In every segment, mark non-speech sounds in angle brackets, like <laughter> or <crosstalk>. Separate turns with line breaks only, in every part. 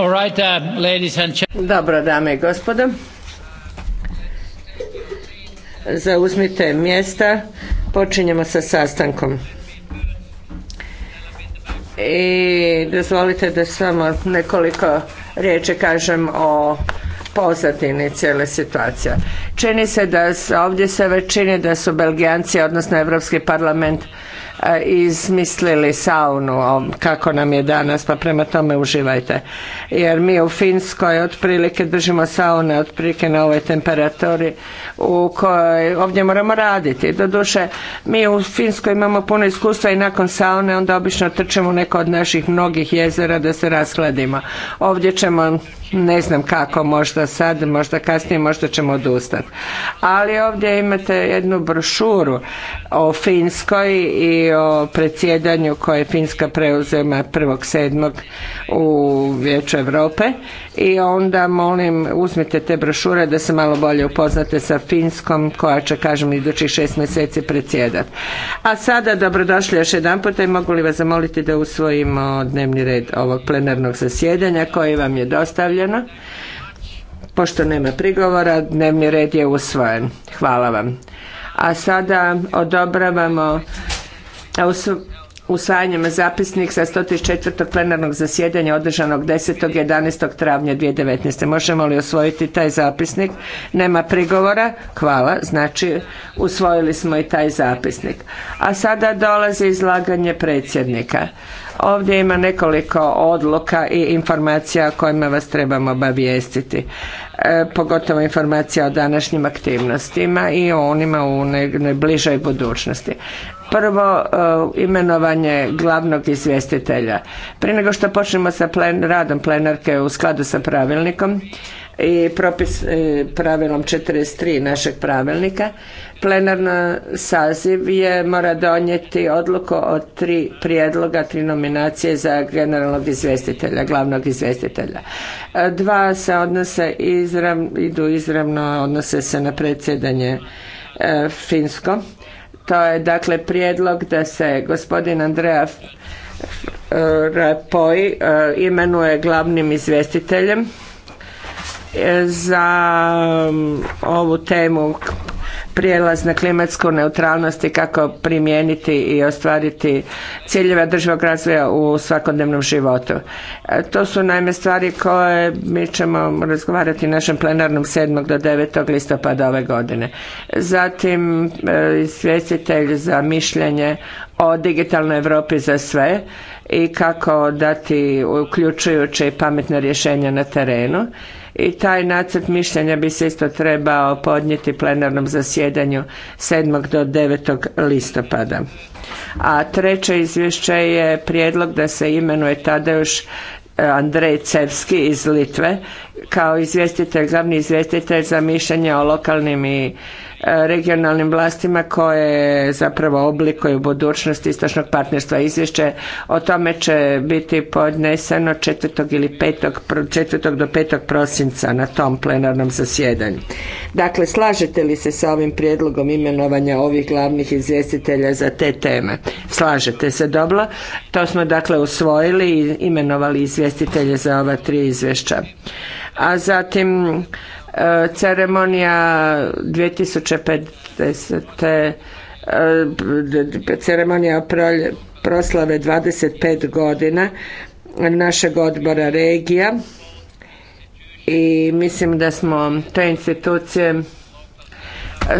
Um, Dobro, dame i
gospodo. Zauzmite mjesta. Počinjemo sa sastankom. I dozvolite da samo nekoliko riječi kažem o pozadini cijele situacije. Čini se da ovdje se već čini da su Belgijanci, odnosno Europski parlament, E, izmislili saunu kako nam je danas, pa prema tome uživajte. Jer mi u Finskoj otprilike držimo saune otprilike na ovoj temperaturi u kojoj ovdje moramo raditi. Doduše, mi u Finskoj imamo puno iskustva i nakon saune onda obično trčemo u neko od naših mnogih jezera da se raskladimo. Ovdje ćemo ne znam kako, možda sad, možda kasnije, možda ćemo odustati. Ali ovdje imate jednu brošuru o Finskoj i o predsjedanju koje Finska preuzema 1.7. u Vijeću Europe i onda molim uzmite te brošure da se malo bolje upoznate sa Finskom koja će kažem idućih šest mjeseci predsjedat. A sada dobrodošli još jedan i mogu li vas zamoliti da usvojimo dnevni red ovog plenarnog zasjedanja koji vam je dostavljen Pošto nema prigovora, dnevni red je usvojen. Hvala vam. A sada odobravamo usvajanjem zapisnik sa 104. plenarnog zasjedanja održanog 10. 11. travnja 2019. Možemo li osvojiti taj zapisnik? Nema prigovora? Hvala. Znači, usvojili smo i taj zapisnik. A sada dolazi izlaganje predsjednika. Ovdje ima nekoliko odluka i informacija o kojima vas trebamo obavijestiti. E, pogotovo informacija o današnjim aktivnostima i o onima u ne, bližoj budućnosti. Prvo, e, imenovanje glavnog izvjestitelja. Prije nego što počnemo sa radom plenarke u skladu sa pravilnikom, i propis e, pravilom 43 našeg pravilnika plenarna saziv je mora donijeti odluku o tri prijedloga, tri nominacije za generalnog izvjestitelja, glavnog izvjestitelja. E, dva se odnose idu izravno, odnose se na predsjedanje e, Finsko. To je dakle prijedlog da se gospodin Andreja e, Rapoj imenuje glavnim izvjestiteljem za ovu temu prijelaz na klimatsku neutralnost i kako primijeniti i ostvariti ciljeve održivog razvoja u svakodnevnom životu. E, to su naime stvari koje mi ćemo razgovarati našem plenarnom 7. do 9. listopada ove godine. Zatim svjestitelj e, za mišljenje o digitalnoj Europi za sve i kako dati uključujuće i pametne rješenja na terenu i taj nacrt mišljenja bi se isto trebao podnijeti plenarnom zasjedanju 7. do 9. listopada. A treće izvješće je prijedlog da se imenuje tada još eh, Andrej Cevski iz Litve kao izvjestitelj, glavni izvjestitelj za mišljenje o lokalnim i regionalnim vlastima koje zapravo oblikuju budućnost istočnog partnerstva. Izvješće o tome će biti podneseno 4. ili 5. 4. do 5. prosinca na tom plenarnom zasjedanju. Dakle, slažete li se sa ovim prijedlogom imenovanja ovih glavnih izvjestitelja za te teme? Slažete se dobro. To smo dakle usvojili i imenovali izvjestitelje za ova tri izvješća. A zatim E, ceremonija 2050. E, ceremonija proslave 25 godina našeg odbora regija i mislim da smo te institucije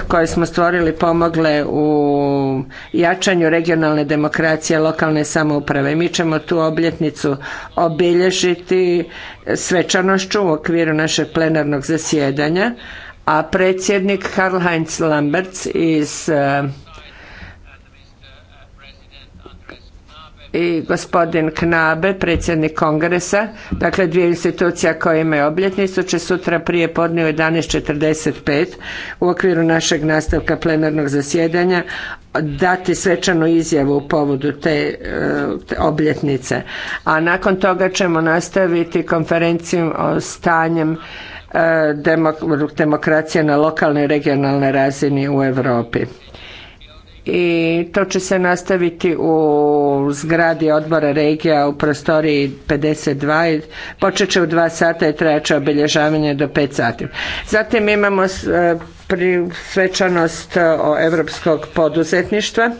koje smo stvorili pomogle u jačanju regionalne demokracije, lokalne samouprave. Mi ćemo tu obljetnicu obilježiti svečanošću u okviru našeg plenarnog zasjedanja, a predsjednik Karl Heinz Lamberts iz i gospodin Knabe, predsjednik kongresa, dakle dvije institucija koje imaju obljetnicu, će sutra prije podne u 11.45 u okviru našeg nastavka plenarnog zasjedanja dati svečanu izjavu u povodu te, e, obljetnice. A nakon toga ćemo nastaviti konferenciju o stanjem e, demokracije na lokalnoj i regionalnoj razini u Europi i to će se nastaviti u zgradi odbora regija u prostoriji 52 počet će u 2 sata i trajat će obilježavanje do 5 sati. Zatim imamo e, svečanost e, o europskog poduzetništva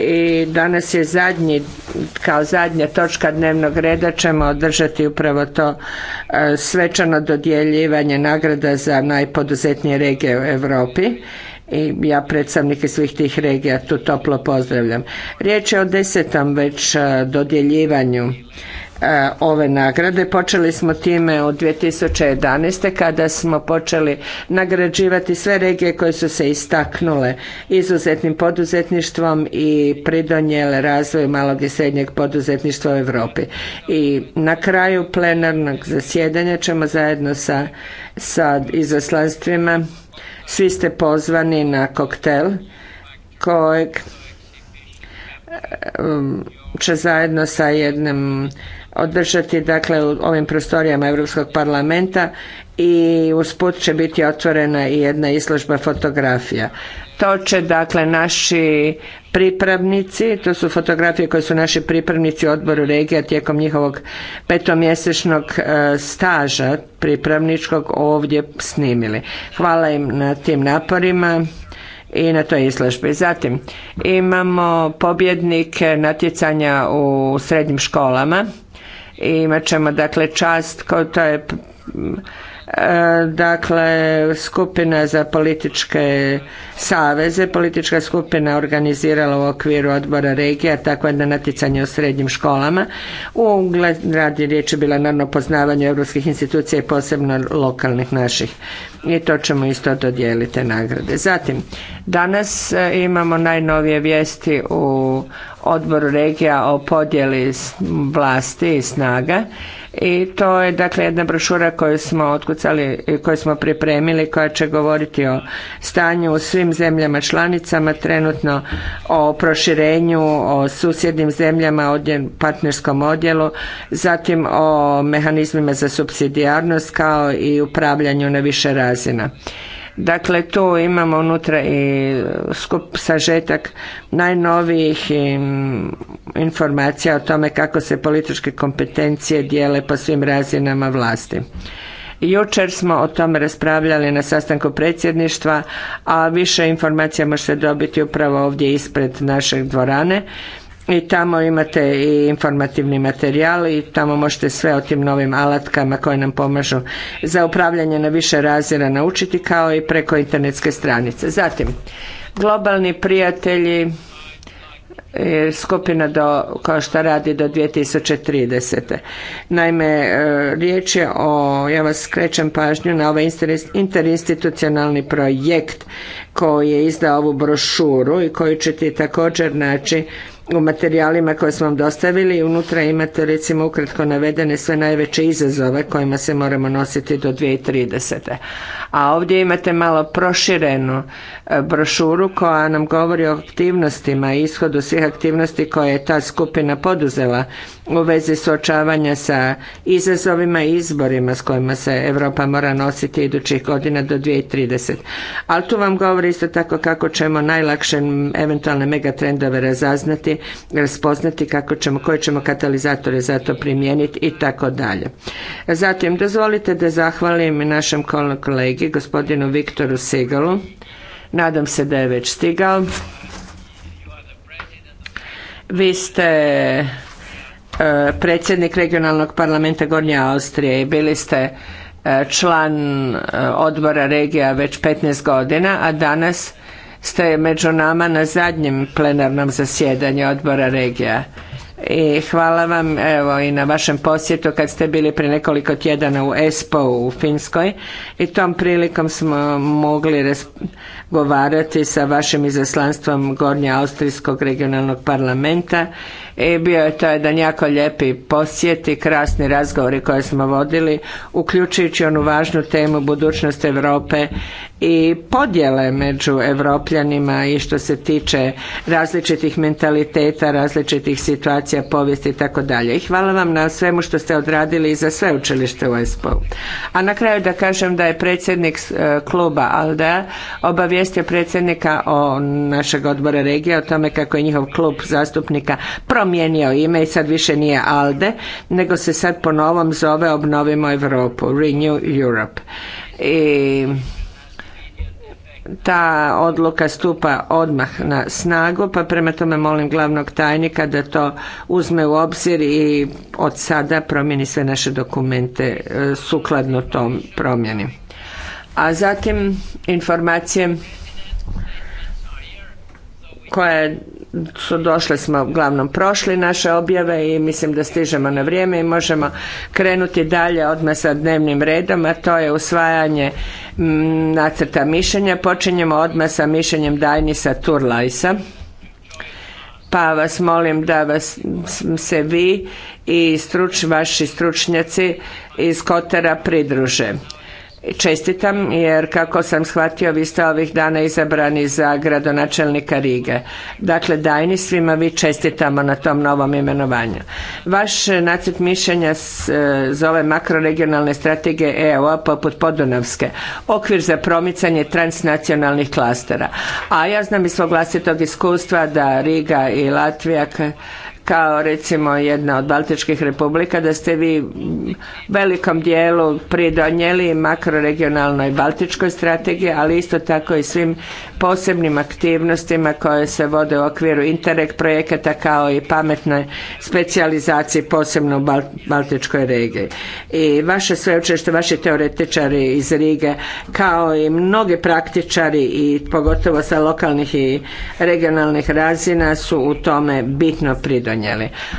i danas je zadnji, kao zadnja točka dnevnog reda ćemo održati upravo to e, svečano dodjeljivanje nagrada za najpoduzetnije regije u Europi i ja predstavnike svih tih regija tu toplo pozdravljam. Riječ je o desetom već e, dodjeljivanju e, ove nagrade. Počeli smo time od 2011. kada smo počeli nagrađivati sve regije koje su se istaknule izuzetnim poduzetništvom i pridonijele razvoju malog i srednjeg poduzetništva u Europi. I na kraju plenarnog zasjedanja ćemo zajedno sa, sa izaslanstvima svi ste pozvani na koktel kojeg um, će zajedno sa jednim održati dakle u ovim prostorijama Europskog parlamenta i usput će biti otvorena i jedna izložba fotografija. To će dakle naši pripravnici, to su fotografije koje su naši pripravnici u odboru regija tijekom njihovog petomjesečnog e, staža pripravničkog ovdje snimili. Hvala im na tim naporima i na toj izložbi. Zatim imamo pobjednike natjecanja u srednjim školama i imat ćemo dakle čast, to je E, dakle skupina za političke saveze, politička skupina organizirala u okviru odbora regija tako je na natjecanje u srednjim školama. U radi riječi bila naravno poznavanje europskih institucija i posebno lokalnih naših. I to ćemo isto dodijeliti nagrade. Zatim, danas e, imamo najnovije vijesti u odboru regija o podjeli vlasti i snaga i to je dakle jedna brošura koju smo otkucali, koju smo pripremili koja će govoriti o stanju u svim zemljama članicama, trenutno o proširenju, o susjednim zemljama, o partnerskom odjelu, zatim o mehanizmima za supsidijarnost kao i upravljanju na više razina. Dakle, tu imamo unutra i skup sažetak najnovijih informacija o tome kako se političke kompetencije dijele po svim razinama vlasti. Jučer smo o tome raspravljali na sastanku predsjedništva, a više informacija možete dobiti upravo ovdje ispred naše dvorane i tamo imate i informativni materijal i tamo možete sve o tim novim alatkama koje nam pomažu za upravljanje na više razina naučiti kao i preko internetske stranice. Zatim, globalni prijatelji e, skupina do, koja što radi do 2030. Naime, e, riječ je o, ja vas skrećem pažnju na ovaj interinstitucionalni projekt koji je izdao ovu brošuru i koju ćete također naći u materijalima koje smo vam dostavili i unutra imate recimo ukratko navedene sve najveće izazove kojima se moramo nositi do 2030. A ovdje imate malo proširenu e, brošuru koja nam govori o aktivnostima i ishodu svih aktivnosti koje je ta skupina poduzela u vezi suočavanja sa izazovima i izborima s kojima se Europa mora nositi idućih godina do 2030. Ali tu vam govori isto tako kako ćemo najlakše eventualne megatrendove razaznati, spoznati kako ćemo, koje ćemo katalizatore za to primijeniti i tako dalje. Zatim, dozvolite da zahvalim našem kolegi, gospodinu Viktoru Sigalu. Nadam se da je već stigao. Vi ste E, predsjednik regionalnog parlamenta Gornje Austrije i bili ste e, član e, odbora regija već 15 godina, a danas ste među nama na zadnjem plenarnom zasjedanju odbora regija. I hvala vam evo i na vašem posjetu kad ste bili prije nekoliko tjedana u ESPO u Finskoj i tom prilikom smo mogli ti sa vašim izaslanstvom Gornje Austrijskog regionalnog parlamenta i e, bio je to jedan jako lijepi posjet i krasni razgovori koje smo vodili, uključujući onu važnu temu budućnost Europe i podjele među Evropljanima i što se tiče različitih mentaliteta, različitih situacija, povijesti i tako dalje. I hvala vam na svemu što ste odradili i za sve učilište u ESPO. A na kraju da kažem da je predsjednik e, kluba Alda obavijestio je predsjednika o našeg odbora regije o tome kako je njihov klub zastupnika promijenio ime i sad više nije ALDE, nego se sad po novom zove Obnovimo Europu, Renew Europe. I ta odluka stupa odmah na snagu, pa prema tome molim glavnog tajnika da to uzme u obzir i od sada promijeni sve naše dokumente e, sukladno tom promjeni a zatim informacije koje su došle smo glavnom prošli naše objave i mislim da stižemo na vrijeme i možemo krenuti dalje odmah sa dnevnim redom, a to je usvajanje mm, nacrta mišljenja. Počinjemo odmah sa mišljenjem Dajnisa Turlajsa. Pa vas molim da vas se vi i vaši stručnjaci iz Kotera pridruže čestitam jer kako sam shvatio vi ste ovih dana izabrani za gradonačelnika Rige. Dakle, Dajni, svima vi čestitamo na tom novom imenovanju. Vaš nacrt mišljenja e, za ove makroregionalne strategije EU poput Podunavske, okvir za promicanje transnacionalnih klastera. A ja znam iz svog vlastitog iskustva da Riga i Latvija kao recimo jedna od Baltičkih republika, da ste vi velikom dijelu pridonijeli makroregionalnoj Baltičkoj strategiji, ali isto tako i svim posebnim aktivnostima koje se vode u okviru Interreg projekata kao i pametne specijalizacije posebno u Baltičkoj regiji. I vaše sveučilište, vaši teoretičari iz Rige, kao i mnogi praktičari i pogotovo sa lokalnih i regionalnih razina su u tome bitno pridonijeli.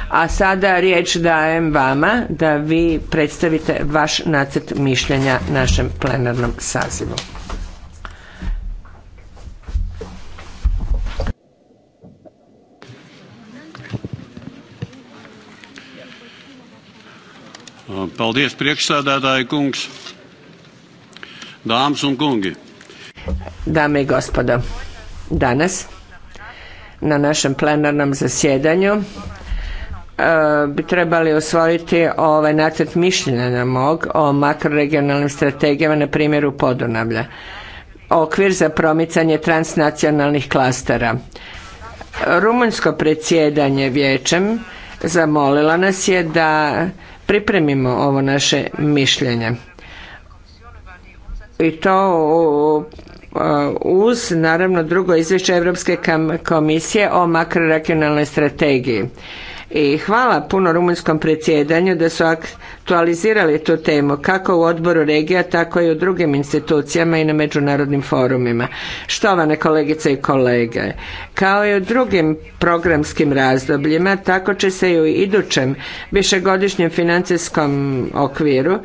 A sada riječ dajem vama da vi predstavite vaš nacrt mišljenja našem plenarnom sazivu.
Paldies, priekšsēdētāji kungs,
Dame i gospodo, danas na našem plenarnom zasjedanju e, bi trebali osvojiti ovaj nacrt mišljenja mog o makroregionalnim strategijama na primjeru Podunavlja. Okvir za promicanje transnacionalnih klastera. Rumunjsko predsjedanje vijećem zamolila nas je da pripremimo ovo naše mišljenje. I to Uh, uz naravno drugo izvješće Europske komisije o makroregionalnoj strategiji. I hvala puno rumunjskom predsjedanju da su aktualizirali tu temu kako u odboru regija, tako i u drugim institucijama i na međunarodnim forumima. Štovane kolegice i kolege, kao i u drugim programskim razdobljima, tako će se i u idućem višegodišnjem financijskom okviru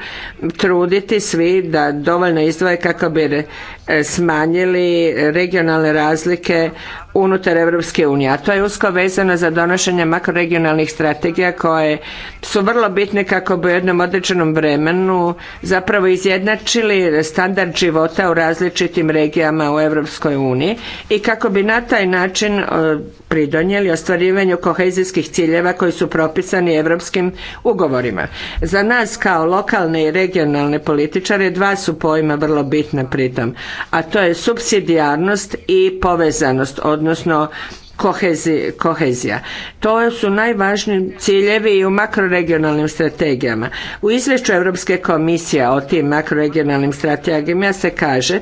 truditi svi da dovoljno izdvoje kako bi e, smanjili regionalne razlike unutar Europske unije, a to je usko vezano za donošenje makroregionalnih strategija koje su vrlo bitne kako bi u jednom određenom vremenu zapravo izjednačili standard života u različitim regijama u Europskoj uniji i kako bi na taj način e, pridonijeli ostvarivanju kohezijskih ciljeva koji su propisani europskim ugovorima. Za nas kao lokalne i regionalne političare dva su pojma vrlo bitna pritom, a to je supsidijarnost i povezanost, odnosno kohezija. To su najvažniji ciljevi i u makroregionalnim strategijama. U izvješću Europske komisije o tim makroregionalnim strategijama se kaže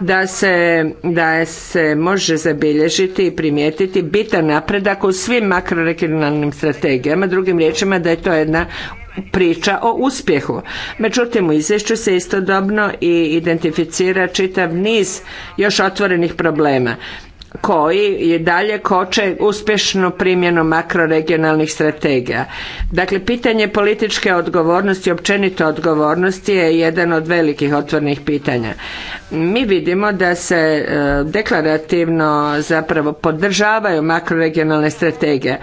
da se, da se može zabilježiti i primijetiti bitan napredak u svim makroregionalnim strategijama, drugim riječima da je to jedna priča o uspjehu. Međutim, u izvješću se istodobno i identificira čitav niz još otvorenih problema koji i dalje koče uspješnu primjenu makroregionalnih strategija. Dakle, pitanje političke odgovornosti, općenito odgovornosti je jedan od velikih otvornih pitanja. Mi vidimo da se e, deklarativno zapravo podržavaju makroregionalne strategije,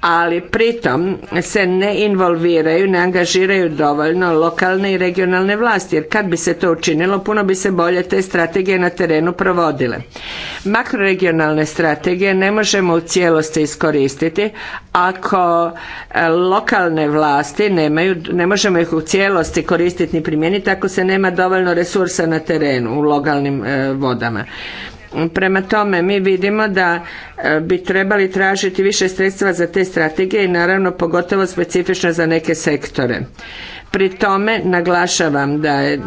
ali pritom se ne involviraju, ne angažiraju dovoljno lokalne i regionalne vlasti, jer kad bi se to učinilo, puno bi se bolje te strategije na terenu provodile. Makroregionalne regionalne strategije ne možemo u cijelosti iskoristiti ako e, lokalne vlasti nemaju, ne možemo ih u cijelosti koristiti ni primijeniti ako se nema dovoljno resursa na terenu u lokalnim e, vodama. Prema tome, mi vidimo da e, bi trebali tražiti više sredstva za te strategije i naravno pogotovo specifično za neke sektore. Pri tome naglašavam da je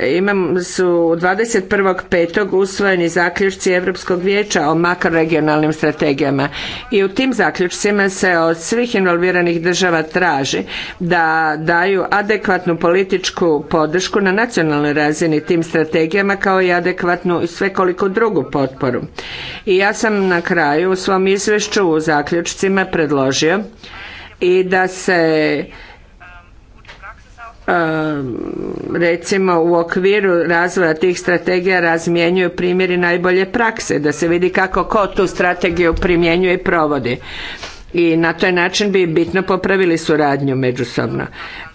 imam su 21.5. usvojeni zaključci Europskog vijeća o makroregionalnim strategijama i u tim zaključcima se od svih involviranih država traži da daju adekvatnu političku podršku na nacionalnoj razini tim strategijama kao i adekvatnu i svekoliku drugu potporu. I ja sam na kraju u svom izvješću u zaključcima predložio i da se recimo u okviru razvoja tih strategija razmjenjuju primjeri najbolje prakse da se vidi kako ko tu strategiju primjenjuje i provodi i na taj način bi bitno popravili suradnju međusobno.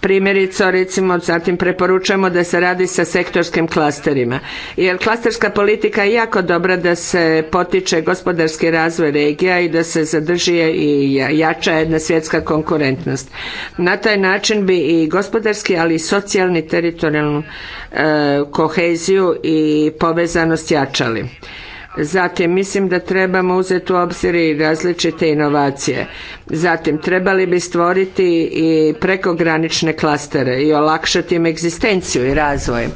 Primjerice, recimo, zatim preporučujemo da se radi sa sektorskim klasterima, jer klasterska politika je jako dobra da se potiče gospodarski razvoj regija i da se zadrži i jača jedna svjetska konkurentnost. Na taj način bi i gospodarski, ali i socijalni, teritorijalnu e, koheziju i povezanost jačali. Zatim mislim da trebamo uzeti u obzir i različite inovacije. Zatim trebali bi stvoriti i prekogranične klastere i olakšati im egzistenciju i razvoj.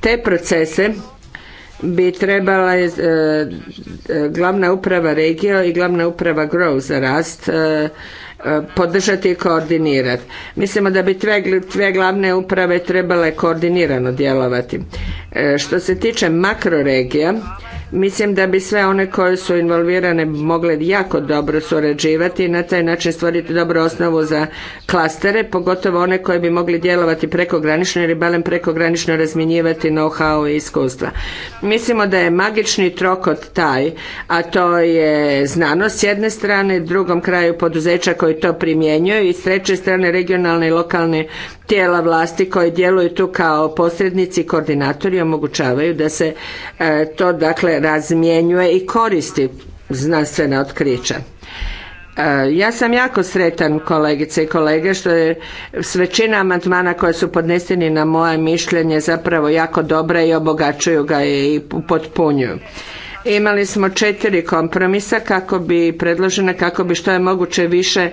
Te procese bi trebala e, e, glavna uprava regija i glavna uprava Grow za rast e, E, podržati i koordinirati. Mislimo da bi sve glavne uprave trebale koordinirano djelovati. E, što se tiče makroregija, mislim da bi sve one koje su involvirane mogle jako dobro surađivati i na taj način stvoriti dobru osnovu za klastere, pogotovo one koje bi mogli djelovati prekogranično ili balem prekogranično razmjenjivati know-how i iskustva. Mislimo da je magični trokot taj, a to je znanost s jedne strane, drugom kraju poduzeća koji koji to primjenjuju i s treće strane regionalne i lokalne tijela vlasti koje djeluju tu kao posrednici i koordinatori omogućavaju da se e, to dakle razmjenjuje i koristi znanstvena otkrića. E, ja sam jako sretan kolegice i kolege što je s većina amandmana koje su podneseni na moje mišljenje zapravo jako dobra i obogaćuju ga i potpunjuju. Imali smo četiri kompromisa kako bi predložena, kako bi što je moguće više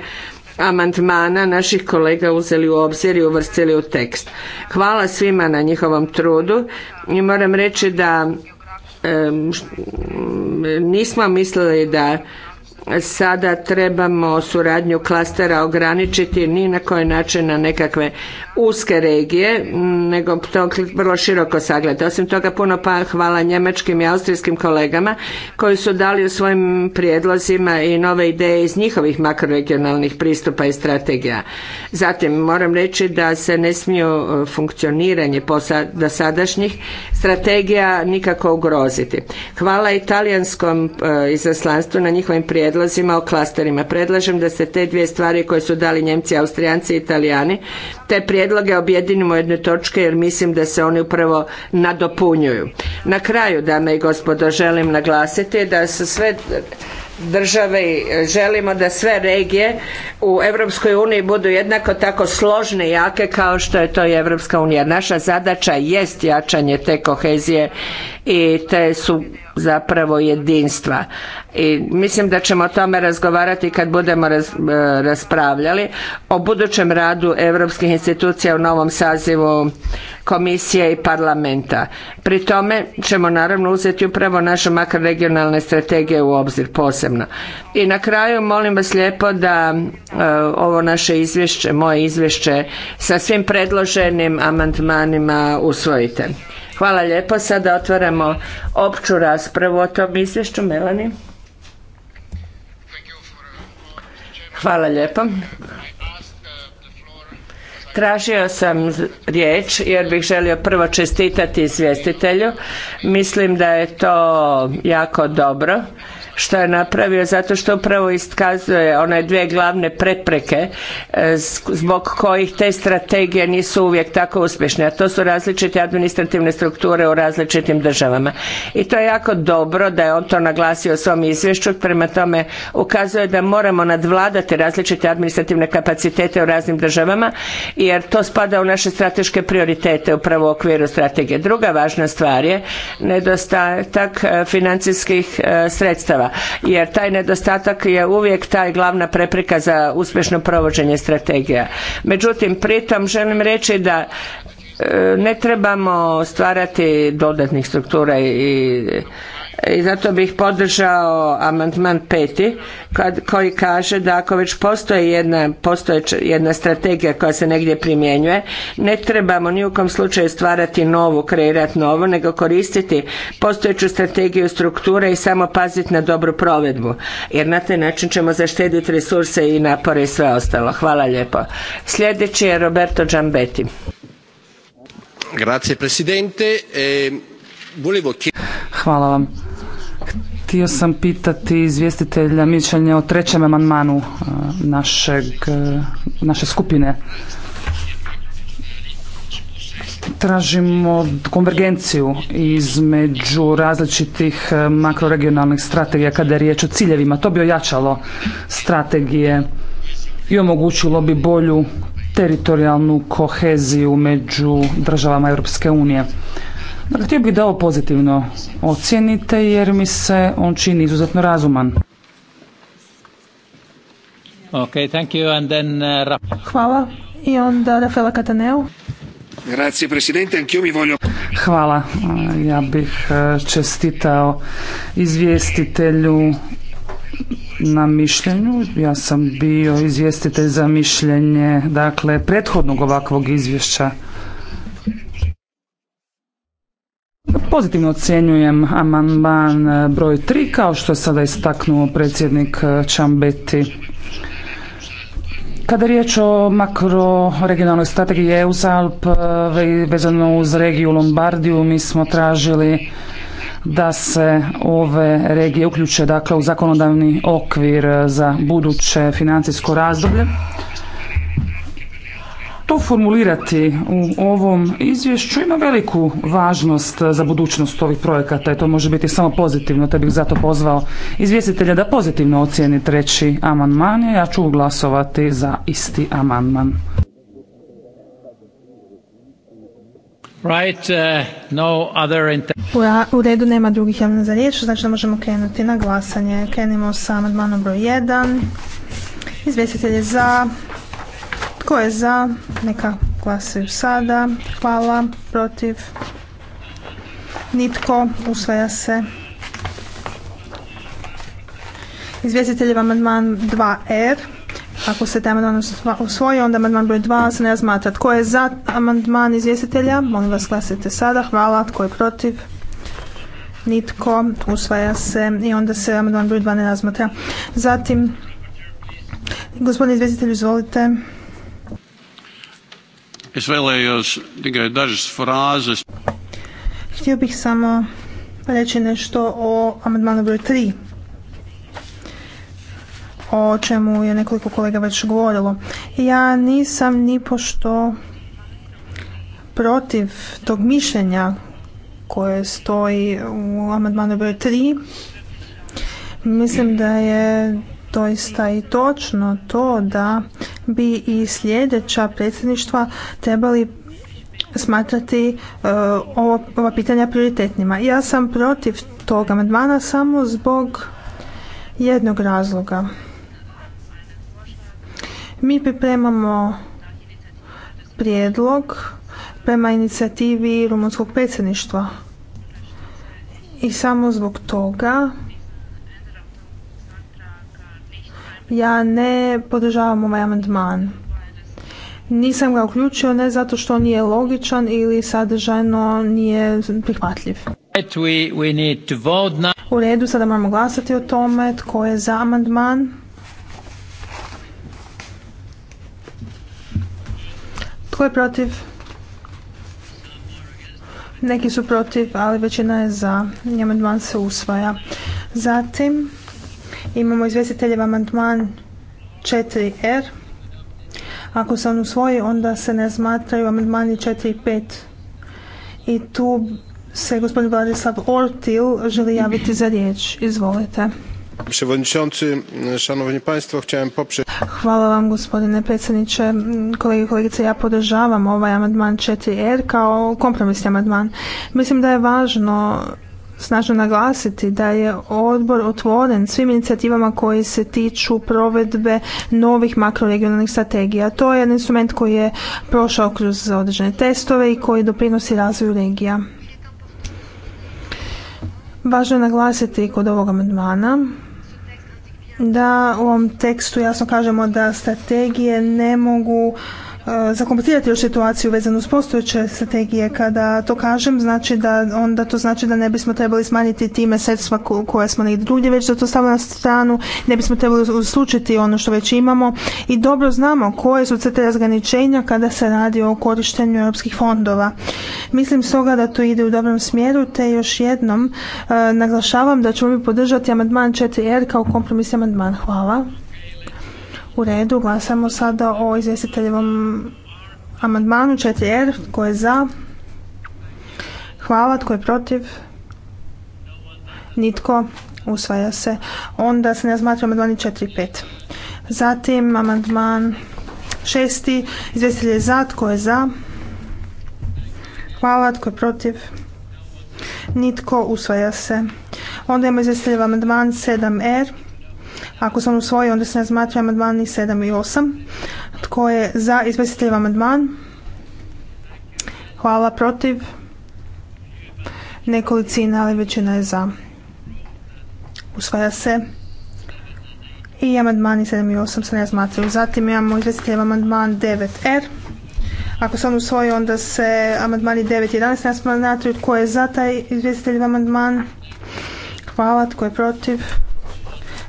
amandmana naših kolega uzeli u obzir i uvrstili u tekst. Hvala svima na njihovom trudu i moram reći da nismo mislili da sada trebamo suradnju klastera ograničiti ni na koji način na nekakve uske regije, nego to vrlo široko sagleda. Osim toga puno pa hvala njemačkim i austrijskim kolegama koji su dali u svojim prijedlozima i nove ideje iz njihovih makroregionalnih pristupa i strategija. Zatim moram reći da se ne smiju e, funkcioniranje dosadašnjih strategija nikako ugroziti. Hvala talijanskom e, izaslanstvu na njihovim prijedlozima prijedlozima o klasterima. Predlažem da se te dvije stvari koje su dali Njemci, Austrijanci i Italijani, te prijedloge objedinimo u jedne točke jer mislim da se oni upravo nadopunjuju. Na kraju, dame i gospodo, želim naglasiti da su sve države želimo da sve regije u Europskoj uniji budu jednako tako složne i jake kao što je to i Europska unija. Naša zadaća jest jačanje te kohezije i te su zapravo jedinstva. I mislim da ćemo o tome razgovarati kad budemo e, raspravljali o budućem radu europskih institucija u novom sazivu komisije i parlamenta. Pri tome ćemo naravno uzeti upravo naše makroregionalne strategije u obzir posebno. I na kraju molim vas lijepo da e, ovo naše izvješće, moje izvješće sa svim predloženim amandmanima usvojite. Hvala lijepo. Sada otvaramo opću raspravu o tom izvješću. Melani. Hvala lijepo. Tražio sam riječ jer bih želio prvo čestitati izvjestitelju. Mislim da je to jako dobro što je napravio zato što upravo iskazuje one dvije glavne prepreke e, zbog kojih te strategije nisu uvijek tako uspješne, a to su različite administrativne strukture u različitim državama. I to je jako dobro da je on to naglasio u svom izvješću, prema tome ukazuje da moramo nadvladati različite administrativne kapacitete u raznim državama jer to spada u naše strateške prioritete upravo u okviru strategije. Druga važna stvar je nedostatak e, financijskih e, sredstava jer taj nedostatak je uvijek taj glavna prepreka za uspješno provođenje strategija. Međutim, pritom želim reći da e, ne trebamo stvarati dodatnih struktura i i zato bih podržao amandman peti koji kaže da ako već postoji jedna, postojeća, jedna strategija koja se negdje primjenjuje, ne trebamo ni u kom slučaju stvarati novu, kreirati novu, nego koristiti postojeću strategiju strukture i samo paziti na dobru provedbu. Jer na taj način ćemo zaštediti resurse i napore i sve ostalo. Hvala lijepo. Sljedeći je Roberto Giambetti.
Grazie Presidente. E,
Hvala vam. Htio sam pitati izvjestitelja mišljenja o trećem amandmanu e, našeg, e, naše skupine. Tražimo konvergenciju između različitih e, makroregionalnih strategija kada je riječ o ciljevima. To bi ojačalo strategije i omogućilo bi bolju teritorijalnu koheziju među državama Europske unije. Dakle, htio bih da ovo pozitivno ocijenite jer mi se on čini izuzetno razuman.
Okay, thank you. And then, uh,
Hvala. I onda Rafaela Kataneu. mi voglio... Hvala.
Ja bih e, čestitao izvjestitelju na mišljenju. Ja sam bio izvjestitelj za mišljenje, dakle, prethodnog ovakvog izvješća Pozitivno ocjenjujem amandman e, broj 3, kao što je sada istaknuo predsjednik e, Čambeti. Kada je riječ o makroregionalnoj strategiji EUSALP e, vezano uz regiju Lombardiju, mi smo tražili da se ove regije uključe dakle, u zakonodavni okvir za buduće financijsko razdoblje to formulirati u ovom izvješću ima veliku važnost za budućnost ovih projekata i to može biti samo pozitivno, te bih zato pozvao izvjestitelja da pozitivno ocijeni treći amandman i ja ću glasovati za isti amandman.
Uh, u redu nema drugih javna za riječ, znači da možemo krenuti na glasanje. Krenimo sa amandmanom broj 1. Izvjestitelj je za, tko je za? Neka glasaju sada. Hvala. Protiv? Nitko. Usvaja se. je amandman 2R. Ako se taj amandman usvoji, onda amandman broj 2 se ne razmatra. Tko je za amandman izvjestitelja? Molim vas glasajte sada. Hvala. Tko je protiv? Nitko. Usvaja se. I onda se amandman broj 2 ne razmatra. Zatim, gospodine izvjestitelj, izvolite. Htio bih samo reći nešto o amandmanu broj 3 o čemu je nekoliko kolega već govorilo. Ja nisam ni pošto protiv tog mišljenja koje stoji u amandmanu broj 3. Mislim da je doista i točno to da bi i sljedeća predsjedništva trebali smatrati e, ova pitanja prioritetnima. Ja sam protiv tog amandmana samo zbog jednog razloga. Mi pripremamo prijedlog prema inicijativi rumunskog predsjedništva i samo zbog toga ja ne podržavam ovaj amandman. Nisam ga uključio ne zato što nije logičan ili sadržajno nije prihvatljiv. U redu, sada moramo glasati o tome tko je za amandman. Tko je protiv? Neki su protiv, ali većina je za. Amandman se usvaja. Zatim, Imamo izvjestitelje amandman 4R. Er. Ako se on usvoji, onda se ne smatraju amandmani 4 i 5. I tu se gospodin Vladislav Ortil želi javiti za riječ. Izvolite. Hvala vam gospodine predsjedniče. Kolege i kolegice, ja podržavam ovaj amandman 4R er kao kompromisni amandman. Mislim da je važno snažno naglasiti da je odbor otvoren svim inicijativama koji se tiču provedbe novih makroregionalnih strategija. To je jedan instrument koji je prošao kroz određene testove i koji doprinosi razvoju regija. Važno je naglasiti kod ovog amandmana da u ovom tekstu jasno kažemo da strategije ne mogu E, zakomplicirati još situaciju vezanu uz postojeće strategije. Kada to kažem, znači da onda to znači da ne bismo trebali smanjiti time sredstva koja smo negdje drugdje već da to stavili na stranu, ne bismo trebali uslučiti ono što već imamo i dobro znamo koje su crte razgraničenja kada se radi o korištenju europskih fondova. Mislim stoga da to ide u dobrom smjeru, te još jednom e, naglašavam da ćemo mi podržati amandman 4R er kao kompromis amandman. Hvala. U redu, glasamo sada o izvjestiteljevom amandmanu 4R. Tko je za? Hvala. Tko je protiv? Nitko. Usvaja se. Onda se ne razmatra amandmani 4 i 5. Zatim amandman 6. Izvjestitelj je za. Tko je za? Hvala. Tko je protiv? Nitko. Usvaja se. Onda imamo izvjestiteljev amandman 7R. Ako sam usvojio onda se razmatra amandmani 7 i 8. Tko je za izvjestitelj amandman? Hvala protiv. Nekolicina, ali većina je za. Usvaja se. I amandmani 7 i 8 se ne razmatraju. Zatim imamo izvjestitelj amandman 9R. Er. Ako sam on onda se amandmani 9 i 11 ne razmatraju. Tko je za taj izvjestitelj amandman? Hvala. Tko je protiv?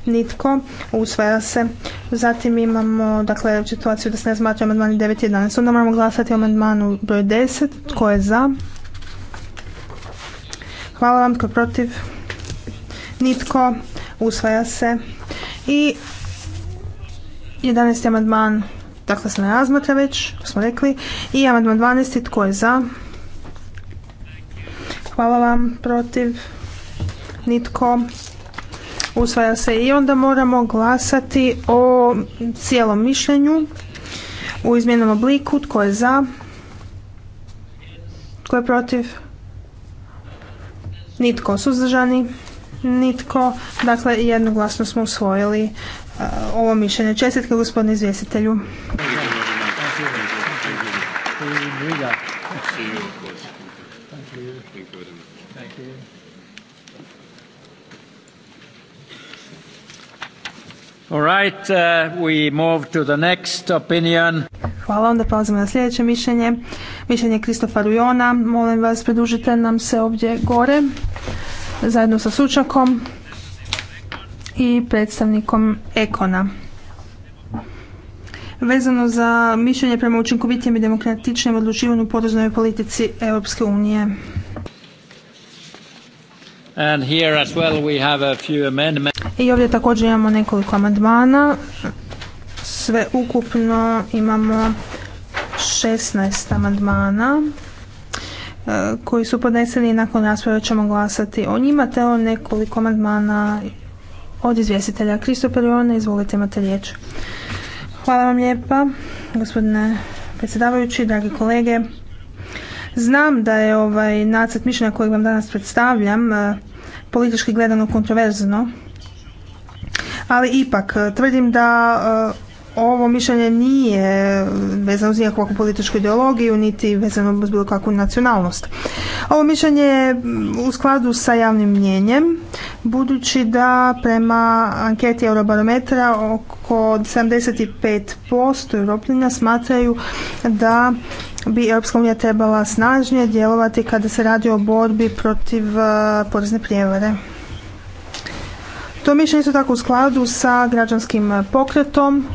nitko, usvaja se. Zatim imamo dakle, situaciju da se ne razmatraju amandmani 9 i 11. Onda moramo glasati o amandmanu broj 10. Tko je za? Hvala vam. Tko je protiv? Nitko. Usvaja se. I 11. amandman dakle se ne razmatra već, smo rekli. I amandman 12. Tko je za? Hvala vam. Protiv? Nitko usvaja se i onda moramo glasati o cijelom mišljenju u izmjenom obliku. Tko je za? Tko je protiv? Nitko suzdržani? Nitko. Dakle, jednoglasno smo usvojili e, ovo mišljenje. Čestitke gospodine izvjestitelju.
All uh, we
Hvala, onda prelazimo na sljedeće mišljenje. Mišljenje Kristofa Rujona. Molim vas, pridružite nam se ovdje gore zajedno sa sučakom i predstavnikom Ekona. Vezano za mišljenje prema učinkovitijem i demokratičnijem odlučivanju u poreznoj politici Europske unije. I ovdje također imamo nekoliko amandmana. Sve ukupno imamo 16 amandmana e, koji su podneseni i nakon rasprave ćemo glasati o njima te o nekoliko amandmana od izvjestitelja Kristo Perione. Izvolite, imate riječ. Hvala vam lijepa, gospodine predsjedavajući, dragi kolege. Znam da je ovaj nacrt mišljenja kojeg vam danas predstavljam eh, politički gledano kontroverzno, ali ipak eh, tvrdim da eh, ovo mišljenje nije vezano uz nikakvu političku ideologiju, niti vezano uz bilo kakvu nacionalnost. Ovo mišljenje je mm, u skladu sa javnim mnjenjem, budući da prema anketi Eurobarometra oko 75% Europljina smatraju da bi EU trebala snažnije djelovati kada se radi o borbi protiv uh, porezne prijevare. To mišljenje isto tako u skladu sa građanskim uh, pokretom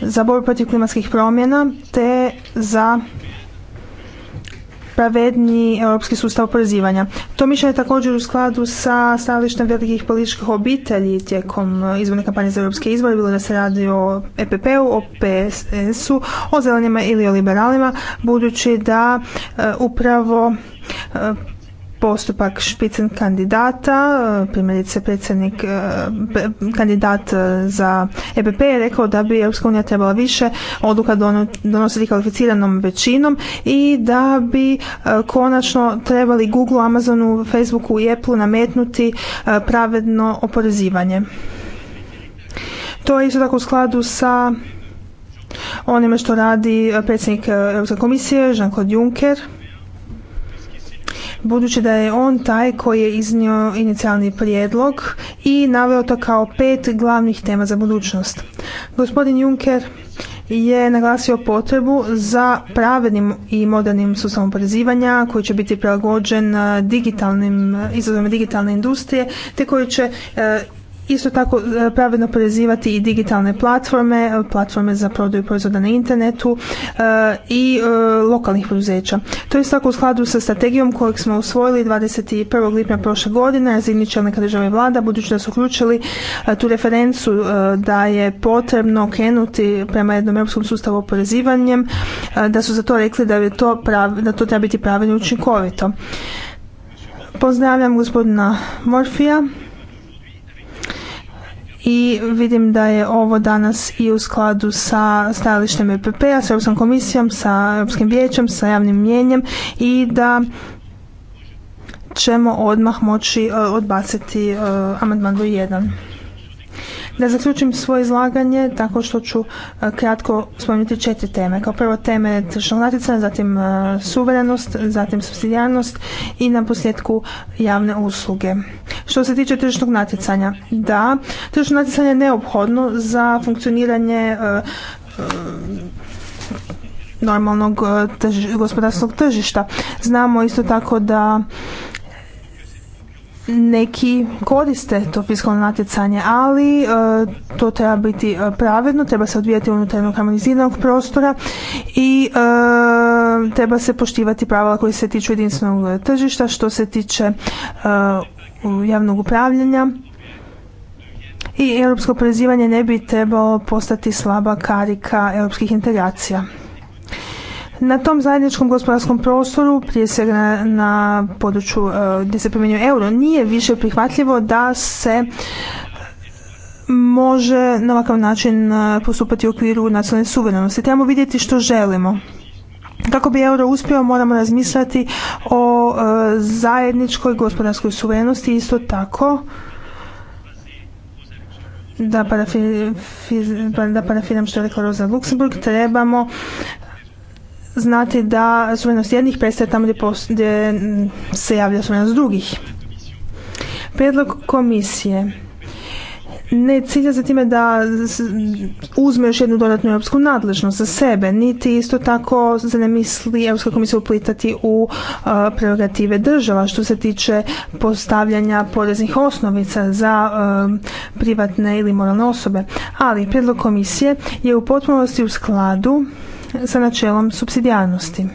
za borbu protiv klimatskih promjena te za pravedniji europski sustav oporezivanja. To mišljenje je također u skladu sa stajalištem velikih političkih obitelji tijekom e, izborne kampanje za europske izbore, bilo da se radi o EPP-u, o PSS-u, o zelenima ili o liberalima, budući da e, upravo e, postupak špicen kandidata, primjerice predsjednik, e, kandidat e, za EPP je rekao da bi EU trebala više odluka donositi kvalificiranom većinom i da bi e, konačno trebali Google, Amazonu, Facebooku i Apple nametnuti pravedno oporezivanje. To je isto tako u skladu sa onime što radi predsjednik Europske komisije Jean-Claude Juncker budući da je on taj koji je iznio inicijalni prijedlog i naveo to kao pet glavnih tema za budućnost. Gospodin Juncker je naglasio potrebu za pravednim i modernim sustavom oporezivanja koji će biti prilagođen digitalnim izazovima digitalne industrije te koji će e, Isto tako e, pravedno porezivati i digitalne platforme, e, platforme za prodaju proizvoda na internetu e, i lokalnih poduzeća. To je tako u skladu sa strategijom kojeg smo usvojili 21. lipnja prošle godine razini čelnika države vlada, budući da su uključili tu referencu da je potrebno krenuti prema jednom europskom sustavu oporezivanjem, da su za to rekli da, je to, da to treba biti pravilno i učinkovito. Pozdravljam gospodina Morfija i vidim da je ovo danas i u skladu sa stajalištem EPP-a, sa Europskom komisijom, sa Europskim vijećem, sa javnim mjenjem i da ćemo odmah moći e, odbaciti e, amandman broj 1. Da zaključim svoje izlaganje tako što ću e, kratko spomenuti četiri teme. Kao prvo teme tržišnog natjecanja, zatim e, suverenost, zatim subsidijarnost i na posljedku javne usluge. Što se tiče tržišnog natjecanja, da, tržišno natjecanje je neophodno za funkcioniranje e, normalnog gospodarskog tržišta. Znamo isto tako da neki koriste to fiskalno natjecanje, ali e, to treba biti e, pravedno, treba se odvijati unutar harmoniziranog prostora i e, treba se poštivati pravila koji se tiču jedinstvenog tržišta, što se tiče javnog upravljanja i europsko oporezivanje ne bi trebalo postati slaba karika europskih integracija. Na tom zajedničkom gospodarskom prostoru, prije svega na, području e, gdje se primjenjuje euro, nije više prihvatljivo da se može na ovakav način e, postupati u okviru nacionalne suverenosti. Trebamo vidjeti što želimo. Kako bi euro uspio, moramo razmisliti o e, zajedničkoj gospodarskoj suverenosti isto tako da, da parafiram što je rekla Rosa Luxemburg, trebamo znati da suverenost jednih prestaje tamo gdje se javlja suverenost drugih. Prijedlog komisije ne cilja za time da uzme još jednu dodatnu europsku nadležnost za sebe, niti isto tako se ne misli Europska komisija uplitati u prerogative država što se tiče postavljanja poreznih osnovica za privatne ili moralne osobe. Ali prijedlog komisije je u potpunosti u skladu sa načelom subsidijarnosti.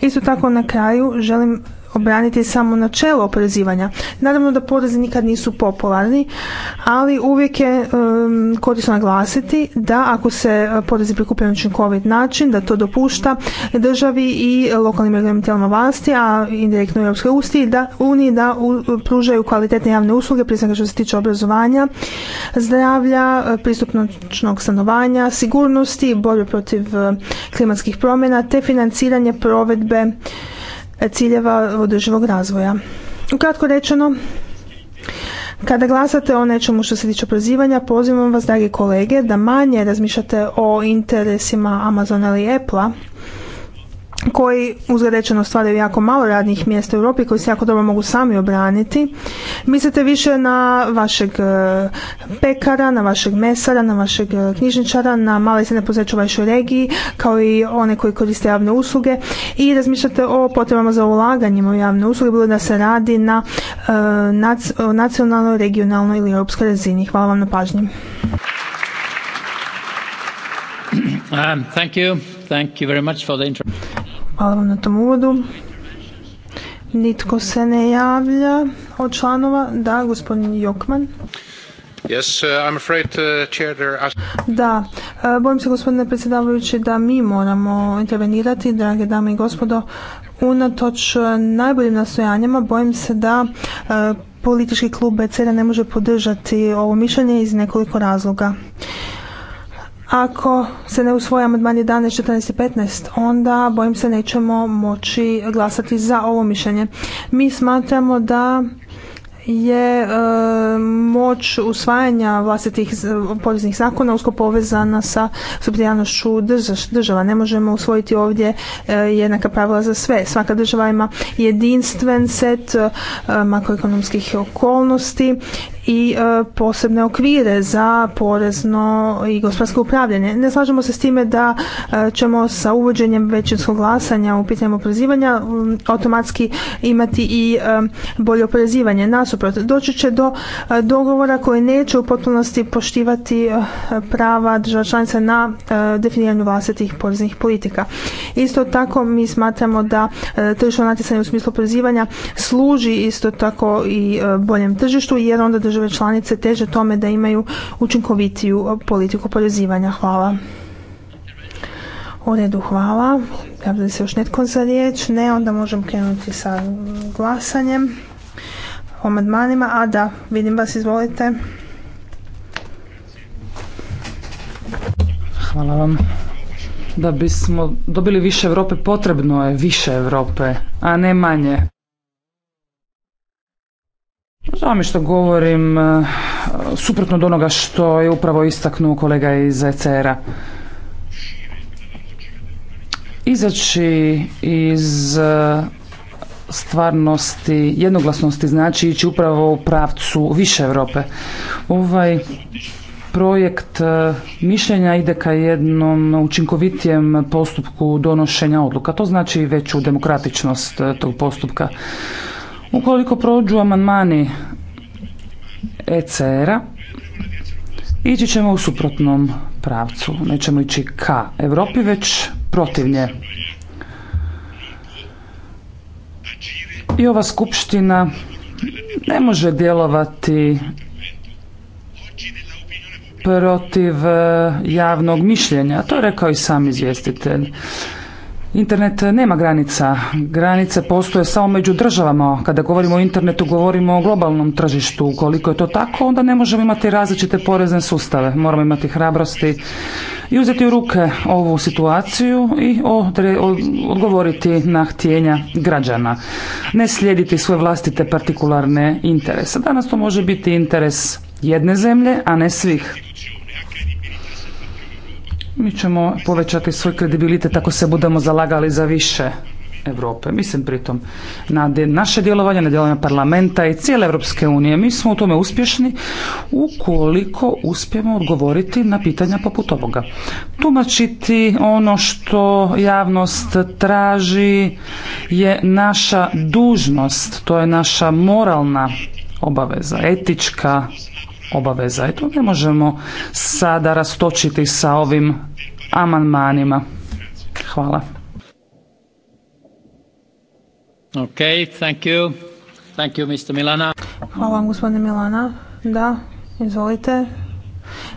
Isto tako na kraju želim obraniti samo načelo oporezivanja. Naravno da porezi nikad nisu popularni, ali uvijek je um, korisno naglasiti da ako se porezi prikupljaju na učinkovit način, da to dopušta državi i lokalnim regionalnim tijelima vlasti, a indirektno Europskoj Ustiji, da, uniji da pružaju kvalitetne javne usluge, prije svega što se tiče obrazovanja, zdravlja, pristupnočnog stanovanja, sigurnosti, borbe protiv uh, klimatskih promjena te financiranje provedbe ciljeva održivog razvoja. Ukratko rečeno, kada glasate o nečemu što se tiče prozivanja, pozivam vas, dragi kolege, da manje razmišljate o interesima Amazona ili Apple-a, koji uzgledečeno stvaraju jako malo radnih mjesta u Europi koji se jako dobro mogu sami obraniti. Mislite više na vašeg e, pekara, na vašeg mesara, na vašeg e, knjižničara, na male i srednje u vašoj regiji, kao i one koji koriste javne usluge i razmišljate o potrebama za ulaganjima u javne usluge, bilo da se radi na e, nacionalnoj, regionalnoj ili europskoj razini. Hvala vam na pažnji.
Um, thank you. Thank
Hvala vam na tom uvodu. Nitko se ne javlja od članova. Da, gospodin Jokman.
Uh, uh,
da, uh, bojim se gospodine predsjedavajući da mi moramo intervenirati, drage dame i gospodo, unatoč najboljim nastojanjima bojim se da politički klub BCR ne može podržati ovo mišljenje iz nekoliko razloga. Ako se ne usvoje amandman 11, 14 i 15, onda bojim se nećemo moći glasati za ovo mišljenje. Mi smatramo da je e, moć usvajanja vlastitih poreznih zakona usko povezana sa subsidijarnošću država. Ne možemo usvojiti ovdje e, jednaka pravila za sve. Svaka država ima jedinstven set e, makroekonomskih okolnosti i e, posebne okvire za porezno i gospodarsko upravljanje. Ne slažemo se s time da e, ćemo sa uvođenjem većinskog glasanja u pitanju oporezivanja automatski imati i e, bolje oporezivanje. Nasuprot, doći će do dogovora koji neće u potpunosti poštivati prava država članica na definiranju vlastitih poreznih politika. Isto tako mi smatramo da tržišno natjecanje u smislu oporezivanja služi isto tako i boljem tržištu jer onda država države članice teže tome da imaju učinkovitiju politiku poljezivanja. Hvala. U redu, hvala. Javlja se još netko za riječ? Ne, onda možemo krenuti sa glasanjem o amandmanima. A da, vidim vas, izvolite. Hvala vam.
Da bismo dobili više Europe potrebno je više Europe, a ne manje. Žao mi što govorim eh, suprotno od onoga što je upravo istaknuo kolega iz ECR-a. Izaći iz eh, stvarnosti, jednoglasnosti znači ići upravo u pravcu više Europe. Ovaj projekt eh, mišljenja ide ka jednom učinkovitijem postupku donošenja odluka. To znači veću demokratičnost tog postupka. Ukoliko prođu amandmani ECR-a, ići ćemo u suprotnom pravcu. Nećemo ići ka Europi, već protiv nje. I ova skupština ne može djelovati protiv eh, javnog mišljenja. To je rekao i sam izvjestitelj. Internet nema granica. Granice postoje samo među državama. Kada govorimo o internetu, govorimo o globalnom tržištu. Ukoliko je to tako, onda ne možemo imati različite porezne sustave. Moramo imati hrabrosti i uzeti u ruke ovu situaciju i odgovoriti na htjenja građana. Ne slijediti svoje vlastite partikularne interese. Danas to može biti interes jedne zemlje, a ne svih. Mi ćemo povećati svoj kredibilitet ako se budemo zalagali za više Europe. Mislim pritom na naše djelovanje, na djelovanje parlamenta i cijele Europske unije. Mi smo u tome uspješni ukoliko uspijemo odgovoriti na pitanja poput ovoga. Tumačiti ono što javnost traži je naša dužnost, to je naša moralna obaveza, etička obaveza i to ne možemo sada rastočiti sa ovim amandmanima.
Hvala. Okay, thank you. Thank you, Mr. Milana.
Hvala vam, gospodine Milana. Da, izvolite.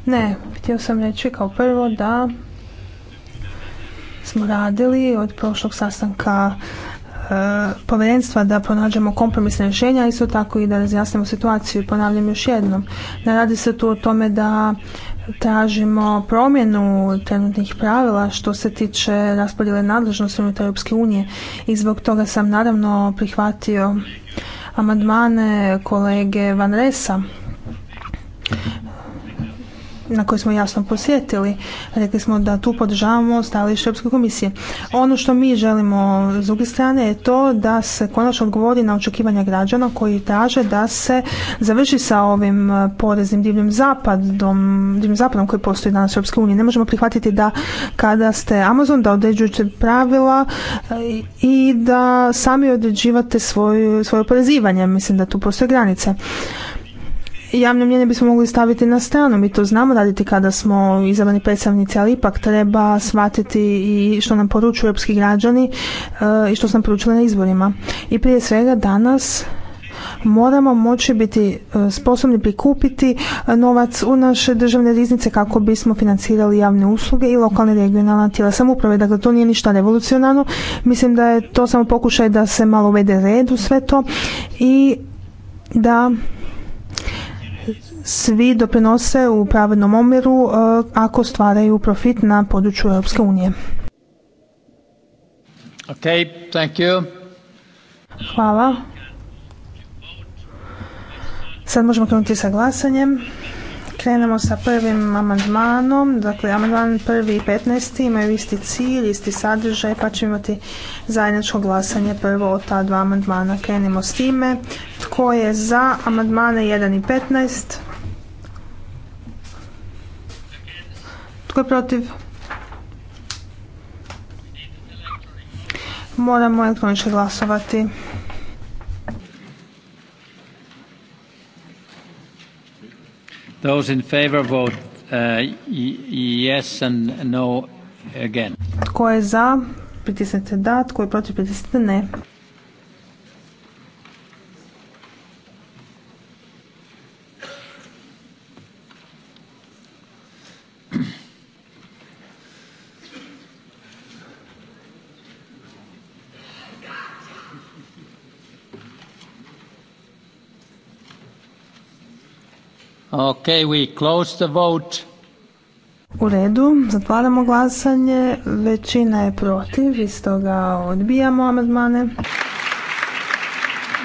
Ne, htio sam reći kao prvo da smo radili od prošlog sastanka Eh, povjerenstva da pronađemo kompromisne rješenja, isto tako i da razjasnimo situaciju. i Ponavljam još jednom, ne radi se tu o tome da tražimo promjenu trenutnih pravila što se tiče raspodjele nadležnosti unutar Europske unije i zbog toga sam naravno prihvatio amandmane kolege Van Resa na koje smo jasno posjetili. Rekli smo da tu podržavamo stajalište Europske komisije. Ono što mi želimo s druge strane je to da se konačno odgovori na očekivanja građana koji traže da se završi sa ovim e, poreznim divljim zapadom, divljim zapadom koji postoji danas u Europskoj uniji. Ne možemo prihvatiti da kada ste Amazon da određujete pravila e, i da sami određivate svoje, svoje oporezivanje. Mislim da tu postoje granice javno mjene bismo mogli staviti na stranu. Mi to znamo raditi kada smo izabrani predstavnici, ali ipak treba shvatiti i što nam poručuju europski građani e, i što su nam poručili na izborima. I prije svega danas moramo moći biti e, sposobni prikupiti e, novac u naše državne riznice kako bismo financirali javne usluge i lokalne regionalne tijela samouprave. Dakle, to nije ništa revolucionarno. Mislim da je to samo pokušaj da se malo uvede red u sve to i da svi doprinose u pravednom omjeru e, ako stvaraju profit na području Europske unije.
Okay, thank you.
Hvala. Sad možemo krenuti sa glasanjem. Krenemo sa prvim amandmanom. Dakle, amandman prvi i petnesti imaju isti cilj, isti sadržaj, pa ćemo imati zajedničko glasanje prvo od ta dva amandmana. Krenimo s time. Tko je za amandmane jedan i petnaest. Tko je protiv? Moramo elektronično glasovati.
Those in favor vote uh, yes and no again.
Tko je za? Pritisnite da. Tko je protiv? Pritisnite ne.
Okay, we close the
U redu, zatvaramo glasanje, većina je protiv i stoga odbijamo amandmane.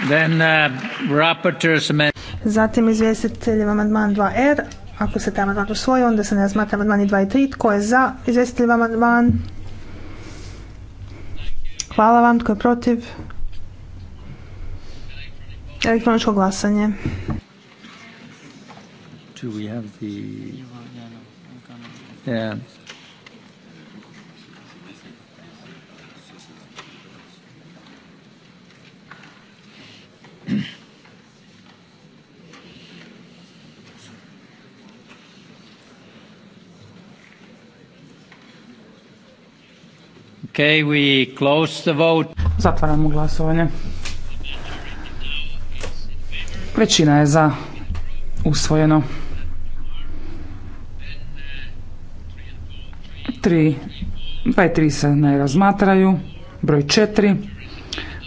Then, uh,
Zatim izvjestiteljev amandman 2R, ako se taj amandman usvoji, onda se ne razmatra amandmani 2 i 3. Tko je za izvjestiteljev amandman? Hvala vam, tko je protiv? Elektroničko glasanje
do we have the... Yeah. Okay, we close the vote.
Zatvaramo glasovanje. Većina je za usvojeno. 3, pa i 3 se ne razmatraju. Broj 4,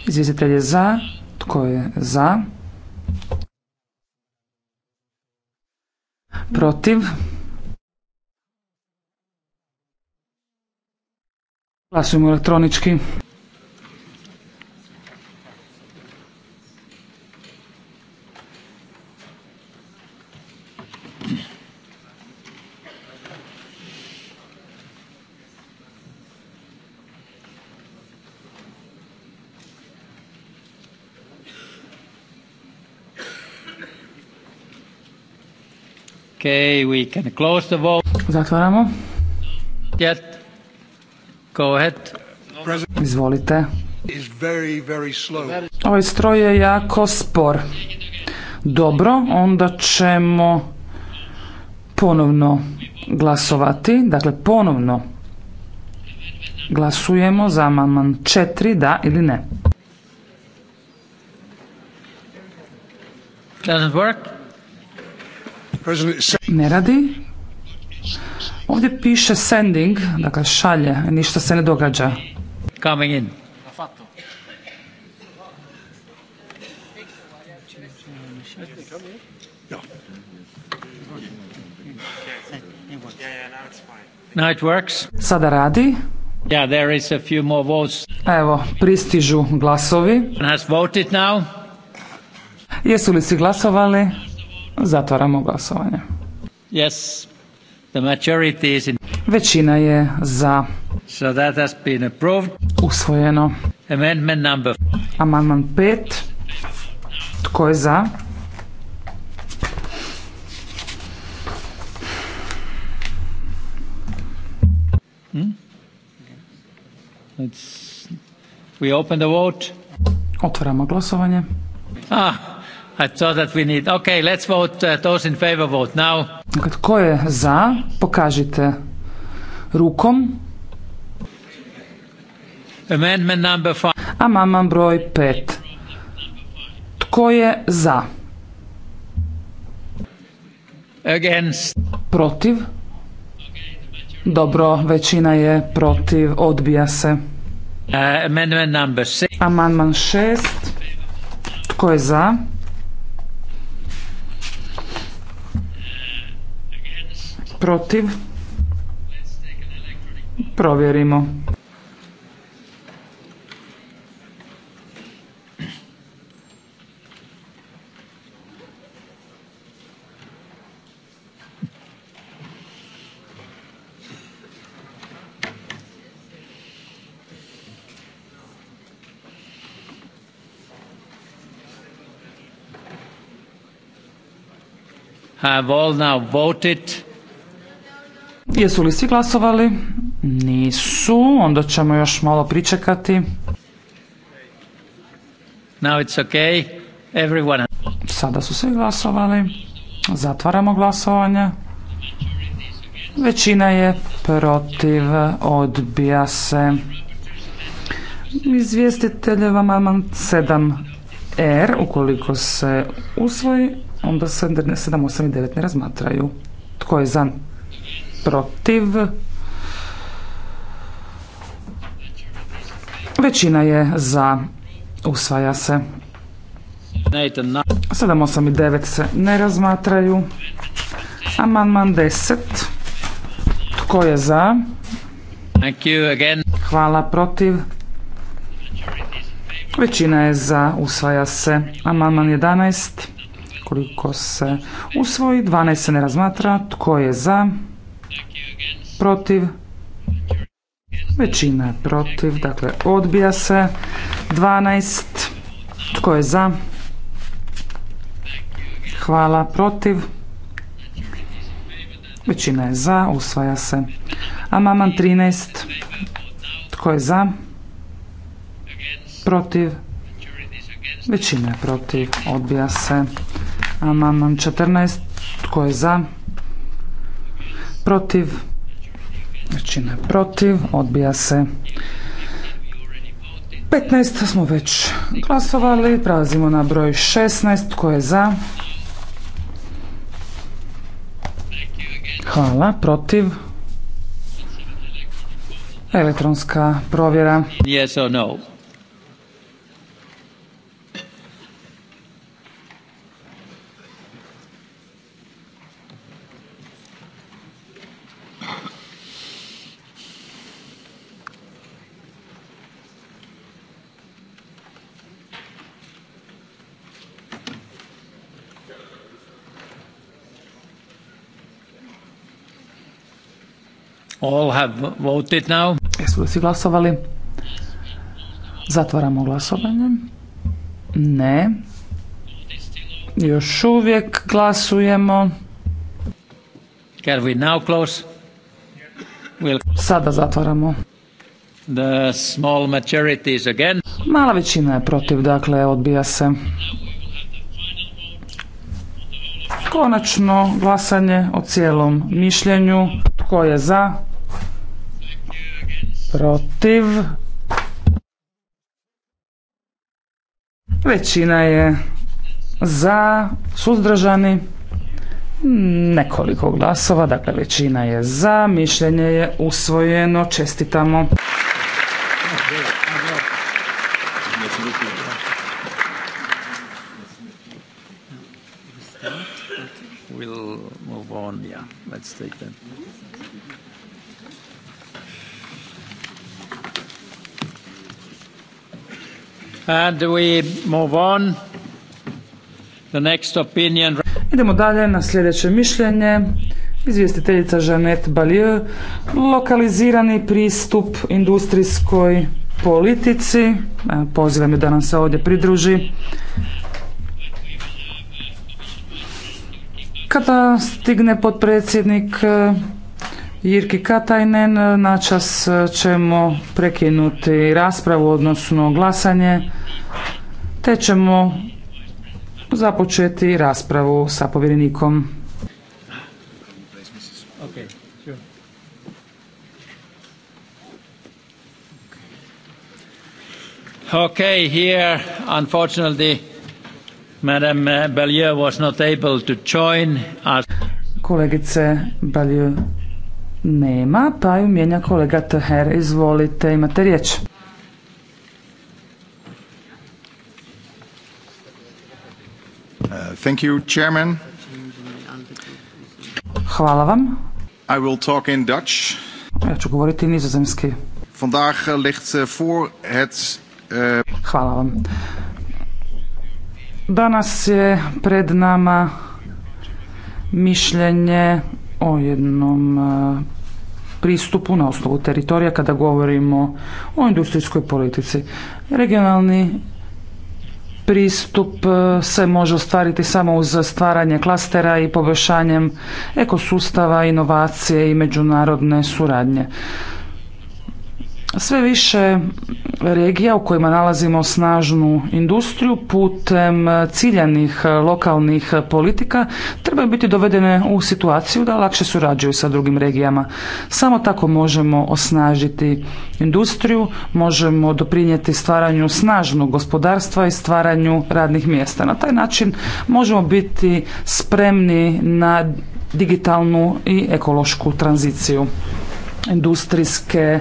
izvjestitelj je za, tko je za? Protiv? Glasujemo elektronički.
Okay, we can close the
Zatvaramo. Go ahead. Izvolite. Ovaj stroj je jako spor. Dobro, onda ćemo ponovno glasovati. Dakle, ponovno glasujemo za amandman četiri, da ili ne. Doesn't ne radi. Ovdje piše sending, dakle šalje, ništa se ne događa. Coming in. Sada radi. Evo, pristižu glasovi. Jesu li si glasovali? Zatvaramo glasovanje.
Yes. The majority is in...
Većina je za.
So that has been approved.
Usvojeno.
Amendment number. Amendment 5.
Tko je za?
Hmm? Let's... We open the vote.
Otvaramo glasovanje.
Ah, i thought that we need. Okay, let's vote. Uh, those in favor vote now.
Dakle, tko je za? Pokažite rukom.
Amendment number five.
Amandman broj 5. Tko je za?
Against.
Protiv. Dobro, većina je protiv, odbija se. Uh, amendment number six. Amandman 6. Tko je za? protiv, provjerimo.
have all now voted.
Jesu li svi glasovali? Nisu. Onda ćemo još malo pričekati.
Now it's okay. Everyone...
Sada su svi glasovali. Zatvaramo glasovanje. Većina je protiv. Odbija se. Izvjestitelje vam amandman 7R. Ukoliko se usvoji, onda se 7, 8 i 9 ne razmatraju. Tko je za protiv. Većina je za. Usvaja se. 7, 8 i 9 se ne razmatraju. Amandman 10. Tko je za? Hvala protiv. Većina je za. Usvaja se. Amandman 11. Koliko se usvoji? 12 se ne razmatra. Tko je za? protiv, većina je protiv, dakle odbija se. 12, tko je za? Hvala, protiv. Većina je za, usvaja se. Amaman 13, tko je za? Protiv. Većina je protiv, odbija se. Amaman 14, tko je za? Protiv. Većina je protiv, odbija se. 15 smo već glasovali, prelazimo na broj 16, tko je za? Hvala, protiv. Elektronska provjera.
Yes or no. All have voted now. Jesu li svi
glasovali? Zatvaramo glasovanje. Ne. Još uvijek glasujemo.
Can we now close?
Sada zatvaramo. Mala većina je protiv, dakle odbija se. Konačno glasanje o cijelom mišljenju. Tko je za? protiv. Većina je za, suzdržani, nekoliko glasova, dakle većina je za, mišljenje je usvojeno, čestitamo.
We'll move on, yeah. Let's take
Idemo dalje na sljedeće mišljenje. Izvjestiteljica Jeanette Balieu, lokalizirani pristup industrijskoj politici. E, pozivam je da nam se ovdje pridruži. Kada stigne potpredsjednik e, Jirki Katajnen, načas ćemo prekinuti raspravu, odnosno glasanje te ćemo započeti raspravu sa povjerenikom.
ok here, unfortunately, Madam Bellier was not able to join us. Kolegice
Bellier nema, pa ju mijenja kolega Teher. Izvolite, imate riječ. Thank you, chairman. Hvala vam. Ja ću govoriti nizozemski.
Vandaag
eh, ligt voor het... Eh, Hvala vam.
Danas je pred nama mišljenje o jednom eh, pristupu na osnovu teritorija kada govorimo o industrijskoj politici. Regionalni pristup e, se može ostvariti samo uz stvaranje klastera i poboljšanjem ekosustava, inovacije i međunarodne suradnje sve više regija u kojima nalazimo snažnu industriju putem ciljanih lokalnih politika trebaju biti dovedene u situaciju da lakše surađuju sa drugim regijama. Samo tako možemo osnažiti industriju, možemo doprinijeti stvaranju snažnog gospodarstva i stvaranju radnih mjesta. Na taj način možemo biti spremni na digitalnu i ekološku tranziciju industrijske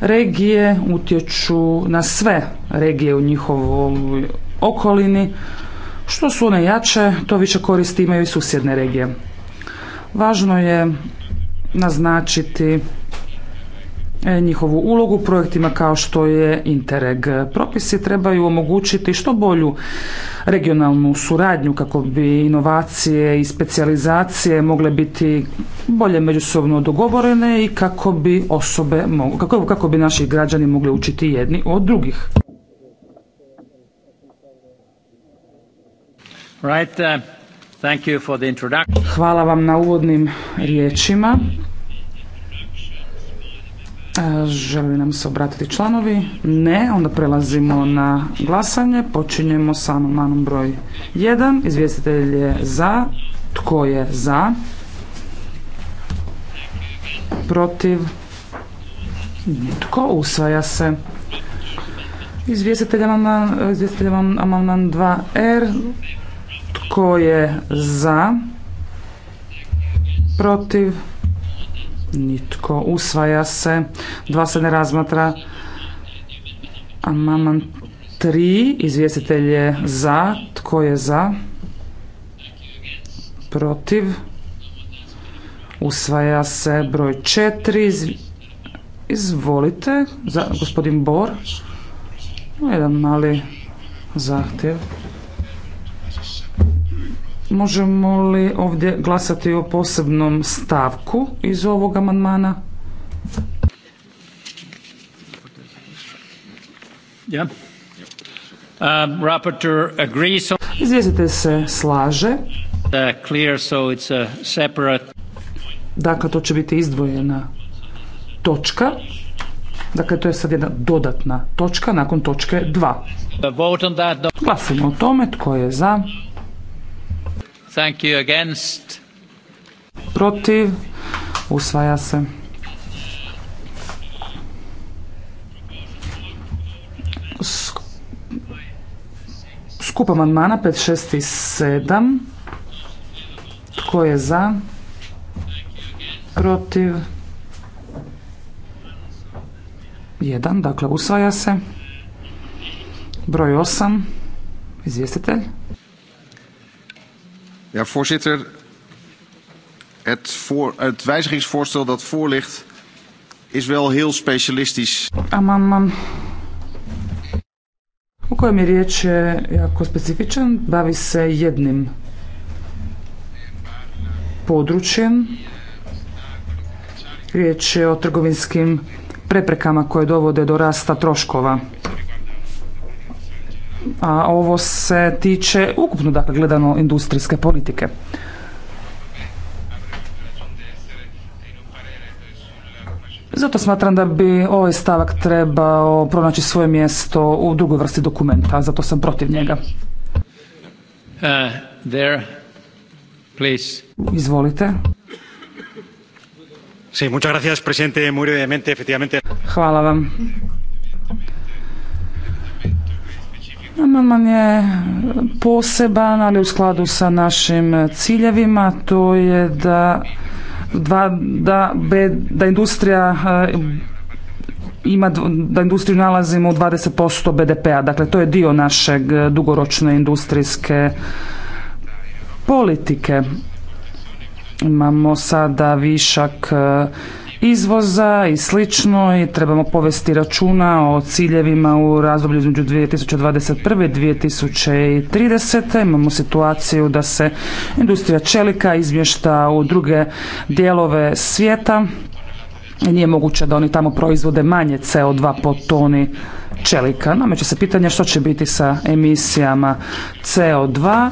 regije utječu na sve regije u njihovoj okolini. Što su one jače, to više koristi imaju i susjedne regije. Važno je naznačiti E, njihovu ulogu projektima kao što je Interreg. Propisi trebaju omogućiti što bolju regionalnu suradnju kako bi inovacije i specijalizacije mogle biti bolje međusobno dogovorene i kako bi osobe kako, kako bi naši građani mogli učiti jedni od drugih.
Right, uh, thank you for the
Hvala vam na uvodnim riječima. E, žele li nam se obratiti članovi? Ne. Onda prelazimo na glasanje. Počinjemo sa amandmanom broj 1. Izvjestitelj je za. Tko je za? Protiv? Tko Usvaja se. Izvjestitelj vam amandman 2R. Tko je za? Protiv? Nitko. Usvaja se. Dva se ne razmatra. Amaman tri. Izvjestitelj je za. Tko je za? Protiv. Usvaja se broj četiri. Izvolite. gospodin Bor. Jedan mali zahtjev. Možemo li ovdje glasati o posebnom stavku iz ovog amandmana?
Um, Izvijezite se slaže.
Dakle, to će biti izdvojena točka. Dakle, to je sad jedna dodatna točka nakon točke 2. Glasimo o tome tko je za.
Thank you against.
Protiv. Usvaja se. Skup amandmana 5, 6 i 7. Tko je za? Protiv? Jedan, dakle usvaja se. Broj 8. Izvjestitelj
voorzitter het wijzigingsvoorstel dat voorligt is wel heel specialistisch.
Amandman u kojem je riječ je eh, jako specifičan, bavi se jednim područjem. Riječ je o trgovinskim preprekama koje dovode do rasta troškova a ovo se tiče ukupno, dakle, gledano industrijske politike. Zato smatram da bi ovaj stavak trebao pronaći svoje mjesto u drugoj vrsti dokumenta, zato sam protiv njega.
Uh, there.
Izvolite.
Sí, gracias, Hvala vam.
Amandman je poseban, ali u skladu sa našim ciljevima, to je da, da, da industrija e, ima, da industriju nalazimo u 20% BDP-a, dakle to je dio našeg dugoročne industrijske politike. Imamo sada višak e, izvoza i slično i trebamo povesti računa o ciljevima u razdoblju između 2021. i 2030. Imamo situaciju da se industrija čelika izmješta u druge dijelove svijeta. i Nije moguće da oni tamo proizvode manje CO2 po toni čelika. Nameće se pitanje što će biti sa emisijama CO2.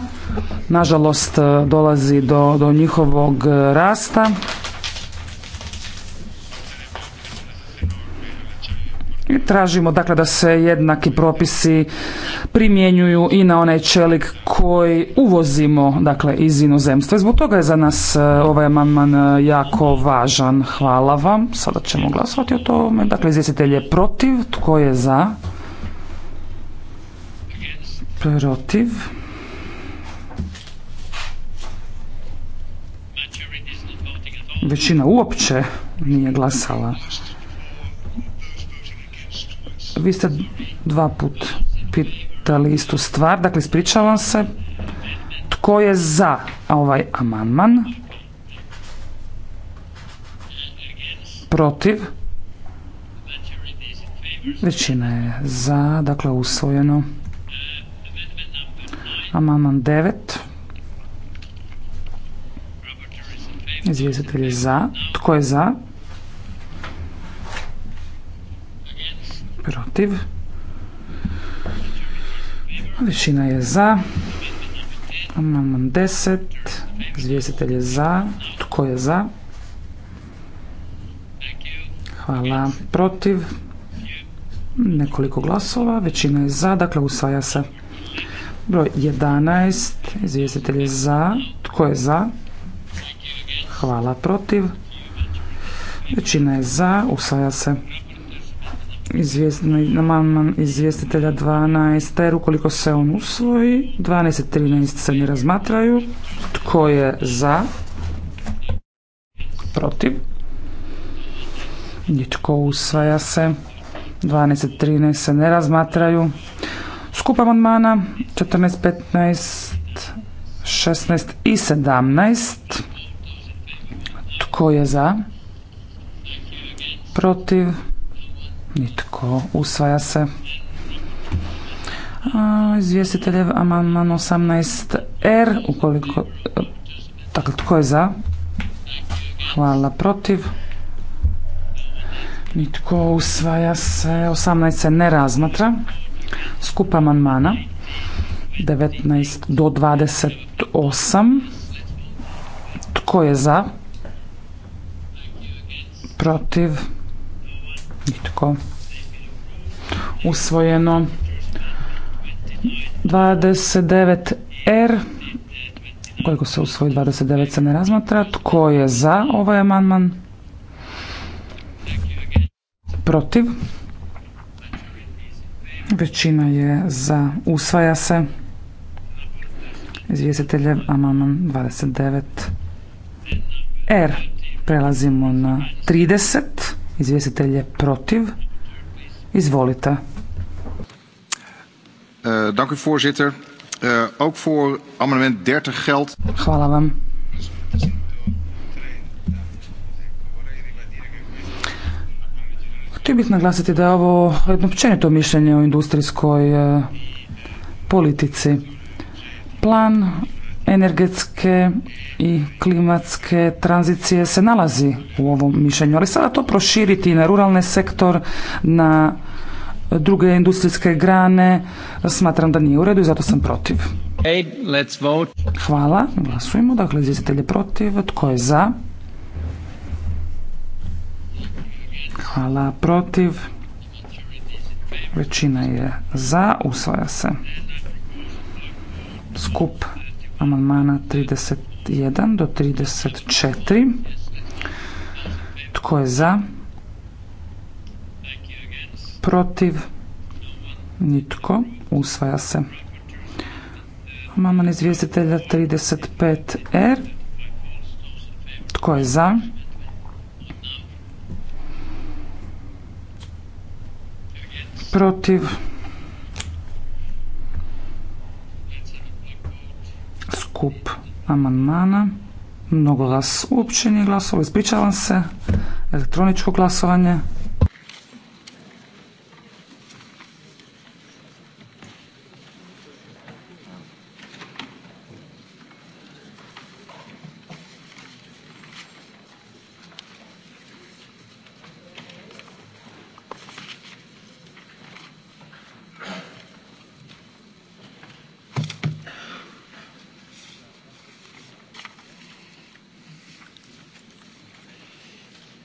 Nažalost, dolazi do, do njihovog rasta. Tražimo dakle da se jednaki propisi primjenjuju i na onaj čelik koji uvozimo dakle iz inozemstva. zbog toga je za nas e, ovaj amandman e, jako važan. Hvala vam. Sada ćemo glasovati o tome. Dakle, izvjestitelj je protiv. Tko je za? Protiv. Većina uopće nije glasala. Vi ste dva put pitali istu stvar, dakle ispričavam se. Tko je za ovaj amandman? Protiv? Većina je za, dakle usvojeno. Amandman 9. Izvjestitelj je za. Tko je za? protiv. Većina je za. Amandman 10. Izvjestitelj je za. Tko je za? Hvala. Protiv. Nekoliko glasova. Većina je za. Dakle, usvaja se. Broj 11. Izvjestitelj je za. Tko je za? Hvala. Protiv. Većina je za. Usvaja se amandman izvjestitelja 12 jer ukoliko se on usvoji 12 i 13 se ne razmatraju tko je za protiv nitko usvaja se 12 13 se ne razmatraju skup amandmana 14, 15 16 i 17 tko je za protiv Nitko. Usvaja se. je amandman 18R. Er, ukoliko... Dakle, tko je za? Hvala. Protiv? Nitko. Usvaja se. 18 se ne razmatra. Skupa amandmana. 19 do 28. Tko je za? Protiv? I Usvojeno. 29R. Koliko se usvoji 29 se ne razmatra. Tko je za ovaj amandman? Protiv. Većina je za. Usvaja se. Izvjestitelje amandman 29R. Prelazimo na 30. Izvjestitelj je protiv. Izvolite.
Eh, eh,
Hvala vam. Htio bih naglasiti da je ovo jedno općenito mišljenje o industrijskoj eh, politici. Plan energetske i klimatske tranzicije se nalazi u ovom mišljenju. Ali sada to proširiti na ruralni sektor, na druge industrijske grane, smatram da nije u redu i zato sam protiv. Hvala, glasujemo. Dakle, izvjestitelj je protiv. Tko je za? Hvala, protiv. Većina je za, usvaja se. Skup amandmana 31 do 34. Tko je za? Protiv? Nitko. Usvaja se. Amandman izvjestitelja 35R. Er. Tko je za? Protiv? skup amandmana. Mnogo vas uopće nije glasovalo, ispričavam se. Elektroničko glasovanje.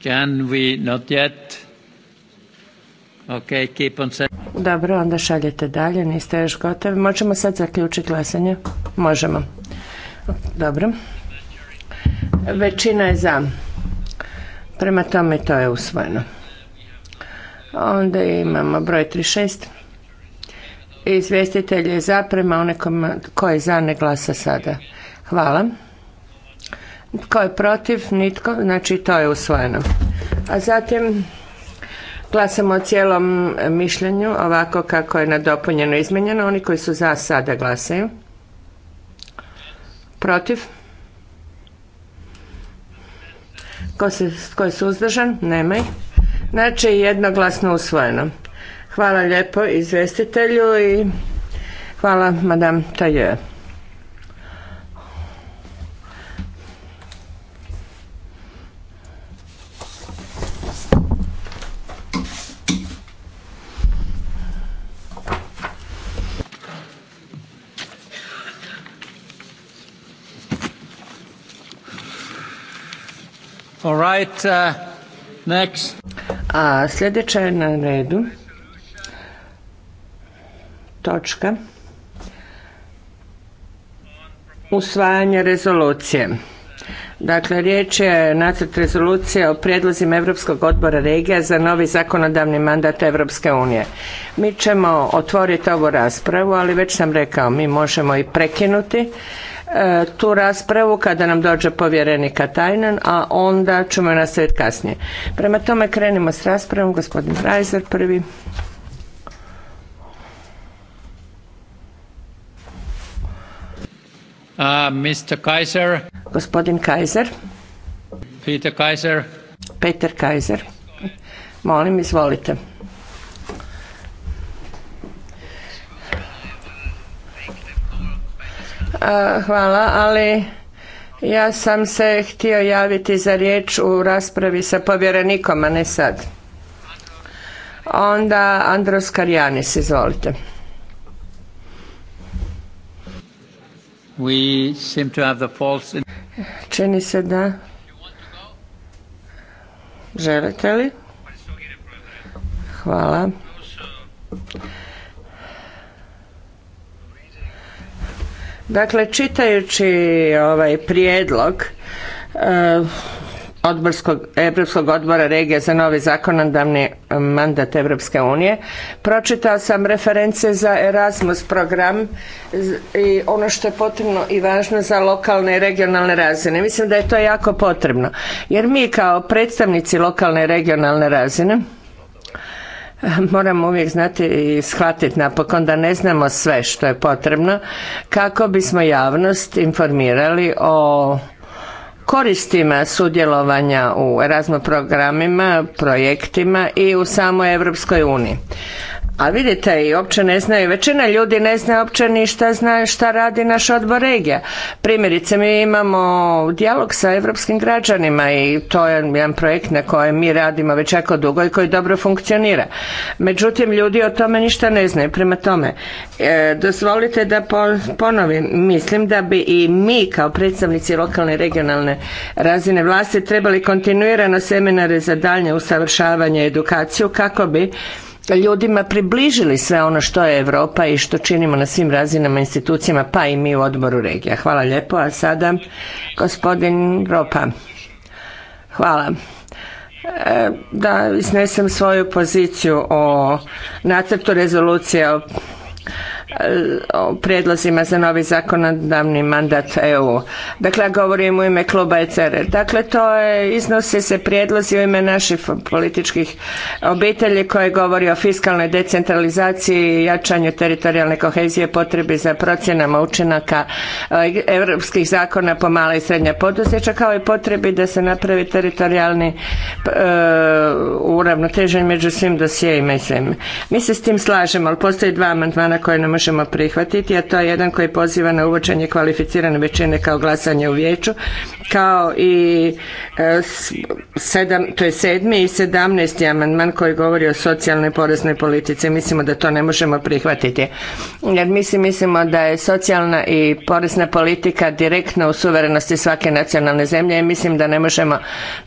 Can
Dobro, onda šaljete dalje, niste još gotovi. Možemo sad zaključiti glasanje? Možemo. Dobro.
Većina je za.
Prema tome to je usvojeno. Onda imamo broj 36. Izvjestitelj je za, prema onaj ko je za ne glasa sada. Hvala. Tko je protiv? Nitko. Znači to je usvojeno. A zatim glasamo o cijelom mišljenju ovako kako je nadopunjeno i izmijenjeno. Oni koji su za sada glasaju. Protiv? Ko, je suzdržan? Nema Znači jednoglasno usvojeno. Hvala lijepo izvjestitelju i hvala madam Tajer. Uh, A sljedeća je na redu točka usvajanje rezolucije. Dakle, riječ je nacrt rezolucije o prijedlozima Europskog odbora regija za novi zakonodavni mandat Europske unije. Mi ćemo otvoriti ovu raspravu, ali već sam rekao, mi možemo i prekinuti E, tu raspravu kada nam dođe povjerenika Tajnan, a onda ćemo nastaviti kasnije. Prema tome krenimo s raspravom. Gospodin Reiser prvi.
Uh, Gospodin Kaiser. Peter Kaiser.
Peter Kaiser. Molim, izvolite. Hvala, ali ja sam se htio javiti za riječ u raspravi sa povjerenikom, a ne sad. Onda Andros Karjanis, izvolite. Čini se da... Želite li? Hvala. Dakle, čitajući ovaj prijedlog Evropskog eh, odbora regija za novi zakonodavni eh, mandat Evropske unije. Pročitao sam reference za Erasmus program i ono što je potrebno i važno za lokalne i regionalne razine. Mislim da je to jako potrebno. Jer mi kao predstavnici lokalne i regionalne razine <laughs> moramo uvijek znati i shvatiti napokon da ne znamo sve što je potrebno kako bismo javnost informirali o koristima sudjelovanja u Erasmus programima, projektima i u samoj Europskoj uniji. A vidite, i uopće ne znaju, većina ljudi ne zna uopće ni šta zna, šta radi naš odbor regija. Primjerice, mi imamo dijalog sa evropskim građanima i to je jedan projekt na kojem mi radimo već jako dugo i koji dobro funkcionira. Međutim, ljudi o tome ništa ne znaju. Prema tome, e, dozvolite da ponovim, mislim da bi i mi kao predstavnici lokalne i regionalne razine vlasti trebali kontinuirano seminare za daljnje usavršavanje i edukaciju kako bi ljudima približili sve ono što je Europa i što činimo na svim razinama institucijama, pa i mi u odboru regija. Hvala lijepo, a sada gospodin Ropa. Hvala e, da iznesem svoju poziciju o nacrtu rezolucije o o prijedlozima za novi zakonodavni mandat EU. Dakle, govorim u ime kluba ECR. Dakle, to je, iznose se prijedlozi u ime naših političkih obitelji koje govori o fiskalnoj decentralizaciji, jačanju teritorijalne kohezije, potrebi za procjenama učinaka eh, europskih zakona po mala i srednja poduzeća, kao i potrebi da se napravi teritorijalni eh, uravnotežen među svim dosijejima i svim. Mi se s tim slažemo, ali postoje dva amandmana koje nam možemo prihvatiti, a to je jedan koji poziva na uvođenje kvalificirane većine kao glasanje u vijeću, kao i e, to je sedmi i sedamnesti amandman koji govori o socijalnoj poreznoj politici. Mislimo da to ne možemo prihvatiti. Jer mi si mislimo da je socijalna i porezna politika direktno u suverenosti svake nacionalne zemlje i mislim da ne možemo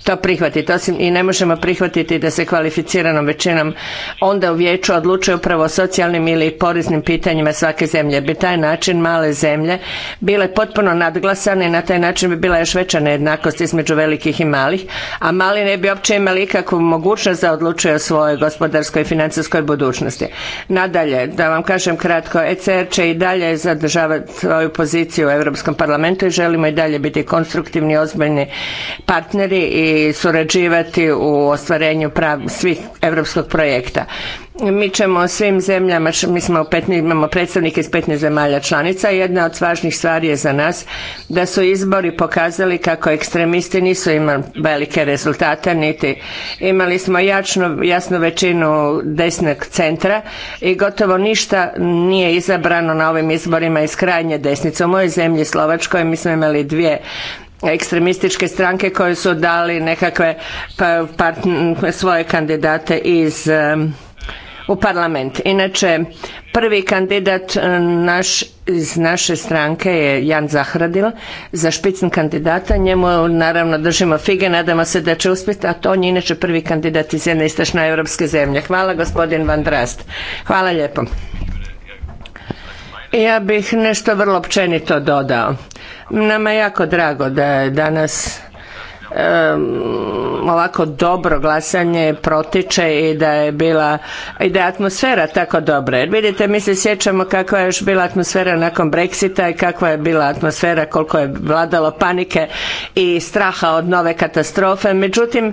to prihvatiti. Osim i ne možemo prihvatiti da se kvalificiranom većinom onda u vijeću odlučuje upravo o socijalnim ili poreznim pitanjima pitanjima svake zemlje bi taj način male zemlje bile potpuno nadglasane i na taj način bi bila još veća nejednakost između velikih i malih, a mali ne bi uopće imali ikakvu mogućnost da odlučuje o svojoj gospodarskoj i financijskoj budućnosti. Nadalje, da vam kažem kratko, ECR će i dalje zadržavati svoju poziciju u Europskom parlamentu i želimo i dalje biti konstruktivni, ozbiljni partneri i surađivati u ostvarenju svih europskog projekta mi ćemo svim zemljama, mi smo u imamo predstavnike iz petnaest zemalja članica jedna od važnih stvari je za nas da su izbori pokazali kako ekstremisti nisu imali velike rezultate niti imali smo jačnu, jasnu većinu desnog centra i gotovo ništa nije izabrano na ovim izborima iz krajnje desnice. U mojoj zemlji Slovačkoj mi smo imali dvije ekstremističke stranke koje su dali nekakve pa, svoje kandidate iz u parlament. Inače, prvi kandidat e, naš, iz naše stranke je Jan Zahradil za špicn kandidata. Njemu naravno držimo fige, nadamo se da će uspjeti, a to on je inače prvi kandidat iz jedne istočne europske zemlje. Hvala gospodin Van Drast. Hvala lijepo. Ja bih nešto vrlo općenito dodao. Nama je jako drago da je danas ovako dobro glasanje protiče i da je bila i da je atmosfera tako dobra. Jer vidite, mi se sjećamo kakva je još bila atmosfera nakon Brexita i kakva je bila atmosfera, koliko je vladalo panike i straha od nove katastrofe. Međutim,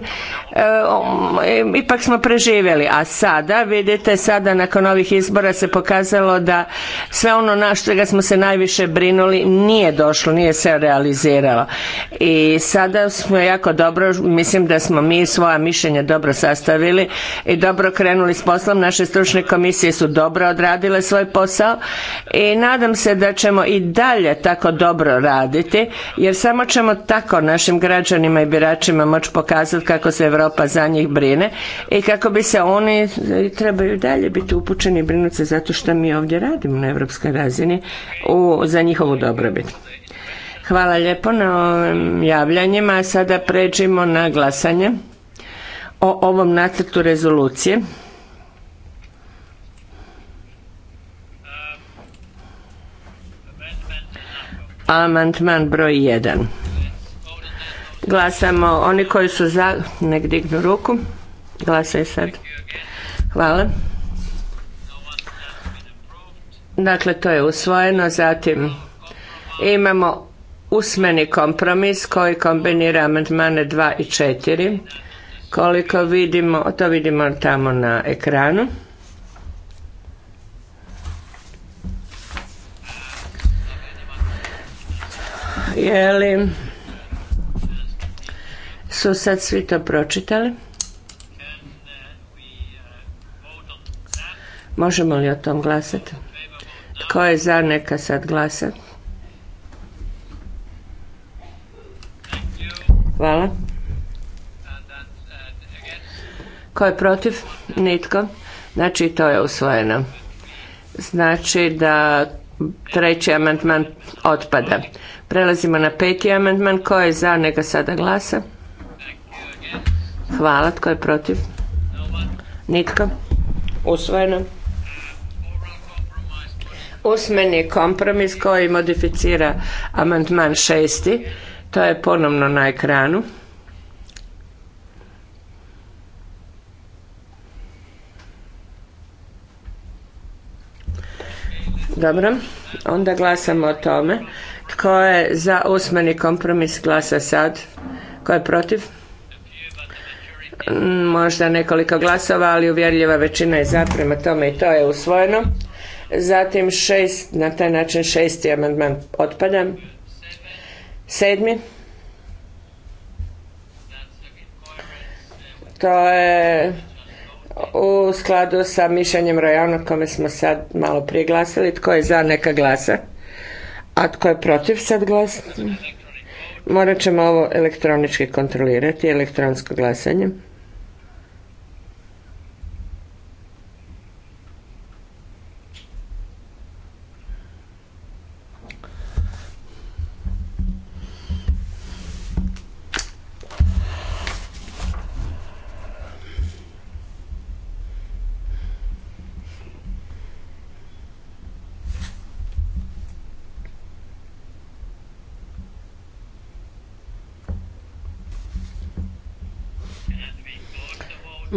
ipak smo preživjeli. A sada, vidite, sada nakon ovih izbora se pokazalo da sve ono na čega smo se najviše brinuli nije došlo, nije se realiziralo. I sada smo jako dobro, mislim da smo mi svoja mišljenja dobro sastavili i dobro krenuli s poslom. Naše stručne komisije su dobro odradile svoj posao i nadam se da ćemo i dalje tako dobro raditi jer samo ćemo tako našim građanima i biračima moći pokazati kako se Europa za njih brine i kako bi se oni trebaju dalje biti upućeni i brinuti se zato što mi ovdje radimo na europskoj razini za njihovu dobrobit. Hvala lijepo na ovim javljanjima, sada pređimo na glasanje o ovom nacrtu rezolucije. Amandman broj 1. Glasamo, oni koji su za, nek dignu ruku. Glasaj sad. Hvala. Dakle, to je usvojeno. Zatim imamo usmeni kompromis koji kombinira amandmane 2 i 4 koliko vidimo, to vidimo tamo na ekranu. jeli li su sad svi to pročitali? Možemo li o tom glasati? Tko je za neka sad glasa? Hvala. Ko je protiv? Nitko. Znači to je usvojeno. Znači da treći amandman otpada. Prelazimo na peti amandman. Ko je za? Neka sada glasa. Hvala. Tko je protiv? Nitko. Usvojeno. Usmeni kompromis koji modificira amandman šesti to je ponovno na ekranu. Dobro, onda glasamo o tome. Tko je za usmeni kompromis glasa sad? Tko je protiv? Mm, možda nekoliko glasova, ali uvjerljiva većina je za, prema tome i to je usvojeno. Zatim šest, na taj način šesti amandman otpada. Sedmi. To je u skladu sa mišljenjem Rajona kome smo sad malo prije glasili. Tko je za neka glasa? A tko je protiv sad glasa? Morat ćemo ovo elektronički kontrolirati, elektronsko glasanje.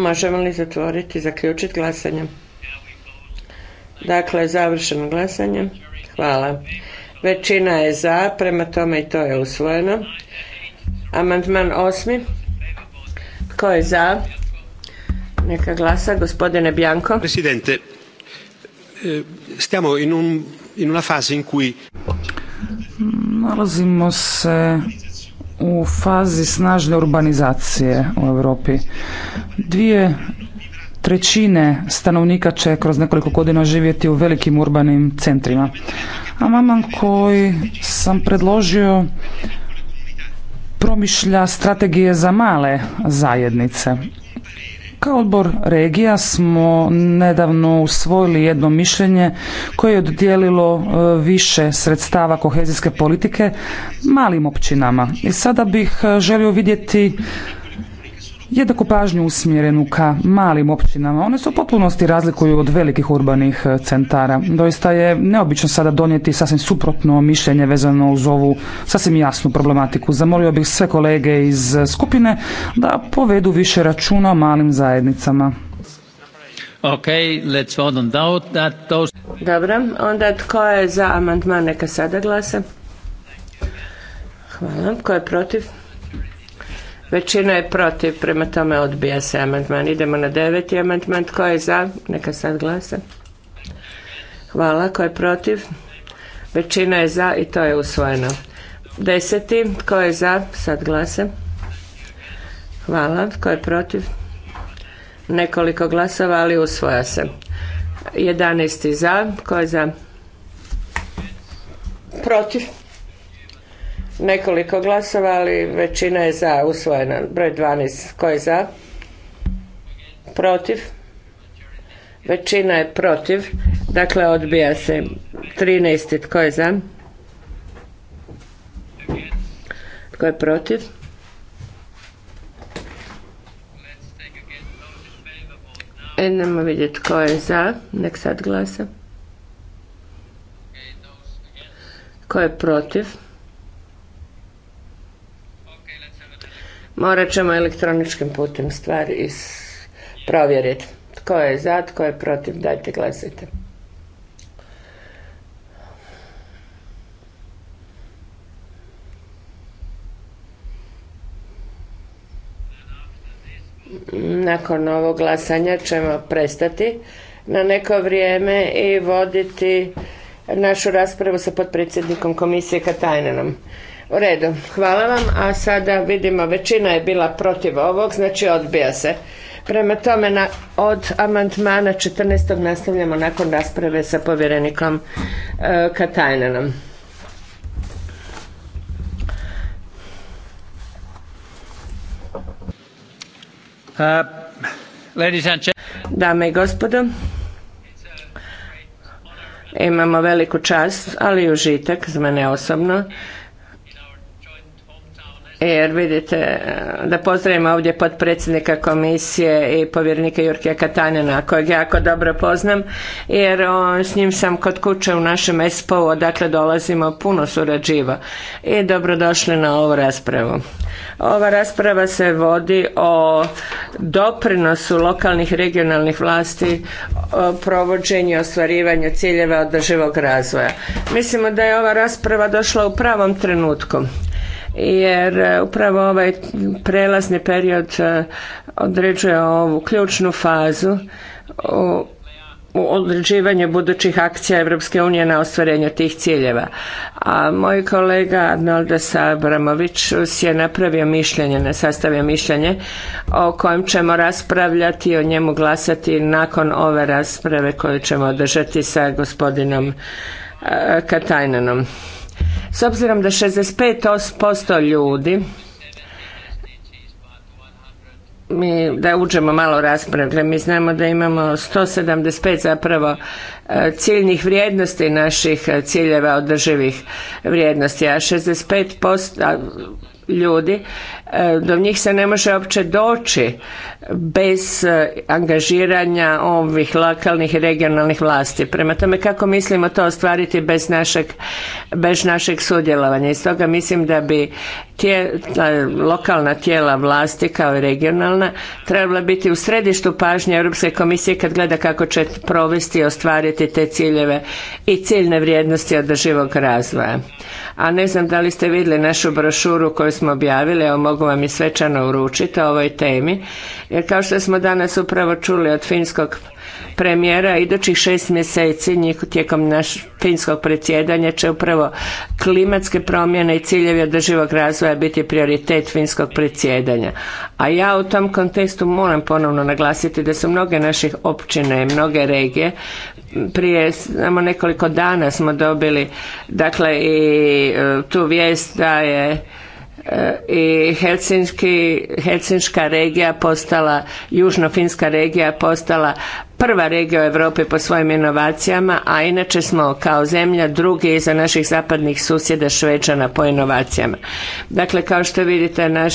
Možemo li zatvoriti, zaključiti glasanje? Dakle, završeno glasanje. Hvala. Većina je za, prema tome i to je usvojeno. Amandman osmi. Tko je za? Neka glasa. Gospodine Bjanko. Presidente,
eh, stiamo in, in una fase in cui...
Nalazimo se u fazi snažne urbanizacije u Europi. Dvije trećine stanovnika će kroz nekoliko godina živjeti u velikim urbanim centrima. Amandman koji sam predložio promišlja strategije za male zajednice. Kao odbor regija smo nedavno usvojili jedno mišljenje koje je dodijelilo e, više sredstava kohezijske politike malim općinama. I sada bih e, želio vidjeti jednaku pažnju usmjerenu ka malim općinama. One se u potpunosti razlikuju od velikih urbanih e, centara. Doista je neobično sada donijeti sasvim suprotno mišljenje vezano uz ovu sasvim jasnu problematiku. Zamolio bih sve kolege iz e, skupine da povedu više računa o malim zajednicama.
Okay, let's that those...
Dobro, onda tko je za amandman neka sada glasa? Hvala. Tko je protiv? Većina je protiv, prema tome odbija se amandman. Idemo na deveti amandman. Tko je za? Neka sad glasa. Hvala. Tko je protiv? Većina je za i to je usvojeno. Deseti. Tko je za? Sad glasa. Hvala. Tko je protiv? Nekoliko glasova, ali usvoja se. Jedanesti za. Tko je za? Protiv nekoliko glasova, ali većina je za usvojena. Broj 12, ko je za? Protiv? Većina je protiv, dakle odbija se. 13. tko je za? Tko je protiv? Idemo e, vidjeti tko je za, nek sad glasa. Tko je protiv? Morat ćemo elektroničkim putem stvar provjeriti. Tko je za, tko je protiv, dajte glasite. Nakon ovog glasanja ćemo prestati na neko vrijeme i voditi našu raspravu sa potpredsjednikom komisije Katajnenom. U redu, hvala vam, a sada vidimo većina je bila protiv ovog, znači odbija se. Prema tome od amantmana 14. nastavljamo nakon rasprave sa povjerenikom e, Katajnenom. Uh, Dame i gospodo, imamo veliku čast, ali i užitak za mene osobno jer vidite da pozdravimo ovdje potpredsjednika komisije i povjerenika Jurkija Katanjana kojeg jako dobro poznam jer on, s njim sam kod kuće u našem espo odakle dolazimo puno surađiva i dobrodošli na ovu raspravu. Ova rasprava se vodi o doprinosu lokalnih regionalnih vlasti provođenju i ostvarivanju ciljeva održivog razvoja. Mislimo da je ova rasprava došla u pravom trenutku jer e, upravo ovaj prelazni period e, određuje ovu ključnu fazu u određivanju budućih akcija Europske unije na ostvarenje tih ciljeva. A moj kolega Arnoldas Abramović je napravio mišljenje, ne sastavio mišljenje o kojem ćemo raspravljati i o njemu glasati nakon ove rasprave koju ćemo održati sa gospodinom e, Katajnenom. S obzirom da 65% ljudi mi da uđemo malo rasprave, mi znamo da imamo 175 zapravo e, ciljnih vrijednosti naših e, ciljeva održivih vrijednosti, a 65%, ljudi, e, do njih se ne može uopće doći bez e, angažiranja ovih lokalnih i regionalnih vlasti. Prema tome kako mislimo to ostvariti bez našeg, bez našeg sudjelovanja. I stoga mislim da bi lokalna tijela vlasti kao i regionalna trebala biti u središtu pažnje Europske komisije kad gleda kako će provesti i ostvariti te ciljeve i ciljne vrijednosti održivog razvoja. A ne znam da li ste vidjeli našu brošuru koju smo objavili, evo mogu vam i svečano uručiti o ovoj temi, jer kao što smo danas upravo čuli od finskog premijera idućih šest mjeseci njih tijekom naš finskog predsjedanja će upravo klimatske promjene i ciljevi održivog razvoja biti prioritet finskog predsjedanja. A ja u tom kontekstu moram ponovno naglasiti da su mnoge naših općine i mnoge regije prije samo nekoliko dana smo dobili dakle i e, tu vijest da je i Helsinki, regija postala, Južno-Finska regija postala prva regija u Europi po svojim inovacijama, a inače smo kao zemlja drugi iza naših zapadnih susjeda Švečana po inovacijama. Dakle, kao što vidite, naš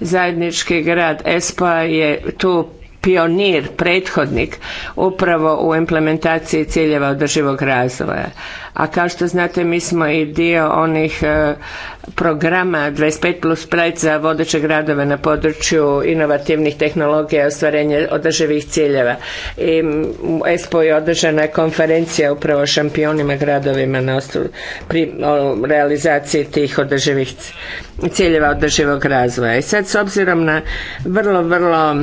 zajednički grad Espoa je tu pionir, prethodnik upravo u implementaciji ciljeva održivog razvoja. A kao što znate mi smo i dio onih e, programa 25 plus pred za vodeće gradove na području inovativnih tehnologija i ostvarenje održivih ciljeva. I u ESPO je održana konferencija upravo šampionima gradovima na pri o realizaciji tih održivih ciljeva održivog razvoja. I sad s obzirom na vrlo, vrlo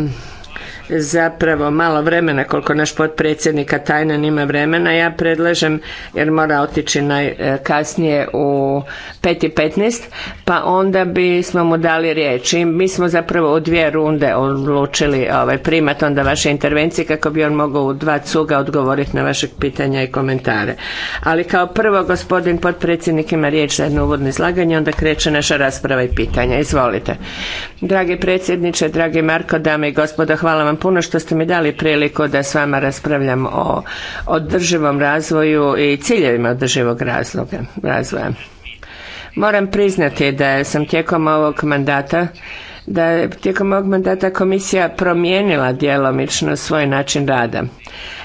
zapravo malo vremena koliko naš potpredsjednika Tajnan ima vremena. Ja predlažem, jer mora otići najkasnije e, u 5.15, pa onda bismo mu dali riječ. I mi smo zapravo u dvije runde odlučili ovaj, primat onda vaše intervencije kako bi on mogao u dva cuga odgovoriti na vaše pitanja i komentare. Ali kao prvo gospodin potpredsjednik ima riječ za jedno uvodno izlaganje, onda kreće naša rasprava i pitanja. Izvolite. Dragi predsjedniče, dragi Marko, dame i gospodo, hvala vam vam puno što ste mi dali priliku da s vama raspravljam o održivom razvoju i ciljevima održivog razvoja. Moram priznati da sam tijekom ovog mandata da je tijekom ovog mandata komisija promijenila djelomično svoj način rada.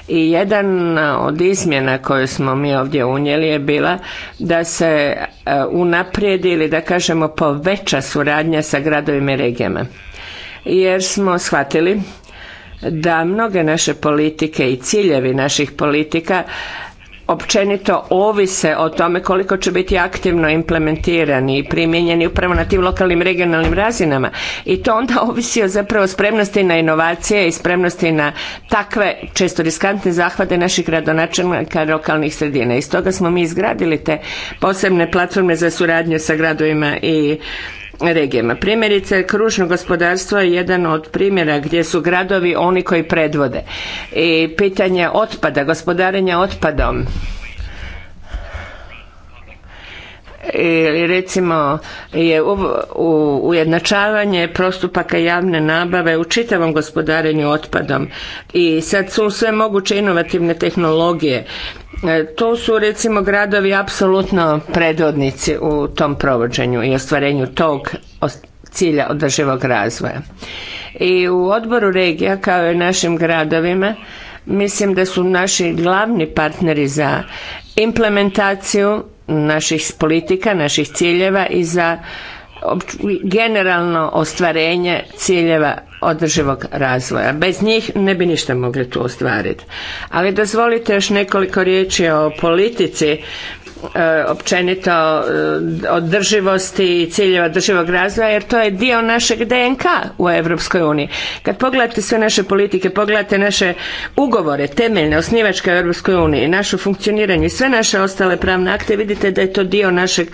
I jedan od izmjena koju smo mi ovdje unijeli je bila da se e, unaprijedi ili da kažemo poveća suradnja sa gradovima i regijama. Jer smo shvatili da mnoge naše politike i ciljevi naših politika općenito ovise o tome koliko će biti aktivno implementirani i primijenjeni upravo na tim lokalnim regionalnim razinama i to onda ovisi o zapravo spremnosti na inovacije i spremnosti na takve često riskantne zahvate naših gradonačelnika lokalnih sredina. I stoga smo mi izgradili te posebne platforme za suradnju sa gradovima i regijama. Primjerice, kružno gospodarstvo je jedan od primjera gdje su gradovi oni koji predvode. I pitanje otpada, gospodarenja otpadom recimo je ujednačavanje prostupaka javne nabave u čitavom gospodarenju otpadom i sad su sve moguće inovativne tehnologije e, to su recimo gradovi apsolutno predvodnici u tom provođenju i ostvarenju tog cilja održivog razvoja. I u odboru regija kao i našim gradovima mislim da su naši glavni partneri za implementaciju naših politika, naših ciljeva i za generalno ostvarenje ciljeva održivog razvoja. Bez njih ne bi ništa mogli tu ostvariti. Ali dozvolite još nekoliko riječi o politici E, općenito e, održivosti i ciljeva održivog razvoja jer to je dio našeg DNK u Europskoj uniji. Kad pogledate sve naše politike, pogledate naše ugovore, temeljne, osnivačke u Europskoj uniji, naše funkcioniranje i sve naše ostale pravne akte, vidite da je to dio našeg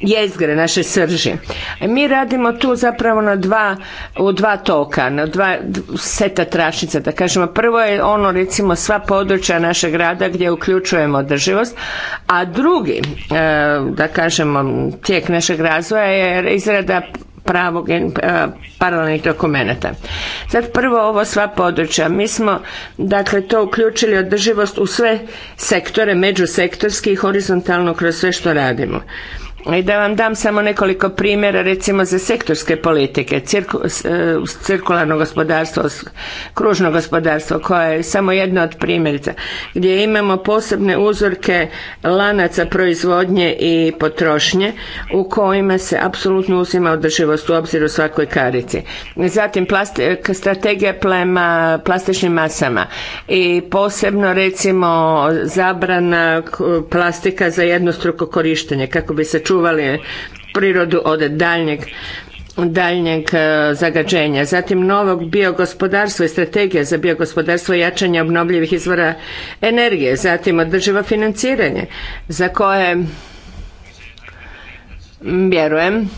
jezgre, naše srži. E, mi radimo tu zapravo na dva, u dva toka, na dva seta trašnica, da kažemo. Prvo je ono recimo sva područja našeg rada gdje uključujemo održivost, a drugo drugi, e, da kažemo, tijek našeg razvoja je izrada pravog e, paralelnih dokumenata. Sad prvo ovo sva područja. Mi smo dakle to uključili održivost u sve sektore, međusektorski i horizontalno kroz sve što radimo. I da vam dam samo nekoliko primjera recimo za sektorske politike, e, cirkularno gospodarstvo, kružno gospodarstvo koje je samo jedno od primjerica gdje imamo posebne uzorke lanaca proizvodnje i potrošnje u kojima se apsolutno uzima održivost u obzir u svakoj karici. Zatim e, strategija prema plastičnim masama i posebno recimo zabrana plastika za jednostruko korištenje kako bi se sačuvali prirodu od daljnjeg daljnjeg e, zagađenja. Zatim novog biogospodarstva i strategija za biogospodarstvo i jačanje obnovljivih izvora energije. Zatim održivo financiranje za koje vjerujem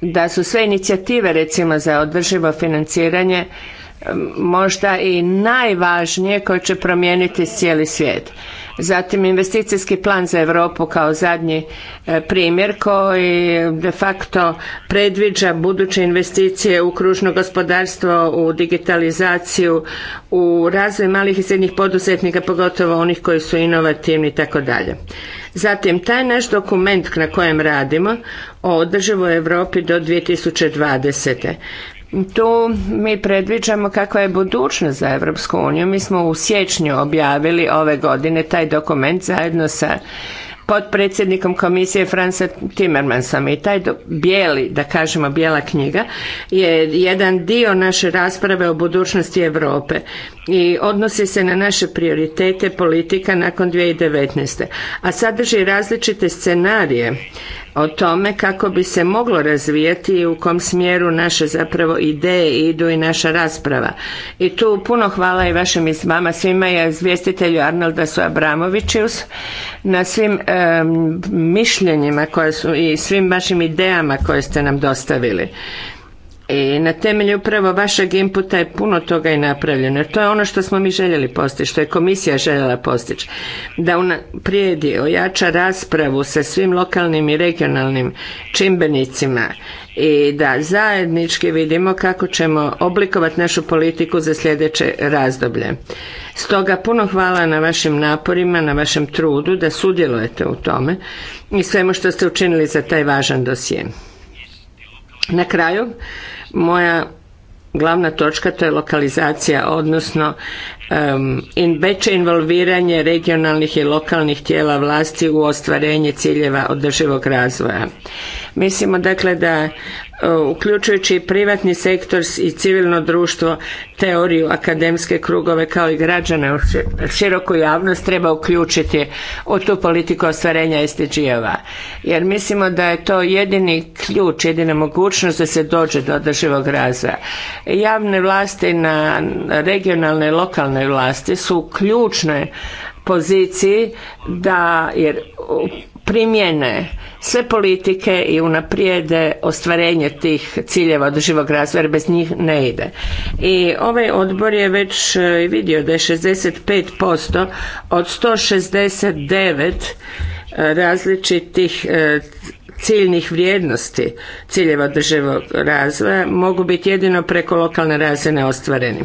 da su sve inicijative recimo za održivo financiranje možda i najvažnije koje će promijeniti cijeli svijet. Zatim investicijski plan za Europu kao zadnji e, primjer koji de facto predviđa buduće investicije u kružno gospodarstvo, u digitalizaciju, u razvoj malih i srednjih poduzetnika, pogotovo onih koji su inovativni i tako dalje. Zatim, taj naš dokument na kojem radimo o održivoj Europi do 2020 tu mi predviđamo kakva je budućnost za Europsku uniju. Mi smo u siječnju objavili ove godine taj dokument zajedno sa potpredsjednikom komisije Franca Timmermansom i taj bijeli, da kažemo bijela knjiga je jedan dio naše rasprave o budućnosti Europe i odnosi se na naše prioritete politika nakon 2019. A sadrži različite scenarije o tome kako bi se moglo razvijati i u kom smjeru naše zapravo ideje idu i naša rasprava. I tu puno hvala i vašim i vama svima i izvjestitelju su Abramoviću na svim mišljenjima koje su i svim vašim idejama koje ste nam dostavili. I na temelju upravo vašeg inputa je puno toga i napravljeno. Jer to je ono što smo mi željeli postići, što je komisija željela postići. Da unaprijedi, ojača raspravu sa svim lokalnim i regionalnim čimbenicima i da zajednički vidimo kako ćemo oblikovati našu politiku za sljedeće razdoblje. Stoga puno hvala na vašim naporima, na vašem trudu da sudjelujete u tome i svemu što ste učinili za taj važan dosje. Na kraju, moja glavna točka to je lokalizacija, odnosno veće involviranje regionalnih i lokalnih tijela vlasti u ostvarenje ciljeva održivog razvoja. Mislimo dakle da e, uključujući privatni sektor i civilno društvo, teoriju, akademske krugove kao i građane, široku javnost treba uključiti u tu politiku ostvarenja SDG-ova. Jer mislimo da je to jedini ključ, jedina mogućnost da se dođe do održivog razvoja. Javne vlasti na regionalne i lokalne vlasti su ključne poziciji da jer primjene sve politike i unaprijede ostvarenje tih ciljeva održivog razvoja jer bez njih ne ide. I ovaj odbor je već e, vidio da je 65% od 169 e, različitih e, ciljnih vrijednosti ciljeva održivog razvoja mogu biti jedino preko lokalne razine ostvareni.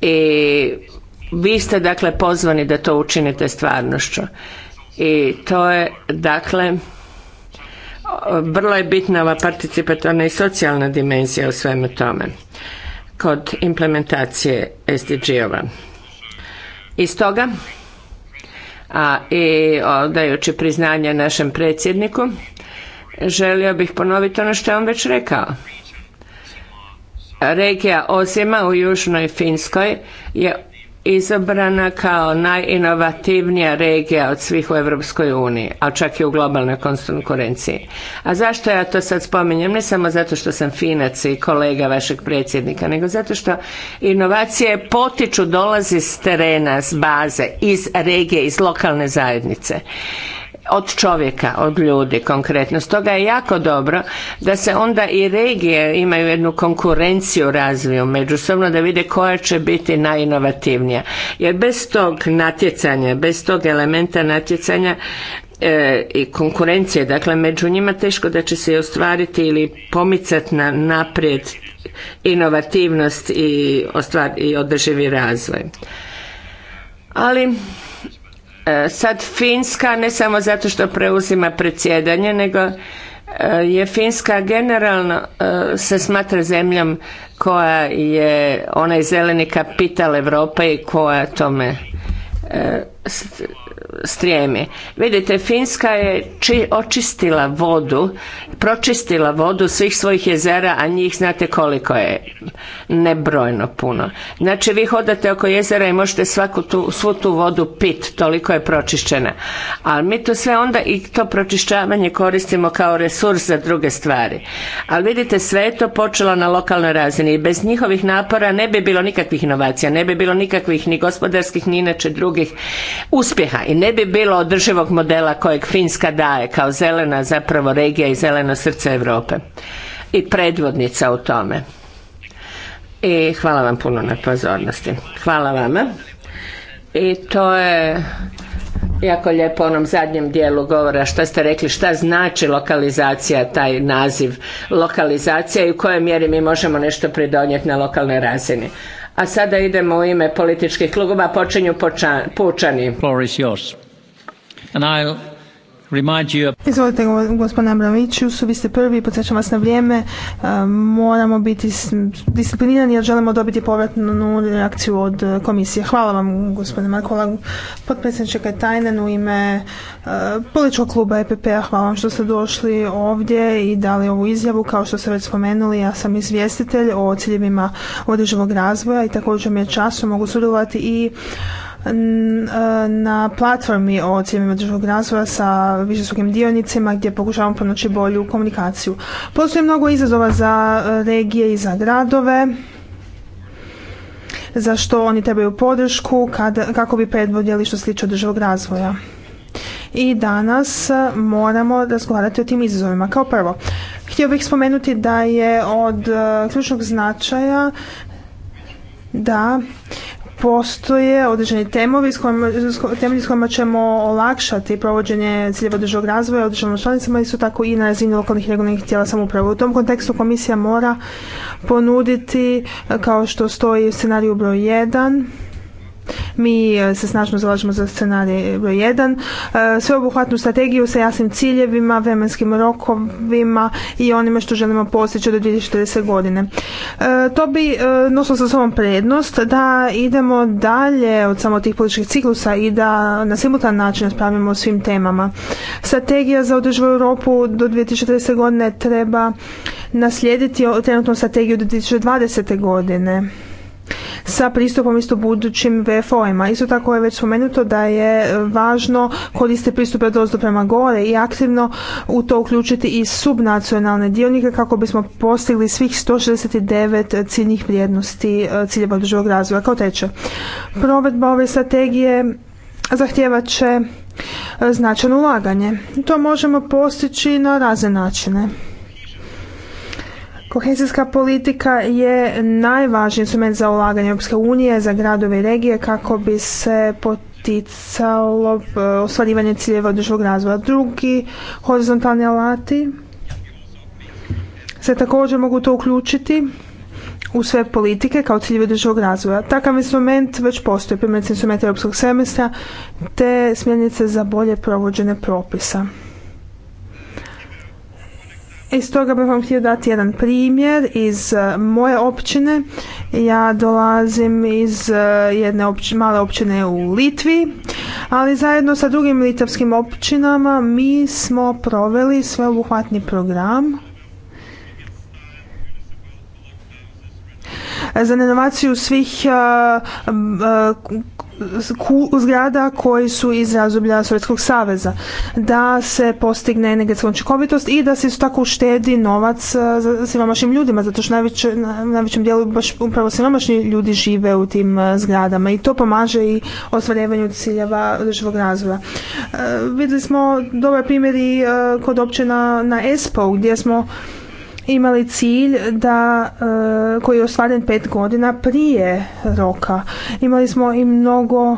I vi ste dakle pozvani da to učinite stvarnošću i to je dakle vrlo je bitna ova participatorna i socijalna dimenzija u svemu tome kod implementacije SDG-ova. I stoga, a i odajući priznanje našem predsjedniku, želio bih ponoviti ono što je on već rekao. Regija Osima u Južnoj Finskoj je izabrana kao najinovativnija regija od svih u Europskoj uniji, a čak i u globalnoj konkurenciji. A zašto ja to sad spominjem? Ne samo zato što sam finac i kolega vašeg predsjednika, nego zato što inovacije potiču, dolazi s terena, s baze, iz regije, iz lokalne zajednice od čovjeka, od ljudi konkretno. Stoga je jako dobro da se onda i regije imaju jednu konkurenciju razviju međusobno da vide koja će biti najinovativnija. Jer bez tog natjecanja, bez tog elementa natjecanja e, i konkurencije, dakle među njima teško da će se ostvariti ili pomicati na naprijed inovativnost i, i održivi razvoj. Ali E, sad Finska ne samo zato što preuzima predsjedanje nego e, je Finska generalno e, se smatra zemljom koja je onaj zeleni kapital Europe i koja tome strijemi. Vidite, Finska je očistila vodu, pročistila vodu svih svojih jezera, a njih znate koliko je, nebrojno puno. Znači vi hodate oko jezera i možete svaku tu, svu tu vodu pit, toliko je pročišćena. Ali mi to sve onda i to pročišćavanje koristimo kao resurs za druge stvari. Ali vidite, sve je to počelo na lokalnoj razini i bez njihovih napora ne bi bilo nikakvih inovacija, ne bi bilo nikakvih ni gospodarskih, ni inače drugih uspjeha i ne bi bilo održivog modela kojeg Finska daje kao zelena zapravo regija i zeleno srce Europe i predvodnica u tome. I hvala vam puno na pozornosti. Hvala vama. I to je jako lijepo onom zadnjem dijelu govora što ste rekli šta znači lokalizacija taj naziv lokalizacija i u kojoj mjeri mi možemo nešto pridonijeti na lokalnoj razini a sada idemo u ime političkih klubova, počinju
počani.
Izvolite, gospodine Abramoviću, vi ste prvi, podsjećam vas na vrijeme. E, moramo biti disciplinirani jer želimo dobiti povratnu reakciju od e, komisije. Hvala vam, gospodine Markola, potpredsjedniče Kajtajnen u ime e, političkog kluba EPP-a. Hvala vam što ste došli ovdje i dali ovu izjavu. Kao što ste već spomenuli, ja sam izvjestitelj o ciljevima određenog razvoja i također mi je času mogu sudjelovati i E, na platformi o cijelima državnog razvoja sa višestrukim dionicima gdje pokušavamo pronaći bolju komunikaciju. Postoji mnogo izazova za e, regije i za gradove za što oni trebaju podršku kako bi predvodjeli što se tiče državog razvoja. I danas e, moramo razgovarati o tim izazovima. Kao prvo, htio bih spomenuti da je od ključnog značaja da postoje određeni temovi s kojima, temelji s kojima ćemo olakšati provođenje ciljeva održivog razvoja određenim članicama članicama, su tako i na razini lokalnih i regionalnih tijela samouprave. U tom kontekstu komisija mora ponuditi, e, kao što stoji u scenariju broj 1, mi e, se snažno zalažemo za scenarij broj 1, e, sveobuhvatnu strategiju sa jasnim ciljevima, vremenskim rokovima i onime što želimo postići do 2040 godine. E, to bi nosilo sa sobom prednost da idemo dalje od samo tih političkih ciklusa i da na simultan način raspravljamo o svim temama. Strategija za održivu Europu do 2040 godine treba naslijediti trenutnu strategiju do 2020. godine sa pristupom isto budućim VFO-ima. Isto tako je već spomenuto da je e, važno koriste pristup od prema gore i aktivno u to uključiti i subnacionalne dionike kako bismo postigli svih 169 ciljnih vrijednosti e, ciljeva održivog razvoja. Kao teče, provedba ove strategije zahtjeva će e, značajno ulaganje. To možemo postići na razne načine. Kohezijska politika je najvažniji instrument za ulaganje Europske unije, za gradove i regije kako bi se poticalo e, ostvarivanje ciljeva održivog razvoja. Drugi horizontalni alati se također mogu to uključiti u sve politike kao ciljeve održivog razvoja. Takav instrument već postoji, primjerice instrument europskog semestra te smjernice za bolje provođene propisa. I e, stoga bih vam htio dati jedan primjer iz e, moje općine. Ja dolazim iz e, jedne male općine u Litvi, ali zajedno sa drugim litavskim općinama mi smo proveli sveobuhvatni program za inovaciju svih zgrada koji su iz razdoblja Sovjetskog saveza, da se postigne energetska učinkovitost i da se isto tako uštedi novac e, za siromašnim ljudima, zato što u najvećem dijelu baš upravo siromašni ljudi žive u tim e, zgradama i to pomaže i ostvarivanju ciljeva održivog razvoja. E, vidjeli smo dobar primjer i kod općina na Espo gdje smo imali cilj da, e, koji je ostvaren pet godina prije roka. Imali smo i mnogo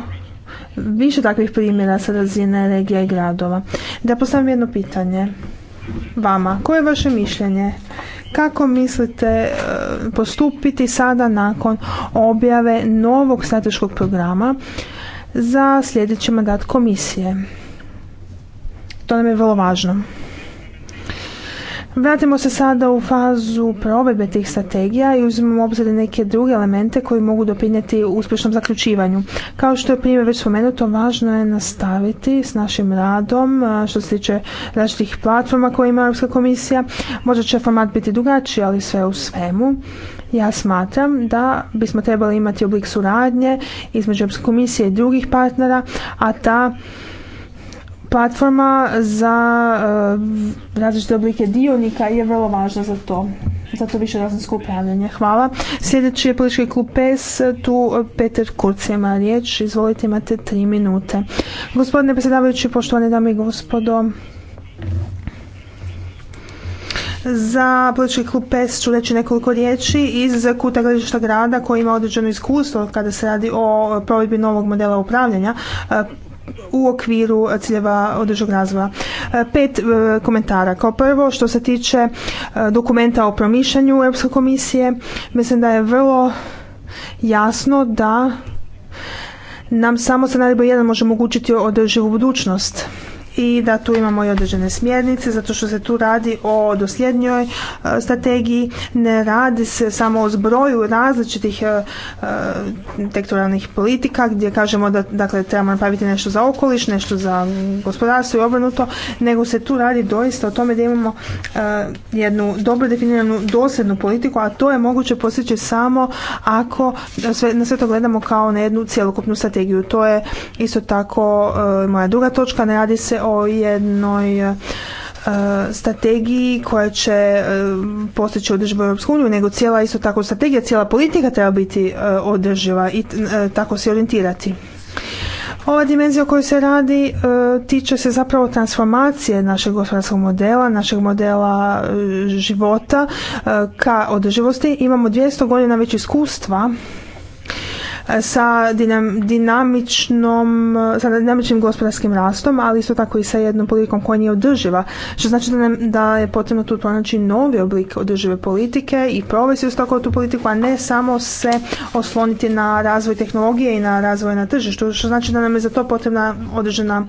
više takvih primjera sa razine regija i gradova. Da postavim jedno pitanje vama. Koje je vaše mišljenje? Kako mislite e, postupiti sada nakon objave novog strateškog programa za sljedeći mandat komisije? To nam je vrlo važno. Vratimo se sada u fazu provedbe tih strategija i uzmemo u obzir neke druge elemente koji mogu doprinijeti uspješnom zaključivanju. Kao što je prije već spomenuto, važno je nastaviti s našim radom što se tiče različitih platforma koje ima Europska komisija. Možda će format biti drugačiji, ali sve u svemu. Ja smatram da bismo trebali imati oblik suradnje između Europske komisije i drugih partnera, a ta platforma za eh, različite oblike dionika je vrlo važna za to zato više razinsko upravljanje. Hvala. Sljedeći je politički klub PES, tu eh, Peter Kurc ima riječ. Izvolite, imate tri minute. Gospodine predsjedavajući, poštovane dame i gospodo, za politički klub PES ću reći nekoliko riječi iz kuta gledišta grada koji ima određeno iskustvo kada se radi o eh, provedbi novog modela upravljanja u okviru ciljeva održog razvoja. E, pet e, komentara. Kao prvo, što se tiče e, dokumenta o promišljanju Europske komisije, mislim da je vrlo jasno da nam samo scenario jedan može omogućiti održivu budućnost i da tu imamo i određene smjernice zato što se tu radi o dosljednjoj e, strategiji, ne radi se samo o zbroju različitih tektoralnih e, e, politika gdje kažemo da dakle, trebamo napraviti nešto za okoliš, nešto za gospodarstvo i obrnuto, nego se tu radi doista o tome da imamo jednu dobro definiranu dosljednu politiku, a to je moguće postići samo ako na sve to gledamo kao na jednu cjelokupnu strategiju. To je isto tako moja druga točka, ne radi se o jednoj e, strategiji koja će e, postići održivu Europsku uniju, nego cijela isto tako strategija, cijela politika treba biti e, održiva i tako se orijentirati. Ova dimenzija o kojoj se radi tiče se zapravo transformacije našeg gospodarskog modela, našeg modela života ka održivosti. Imamo 200 godina već iskustva sa dinamičnom, sa dinamičnim gospodarskim rastom, ali isto tako i sa jednom politikom koja nije održiva, što znači da, nam, da je potrebno tu pronaći novi oblik održive politike i provesti uz tako tu politiku, a ne samo se osloniti na razvoj tehnologije i na razvoj na tržištu, što znači da nam je za to potrebna određena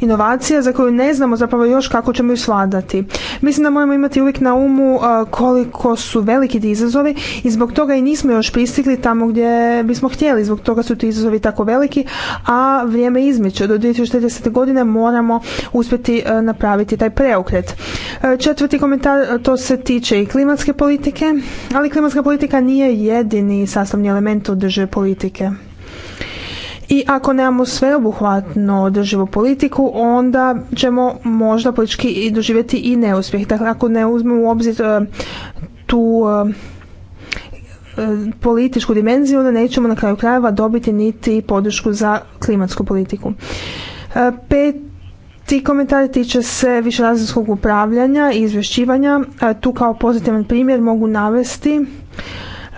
inovacija za koju ne znamo zapravo još kako ćemo ju svladati. Mislim da moramo imati uvijek na umu e, koliko su veliki izazovi i zbog toga i nismo još pristigli tamo gdje bismo htjeli htjeli, zbog toga su ti izazovi tako veliki, a vrijeme izmiče. Do 2040. godine moramo uspjeti e, napraviti taj preokret. E, četvrti komentar, e, to se tiče i klimatske politike, ali klimatska politika nije jedini sastavni element održive politike. I ako nemamo sveobuhvatno održivu politiku, onda ćemo možda politički doživjeti i neuspjeh. Dakle, ako ne uzmemo u obzir tu E, političku dimenziju, onda nećemo na kraju krajeva dobiti niti podršku za klimatsku politiku. E, pet ti komentari tiče se višerazinskog upravljanja i izvješćivanja. E, tu kao pozitivan primjer mogu navesti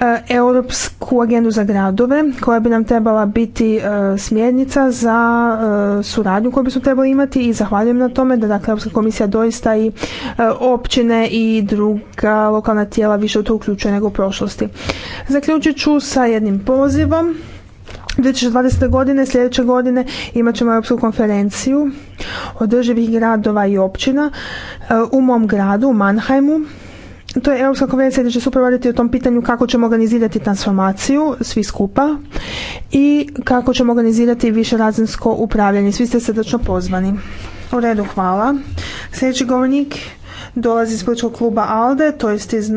E, europsku agendu za gradove koja bi nam trebala biti e, smjernica za e, suradnju koju bismo trebali imati i zahvaljujem na tome da dakle Europska komisija doista i općine i druga lokalna tijela više u to uključuje nego u prošlosti. Zaključit ću sa jednim pozivom. 2020. godine, sljedeće godine imat ćemo Europsku konferenciju održivih gradova i općina u mom gradu, u Mannheimu to je Europska konvencija gdje će se upravo o tom pitanju kako ćemo organizirati transformaciju svi skupa i kako ćemo organizirati višerazinsko upravljanje. Svi ste srdečno pozvani. U redu, hvala. Sljedeći govornik dolazi iz političkog kluba ALDE, to jest iz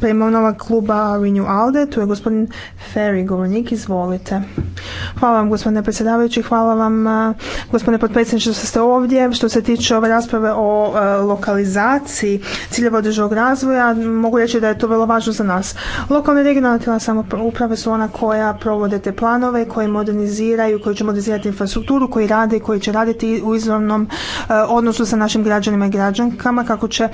Prema pa nova kluba Renew Alde, tu je gospodin Ferry, govornik, izvolite. Hvala vam gospodine predsjedavajući, hvala vam eh, gospodine potpredsjedniče što ste ovdje. Što se tiče ove rasprave o eh, lokalizaciji ciljeva održivog razvoja, mogu reći da je to vrlo važno za nas. Lokalne i regionalne tijela samouprave su ona koja provode te planove, koji moderniziraju, koji će modernizirati infrastrukturu, koji rade i koji će raditi u izravnom eh, odnosu sa našim građanima i građankama kako, će,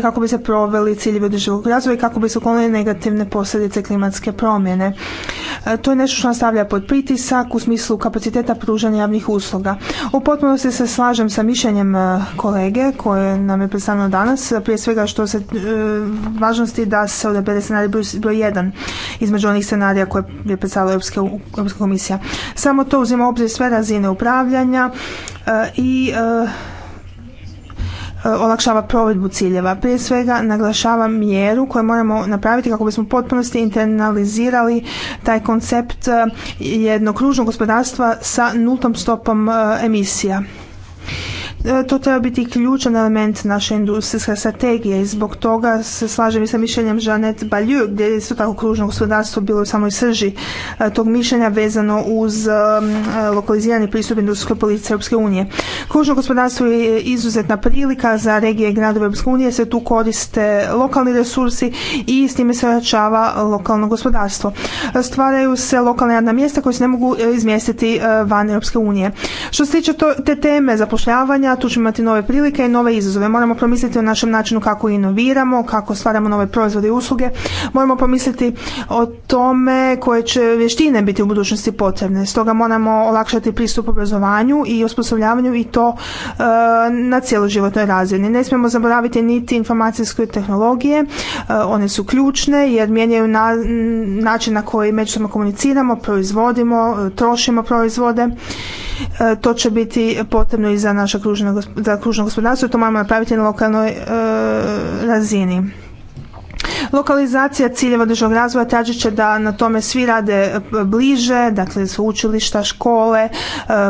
kako bi se proveli ciljevi održivog razvoj kako bi se uklonili negativne posljedice klimatske promjene. E, to je nešto što stavlja pod pritisak u smislu kapaciteta pružanja javnih usluga. U potpunosti se slažem sa mišljenjem e, kolege koje nam je predstavljeno danas, prije svega što se e, važnosti da se odabere scenarij broj 1 između onih scenarija koje je predstavila Europska komisija. Samo to uzima u obzir sve razine upravljanja i Eh, olakšava provedbu ciljeva. Prije svega naglašavam mjeru koju moramo napraviti kako bismo u potpunosti internalizirali taj koncept eh, jednog gospodarstva sa nultom stopom eh, emisija. E, to treba biti ključan element naše industrijske strategije i zbog toga se slažem i sa mišljenjem Jeanette Balju gdje je isto tako kružno gospodarstvo bilo u samoj srži e, tog mišljenja vezano uz e, lokalizirani pristup industrijskoj politici Europske unije. Kružno gospodarstvo je izuzetna prilika za regije i gradove Europske unije, se tu koriste lokalni resursi i s time se ojačava lokalno gospodarstvo. Stvaraju se lokalne radna mjesta koje se ne mogu izmjestiti van Europske unije. Što se tiče te teme zapošljavanja, tu ćemo imati nove prilike i nove izazove. Moramo promisliti o našem načinu kako inoviramo, kako stvaramo nove proizvode i usluge. Moramo promisliti o tome koje će vještine biti u budućnosti potrebne. Stoga moramo olakšati pristup obrazovanju i osposobljavanju i to e, na životnoj razini. Ne smijemo zaboraviti niti informacijske tehnologije, e, one su ključne jer mijenjaju način na koji međusobno komuniciramo, proizvodimo, e, trošimo proizvode. E, to će biti potrebno i za naša kružna kružno, za kružno gospodarstvo, to moramo napraviti na lokalnoj e, razini. Lokalizacija ciljeva državnog razvoja tražit će da na tome svi rade e, bliže, dakle sveučilišta, škole, e,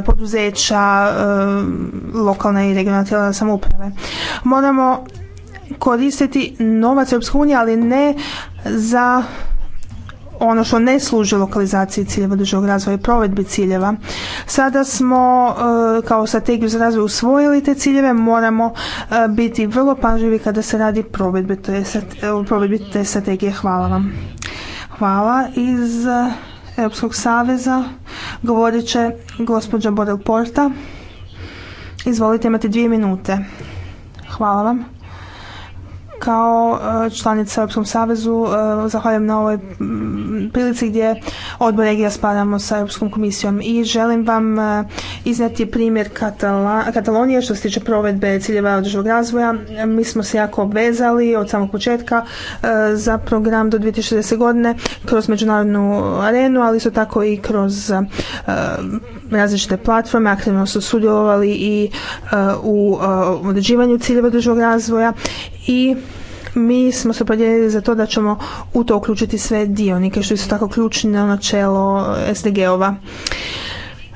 poduzeća, lokalne i regionalne tijela samouprave. Moramo koristiti novac Europske unije, ali ne za ono što ne služi lokalizaciji ciljeva državog razvoja i provedbi ciljeva. Sada smo e, kao strategiju za razvoj usvojili te ciljeve, moramo e, biti vrlo pažljivi kada se radi e, provedbi te strategije. Hvala vam. Hvala iz Europskog saveza govorit će gospođa Borel Porta. Izvolite, imate dvije minute. Hvala vam kao e, članica Europskom savezu e, zahvaljujem na ovoj mm, prilici gdje odbor regija spadamo sa Europskom komisijom i želim vam e, izneti primjer Katalonije što se tiče provedbe ciljeva održivog razvoja. Mi smo se jako obvezali od samog početka za program do 2060 godine kroz međunarodnu arenu, ali isto tako i kroz različite platforme. Aktivno su sudjelovali i u određivanju ciljeva održivog razvoja i mi smo se podijelili za to da ćemo u to uključiti sve dionike što su isto tako ključno načelo SDG-ova.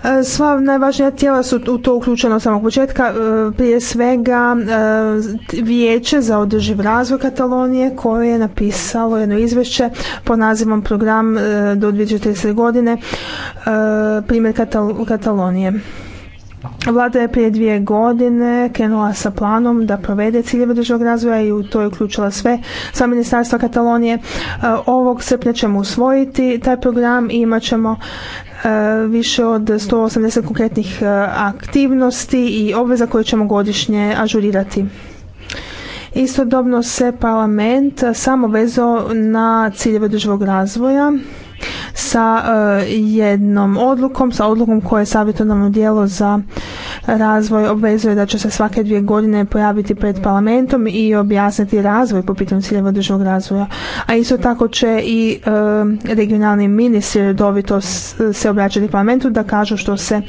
E, sva najvažnija tijela su u to uključena od samog početka, e, prije svega e, Vijeće za održiv razvoj Katalonije koje je napisalo jedno izvješće pod nazivom program do 2030. godine primjer Katalonije. Vlada je prije dvije godine krenula sa planom da provede ciljeve državnog razvoja i u to je uključila sve sva ministarstva Katalonije. E, ovog srpnja ćemo usvojiti taj program i imat ćemo e, više od 180 konkretnih e, aktivnosti i obveza koje ćemo godišnje ažurirati. Istodobno se parlament samo vezao na ciljeve državog razvoja sa e, jednom odlukom, sa odlukom koje je savjetodavno dijelo za razvoj obvezuje da će se svake dvije godine pojaviti pred parlamentom i objasniti razvoj po pitanju ciljeva održivog razvoja. A isto tako će i e, regionalni ministri redovito se obraćati parlamentu da kažu što se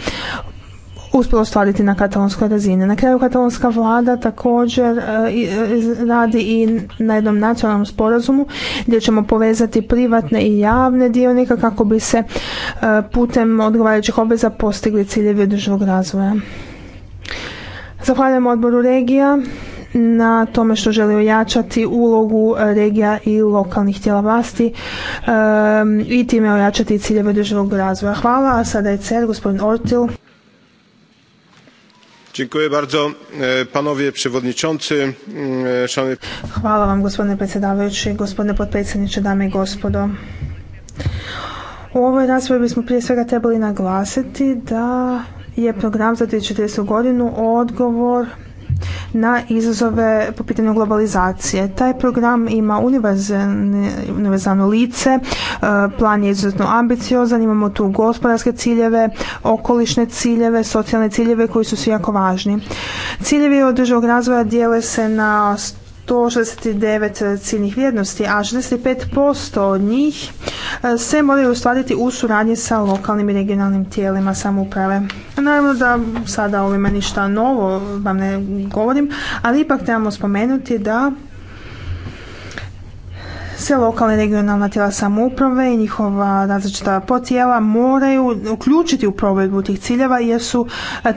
uspjelo ostvariti na katalonskoj razini. Na kraju katalonska vlada također e, e, radi i na jednom nacionalnom sporazumu gdje ćemo povezati privatne i javne dionike kako bi se e, putem odgovarajućih obveza postigli ciljevi održivog razvoja. Zahvaljujem odboru regija na tome što želi ojačati ulogu regija i lokalnih tijela vlasti i time ojačati ciljeve održivog razvoja. Hvala, a sada je cer, gospodin Ortil.
E, mm, e,
Hvala vam gospodine predsjedavajući, gospodine potpredsjedniče, dame i gospodo. U ovoj raspravi bismo prije svega trebali naglasiti da je program za 2040. godinu odgovor na izazove po pitanju globalizacije. Taj program ima univerzalno lice, e, plan je izuzetno ambiciozan, imamo tu gospodarske ciljeve, okolišne ciljeve, socijalne ciljeve koji su svi jako važni. Ciljevi održivog razvoja dijele se na 169 ciljnih vrijednosti, a 65% od njih e, se moraju ostvariti u suradnji sa lokalnim i regionalnim tijelima samouprave. Naravno da sada ovima ništa novo vam ne govorim, ali ipak trebamo spomenuti da se lokalne i regionalna tijela samouprave i njihova različita potijela moraju uključiti u provedbu tih ciljeva jer su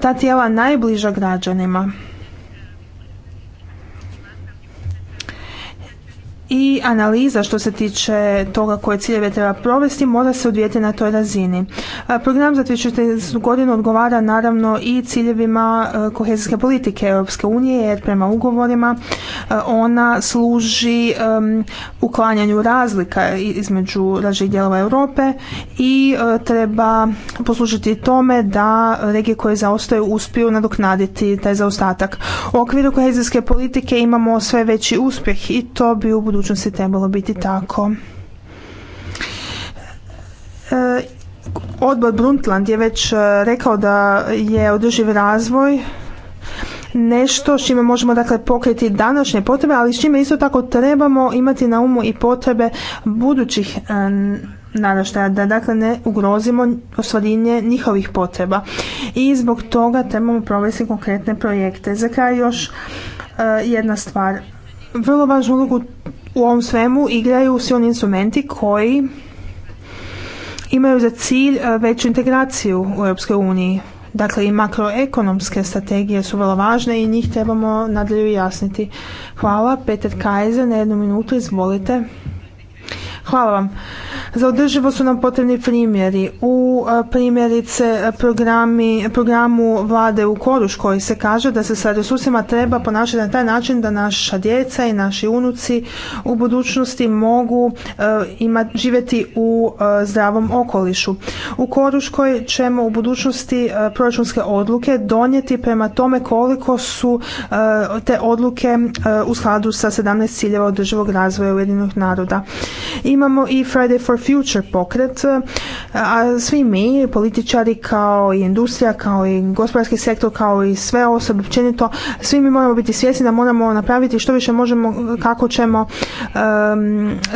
ta tijela najbliža građanima. i analiza što se tiče toga koje ciljeve treba provesti mora se odvijeti na toj razini. E, program za 2014. godinu odgovara naravno i ciljevima e, kohezijske politike Europske unije jer prema ugovorima e, ona služi uklanjanju razlika između različitih dijelova Europe i treba poslužiti tome da regije koje zaostaju uspiju nadoknaditi taj zaostatak. U okviru kohezijske politike imamo sve veći uspjeh i to bi u budućnosti budućnosti trebalo biti tako. E, odbor Brundtland je već e, rekao da je održiv razvoj nešto s čime možemo dakle pokriti današnje potrebe, ali s čime isto tako trebamo imati na umu i potrebe budućih e, naraštaja, da dakle ne ugrozimo ostvarenje njihovih potreba. I zbog toga trebamo provesti konkretne projekte. Za kraj još jedna stvar. Vrlo važnu ulogu u ovom svemu igraju svi oni instrumenti koji imaju za cilj e, veću integraciju u Europskoj uniji. Dakle, i makroekonomske strategije su vrlo važne i njih trebamo nadalje jasniti. Hvala. Peter Kajzer, na jednu minutu, izvolite. Hvala vam. Za održivo su nam potrebni primjeri. U e, primjerice programi, programu vlade u Koruškoj se kaže da se sa resursima treba ponašati na taj način da naša djeca i naši unuci u budućnosti mogu e, ima, živjeti u e, zdravom okolišu. U Koruškoj ćemo u budućnosti uh, proračunske odluke donijeti prema tome koliko su te odluke u skladu sa 17 ciljeva održivog razvoja Ujedinog naroda imamo i Friday for Future pokret, a svi mi, političari kao i industrija, kao i gospodarski sektor, kao i sve osobe općenito, svi mi moramo biti svjesni da moramo napraviti što više možemo kako ćemo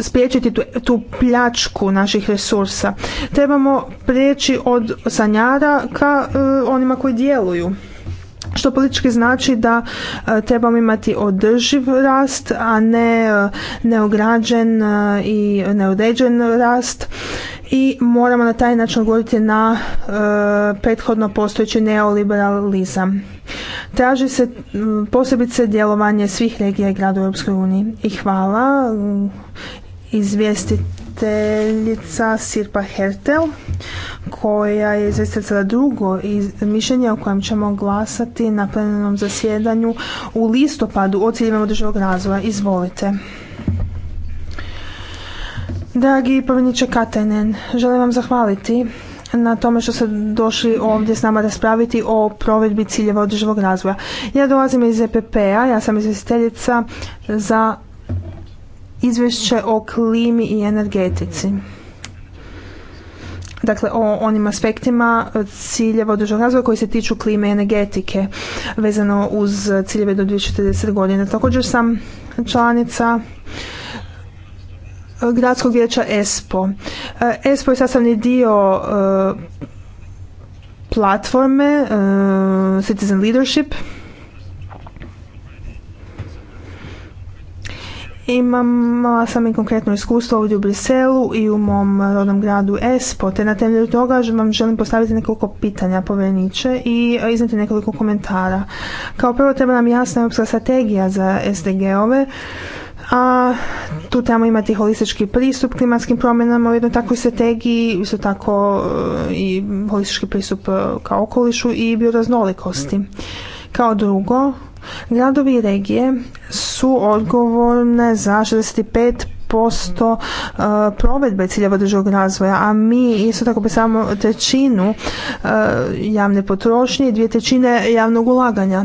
spriječiti tu, tu pljačku naših resursa. Trebamo prijeći od sanjara ka e, onima koji djeluju što politički znači da e, trebamo imati održiv rast, a ne e, neograđen e, i neodređen rast i moramo na taj način govoriti na prethodno postojeći neoliberalizam. Traži se posebice djelovanje svih regija i grada u EU. I hvala izvijestiti izvjestiteljica Sirpa Hertel koja je izvjestiteljica drugo drugo mišljenje o kojem ćemo glasati na plenarnom zasjedanju u listopadu o ciljevima održivog razvoja. Izvolite. Dragi povinniče Katajnen, želim vam zahvaliti na tome što ste došli ovdje s nama raspraviti o provedbi ciljeva održivog razvoja. Ja dolazim iz EPP-a, ja sam izvjestiteljica za izvješće o klimi i energetici. Dakle, o onim aspektima ciljeva održavog razvoja koji se tiču klime i energetike vezano uz ciljeve do 2040 godine. Također sam članica gradskog vijeća ESPO. ESPO je sastavni dio e, platforme e, Citizen Leadership Imala sam i konkretno iskustvo ovdje u Briselu i u mom rodnom gradu Espo, te na temelju toga vam želim postaviti nekoliko pitanja povjereniče i e, iznijeti nekoliko komentara. Kao prvo treba nam jasna europska strategija za SDG-ove, a tu trebamo imati holistički pristup klimatskim promjenama u jednoj takvoj strategiji, isto tako e, i holistički pristup e, kao okolišu i bioraznolikosti. Kao drugo, Gradovi i regije su odgovorne za 65 posto e, provedbe ciljeva održivog razvoja, a mi isto tako bi samo trećinu e, javne potrošnje i dvije trećine javnog ulaganja.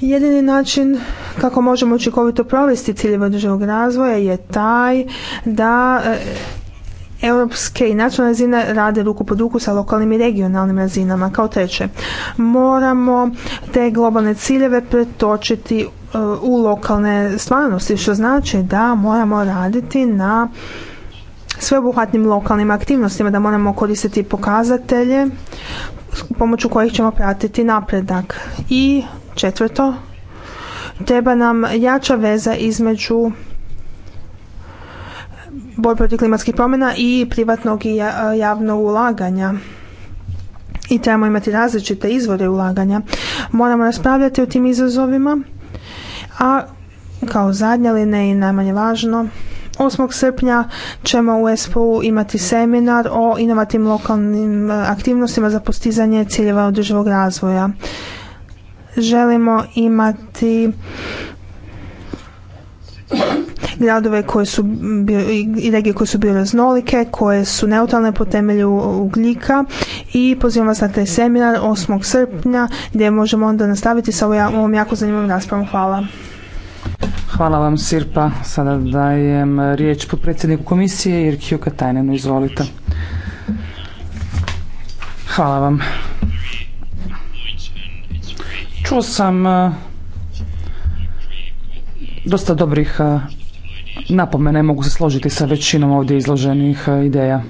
Jedini način kako možemo učinkovito provesti ciljeva održivog razvoja je taj da e, europske i nacionalne razine rade ruku pod ruku sa lokalnim i regionalnim razinama. Kao treće, moramo te globalne ciljeve pretočiti uh, u lokalne stvarnosti, što znači da moramo raditi na sveobuhvatnim lokalnim aktivnostima, da moramo koristiti pokazatelje pomoću kojih ćemo pratiti napredak. I četvrto, treba nam jača veza između borbe protiv klimatskih promjena i privatnog i javnog ulaganja i trebamo imati različite izvore ulaganja. Moramo raspravljati o tim izazovima, a kao zadnja ali ne i najmanje važno, 8. srpnja ćemo u SPU imati seminar o inovativnim lokalnim aktivnostima za postizanje ciljeva održivog razvoja. Želimo imati gradove koje su i regije koje su bile raznolike, koje su neutralne po temelju ugljika i pozivam vas na taj seminar 8. srpnja gdje možemo onda nastaviti sa ovom jako zanimljivom raspravom. Hvala.
Hvala vam Sirpa. Sada dajem riječ potpredsjedniku komisije Irkiju Katajnenu. Izvolite. Hvala vam. Čuo sam dosta dobrih e, napomena mogu se složiti sa većinom ovdje izloženih e, ideja.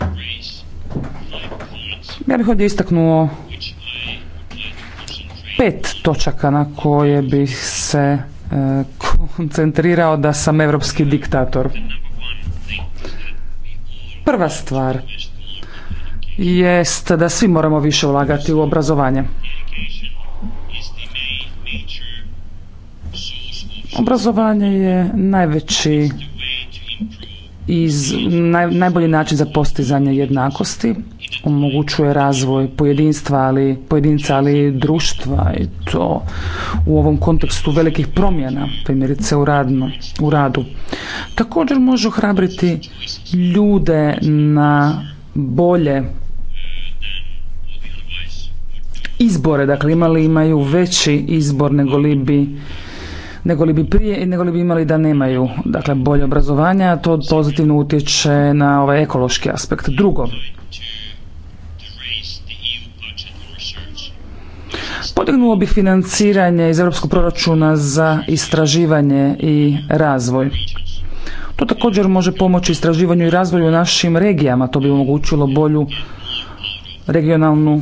Ja bih ovdje istaknuo pet točaka na koje bi se e, koncentrirao da sam evropski diktator. Prva stvar jest da svi moramo više ulagati u obrazovanje. Obrazovanje je najveći iz, najbolji način za postizanje jednakosti omogućuje razvoj pojedinstva, ali, pojedinca, ali i društva i to u ovom kontekstu velikih promjena, primjerice u, radno, u radu. Također može ohrabriti ljude na bolje izbore, dakle imali imaju veći izbor nego li bi nego li bi prije, nego li bi imali da nemaju dakle, bolje obrazovanja, to pozitivno utječe na ovaj ekološki aspekt. Drugo, podignulo bi financiranje iz europskog proračuna za istraživanje i razvoj. To također može pomoći istraživanju i razvoju u našim regijama, to bi omogućilo bolju regionalnu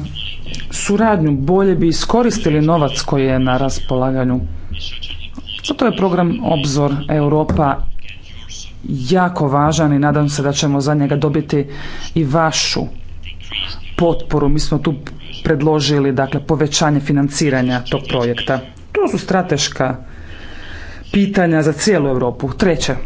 suradnju, bolje bi iskoristili novac koji je na raspolaganju. Zato je program Obzor Europa jako važan i nadam se da ćemo za njega dobiti i vašu potporu. Mi smo tu predložili dakle povećanje financiranja tog projekta. To su strateška pitanja za cijelu Europu. Treće,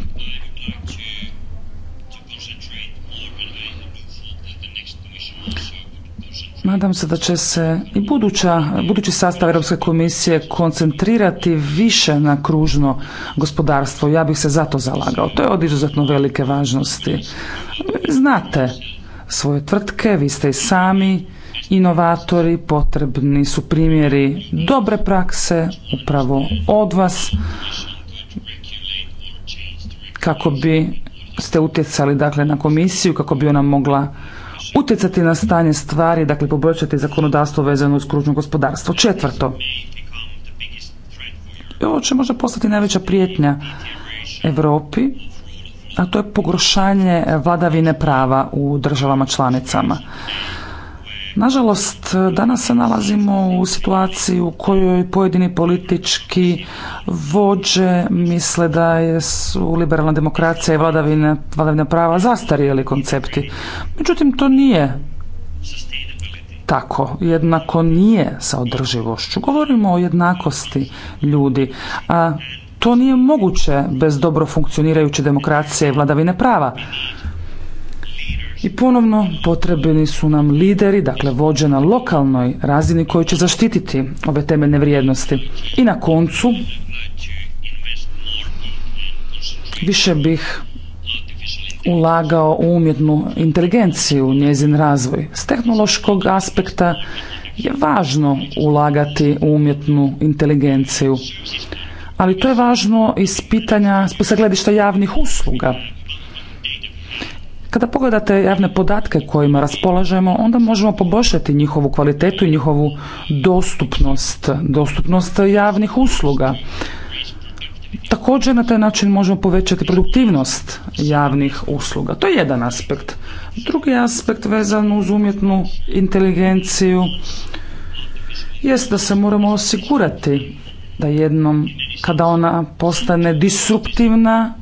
Nadam se da će se i buduća, budući sastav Europske komisije koncentrirati više na kružno gospodarstvo. Ja bih se zato zalagao. To je od izuzetno velike važnosti. Znate svoje tvrtke, vi ste i sami inovatori, potrebni su primjeri dobre prakse upravo od vas kako bi ste utjecali dakle na komisiju kako bi ona mogla utjecati na stanje stvari, dakle poboljšati zakonodavstvo vezano uz kružno gospodarstvo. Četvrto, ovo će možda postati najveća prijetnja Europi, a to je pogoršanje vladavine prava u državama članicama. Nažalost, danas se nalazimo u situaciji u kojoj pojedini politički vođe misle da je su liberalna demokracija i vladavina, prava zastarijeli koncepti. Međutim, to nije tako. Jednako nije sa održivošću. Govorimo o jednakosti ljudi, a to nije moguće bez dobro funkcionirajuće demokracije i vladavine prava. I ponovno potrebni su nam lideri, dakle vođe na lokalnoj razini koji će zaštititi ove temeljne vrijednosti. I na koncu, više bih ulagao u umjetnu inteligenciju, njezin razvoj. S tehnološkog aspekta je važno ulagati u umjetnu inteligenciju, ali to je važno iz pitanja, sa gledišta javnih usluga. Kada pogledate javne podatke kojima raspolažemo, onda možemo poboljšati njihovu kvalitetu i njihovu dostupnost, dostupnost javnih usluga. Također na taj način možemo povećati produktivnost javnih usluga. To je jedan aspekt. Drugi aspekt vezan uz umjetnu inteligenciju jest da se moramo osigurati da jednom kada ona postane disruptivna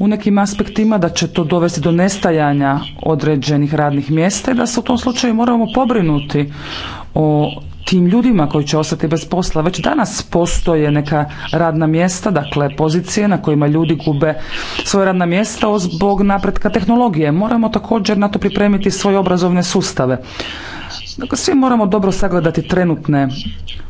u nekim aspektima, da će to dovesti do nestajanja određenih radnih mjesta i da se u tom slučaju moramo pobrinuti o tim ljudima koji će ostati bez posla. Već danas postoje neka radna mjesta, dakle pozicije na kojima ljudi gube svoje radna mjesta zbog napretka tehnologije. Moramo također na to pripremiti svoje obrazovne sustave. Dakle, svi moramo dobro sagledati trenutne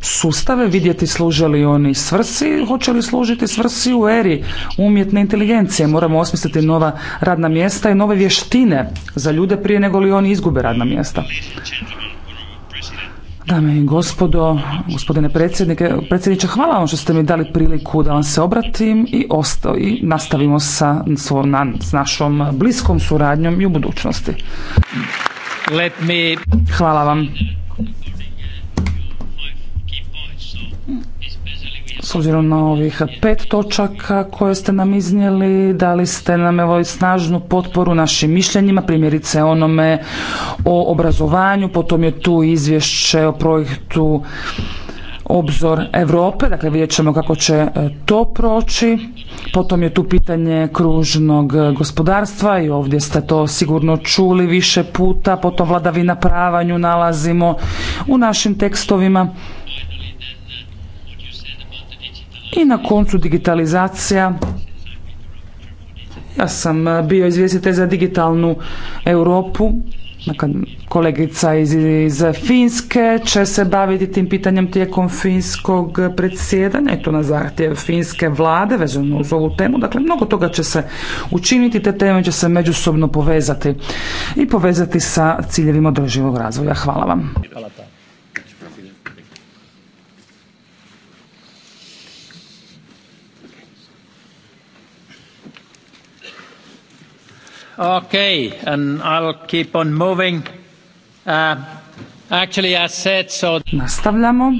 sustave, vidjeti služe li oni svrsi, hoće li služiti svrsi u eri umjetne inteligencije. Moramo osmisliti nova radna mjesta i nove vještine za ljude prije nego li oni izgube radna mjesta. Dame i gospodo, gospodine predsjednike, predsjedniče, hvala vam što ste mi dali priliku da vam se obratim i, osta, i nastavimo sa, s, s našom bliskom suradnjom i u budućnosti.
Let me...
Hvala vam. S obzirom na ovih pet točaka koje ste nam iznijeli, dali ste nam evo snažnu potporu našim mišljenjima, primjerice onome o obrazovanju, potom je tu izvješće o projektu obzor Europe, dakle vidjet ćemo kako će e, to proći. Potom je tu pitanje kružnog e, gospodarstva i ovdje ste to sigurno čuli više puta. Potom vladavina pravanju nalazimo u našim tekstovima. I na koncu digitalizacija. Ja sam e, bio izvjestitelj za digitalnu Europu Dakle, kolegica iz, Finske će se baviti tim pitanjem tijekom finskog predsjedanja i to na zahtjev finske vlade vezano uz ovu temu. Dakle, mnogo toga će se učiniti, te teme će se međusobno povezati i povezati sa ciljevima održivog razvoja. Hvala vam.
Okay, and I'll keep on moving. Uh, actually I said so... Nastavljamo.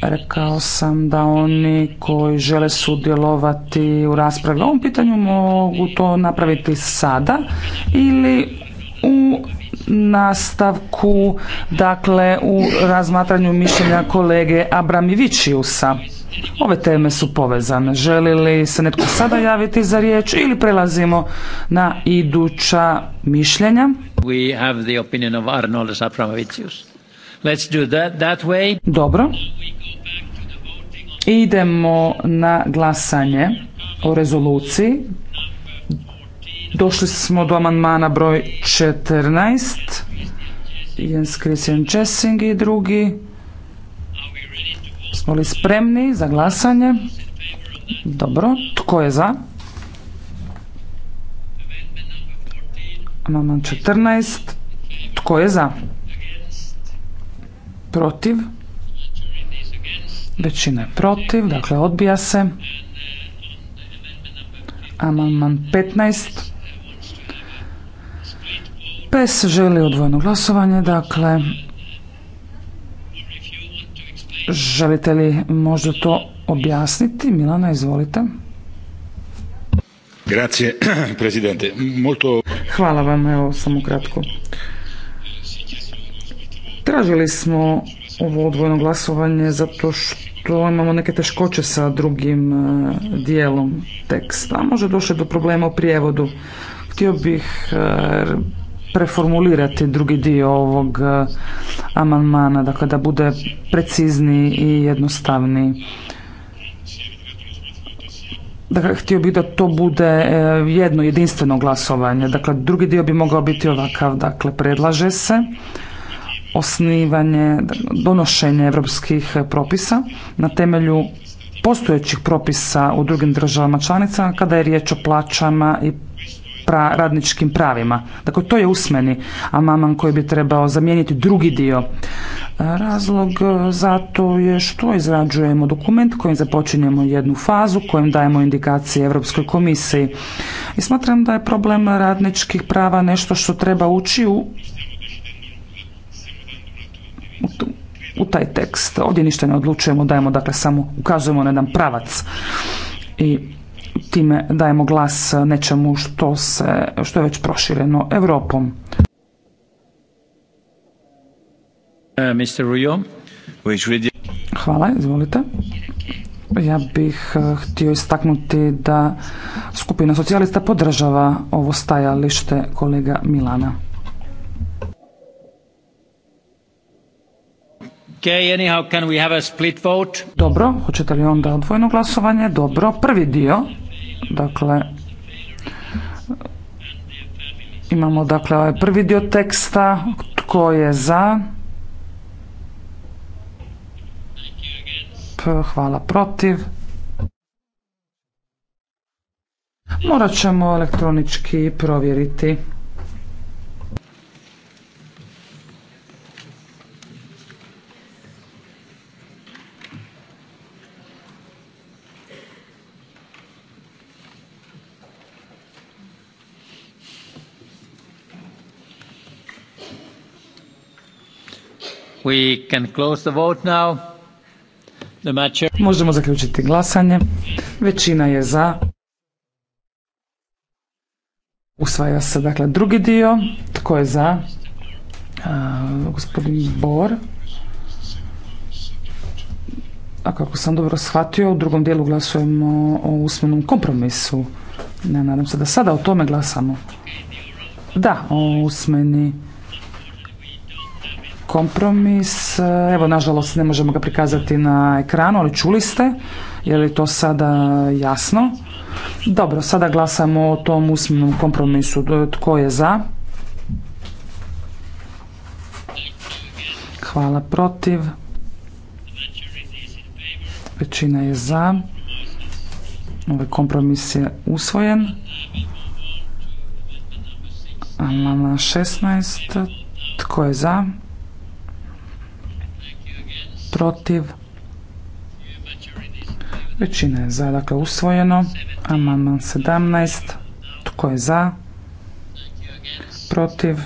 Rekao sam da oni koji žele sudjelovati u raspravi o ovom pitanju mogu to napraviti sada ili u nastavku, dakle u razmatranju mišljenja kolege Abramivičiusa. Ove teme su povezane. Želi li se netko sada javiti za riječ ili prelazimo na iduća mišljenja?
We have the opinion of Arnold Let's do that, that way.
Dobro. Idemo na glasanje o rezoluciji. Došli smo do amandmana broj 14. Jens Christian Chessing i drugi. Jesmo li spremni za glasanje? Dobro. Tko je za? Amandman 14. Tko je za? Protiv? Većina je protiv, dakle odbija se. Amandman 15. PES želi odvojeno glasovanje, dakle Želite li možda to objasniti? Milana, izvolite.
Grazie, <clears throat> presidente. Molto...
Hvala vam, evo, samo kratko. Tražili smo ovo odvojno glasovanje zato što imamo neke teškoće sa drugim e, dijelom teksta. Može došlo do problema u prijevodu. Htio bih e, preformulirati drugi dio ovog e, amandmana, dakle da bude precizniji i jednostavniji. Dakle, htio bih da to bude e, jedno jedinstveno glasovanje. Dakle, drugi dio bi mogao biti ovakav. Dakle, predlaže se osnivanje, donošenje europskih propisa na temelju postojećih propisa u drugim državama članicama kada je riječ o plaćama i radničkim pravima. Dakle, to je usmeni amaman koji bi trebao zamijeniti drugi dio. E, razlog e, za to je što izrađujemo dokument kojim započinjemo jednu fazu, kojim dajemo indikacije Europskoj komisiji. I smatram da je problem radničkih prava nešto što treba ući u, u, u taj tekst. Ovdje ništa ne odlučujemo, dajemo, dakle, samo ukazujemo na jedan pravac. I time dajemo glas nečemu što, se, što je već prošireno Europom. Uh, Hvala, izvolite. Ja bih uh, htio istaknuti da skupina socijalista podržava ovo stajalište kolega Milana. split Dobro, hoćete li onda odvojeno glasovanje? Dobro, prvi dio, dakle, imamo dakle ovaj prvi dio teksta, tko je za? hvala protiv. Morat ćemo elektronički provjeriti. We Možemo zaključiti glasanje. Većina je za. Usvaja se dakle drugi dio. Tko je za? gospodin Bor. A kako sam dobro shvatio, u drugom dijelu glasujemo o usmenom kompromisu. Ne nadam se da sada o tome glasamo. Da, o usmeni kompromis. E, evo, nažalost, ne možemo ga prikazati na ekranu, ali čuli ste. Je li to sada jasno? Dobro, sada glasamo o tom usmenom kompromisu. E, tko je za? Hvala protiv. Većina je za. Ovaj kompromis je usvojen. Amandman 16. Tko je za? protiv, većina je za, dakle usvojeno, amandman 17, tko je za, protiv,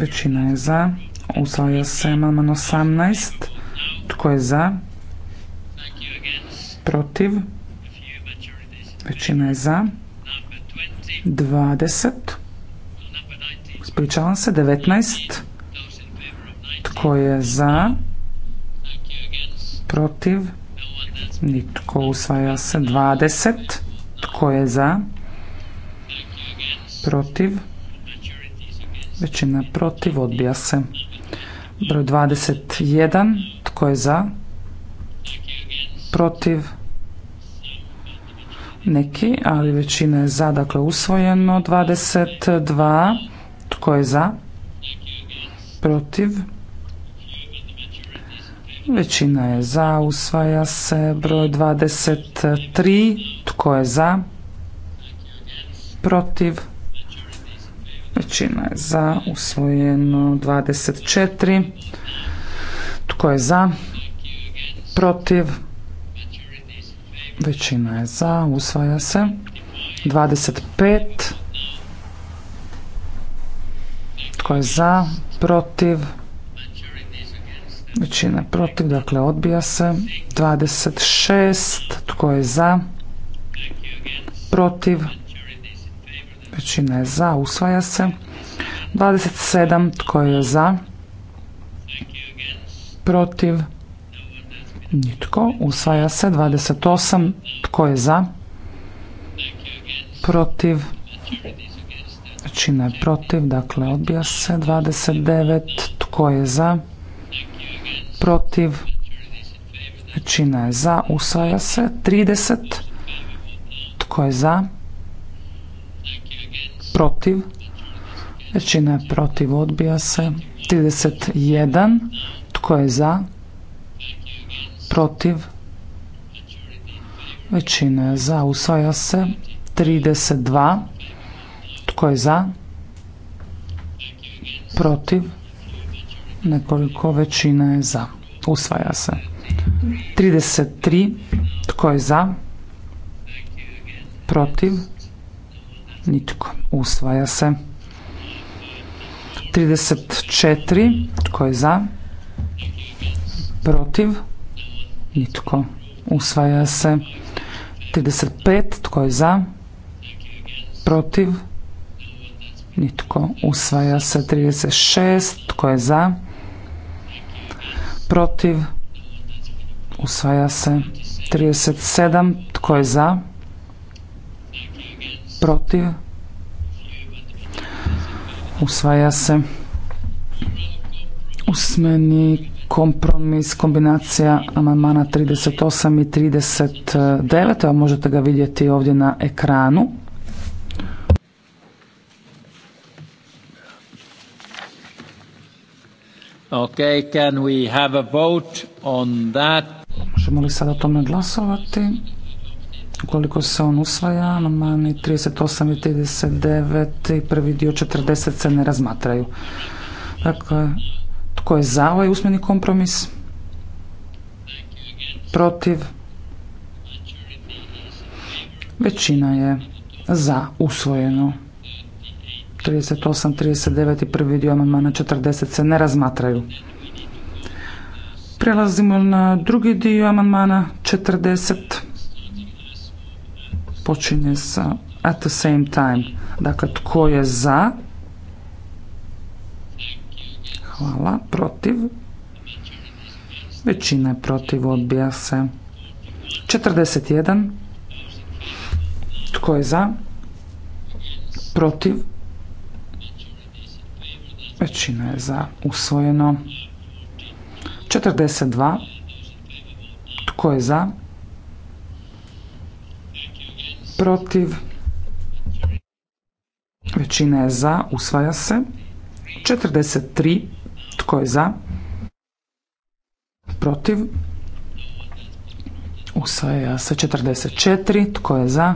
većina je za, usvaja se amandman 18, tko je za, protiv, većina je za, 20, Spričavam se, 19, tko je za? Protiv? Nitko usvaja se. 20. Tko je za? Protiv? Većina protiv. Odbija se. Broj 21. Tko je za? Protiv? Neki, ali većina je za, dakle usvojeno. 22. Tko je za? Protiv? Većina je za, usvaja se broj 23. Tko je za? Protiv? Većina je za, usvojeno 24. Tko je za? Protiv? Većina je za, usvaja se 25. Tko je za? Protiv? Većina protiv, dakle odbija se. 26. Tko je za? Protiv. Većina je za, usvaja se. 27. Tko je za? Protiv. Nitko. Usvaja se. 28. Tko je za? Protiv. Većina je protiv, dakle odbija se. 29. Tko je za? protiv, većina je za, usvaja se. 30, tko je za, protiv, većina je protiv, odbija se. 31, tko je za, protiv, većina je za, usvaja se. 32, tko je za, protiv, nekoliko većina je za. Usvaja se. 33. Tko je za? Protiv? Nitko. Usvaja se. 34. Tko je za? Protiv? Nitko. Usvaja se. 35. Tko je za? Protiv? Nitko. Usvaja se. 36. Tko je za? protiv, usvaja se 37, tko je za, protiv, usvaja se usmeni kompromis, kombinacija amandmana 38 i 39, a možete ga vidjeti ovdje na ekranu.
Okay, can we have a vote on that?
Možemo li sada o tome glasovati? Koliko se on usvaja, amandmani 38 i 39 i prvi dio 40 se ne razmatraju. Dakle, tko je za ovaj usmeni kompromis? Protiv? Većina je za usvojeno. 38, 39 i prvi dio amandmana 40 se ne razmatraju. Prelazimo na drugi dio amandmana 40. Počinje sa at the same time. Dakle, tko je za? Hvala. Protiv? Većina je protiv, odbija se. 41. Tko je za? Protiv? Većina je za usvojeno. 42. Tko je za? Protiv. Većina je za. Usvaja se. 43. Tko je za? Protiv. Usvaja se. 44. Tko je za?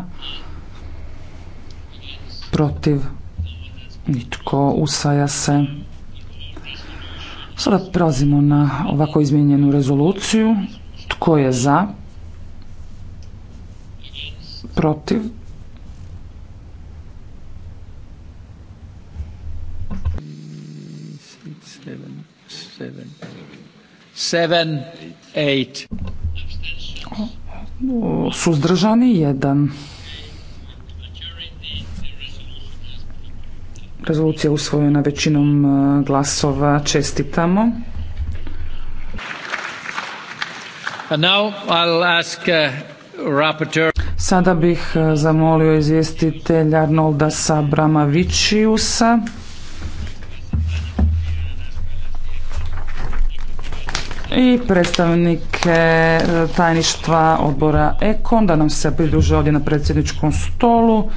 Protiv. Nitko usaja se. Sada prelazimo na ovako izmijenjenu rezoluciju. Tko je za? Protiv?
Seven, eight.
Suzdržani jedan. Rezolucija usvojena većinom e, glasova. Čestitamo. Uh, Sada bih e, zamolio izvjestitelja Arnolda Sabrama i predstavnike e, tajništva odbora Ekon da nam se pridruže ovdje na predsjedničkom stolu.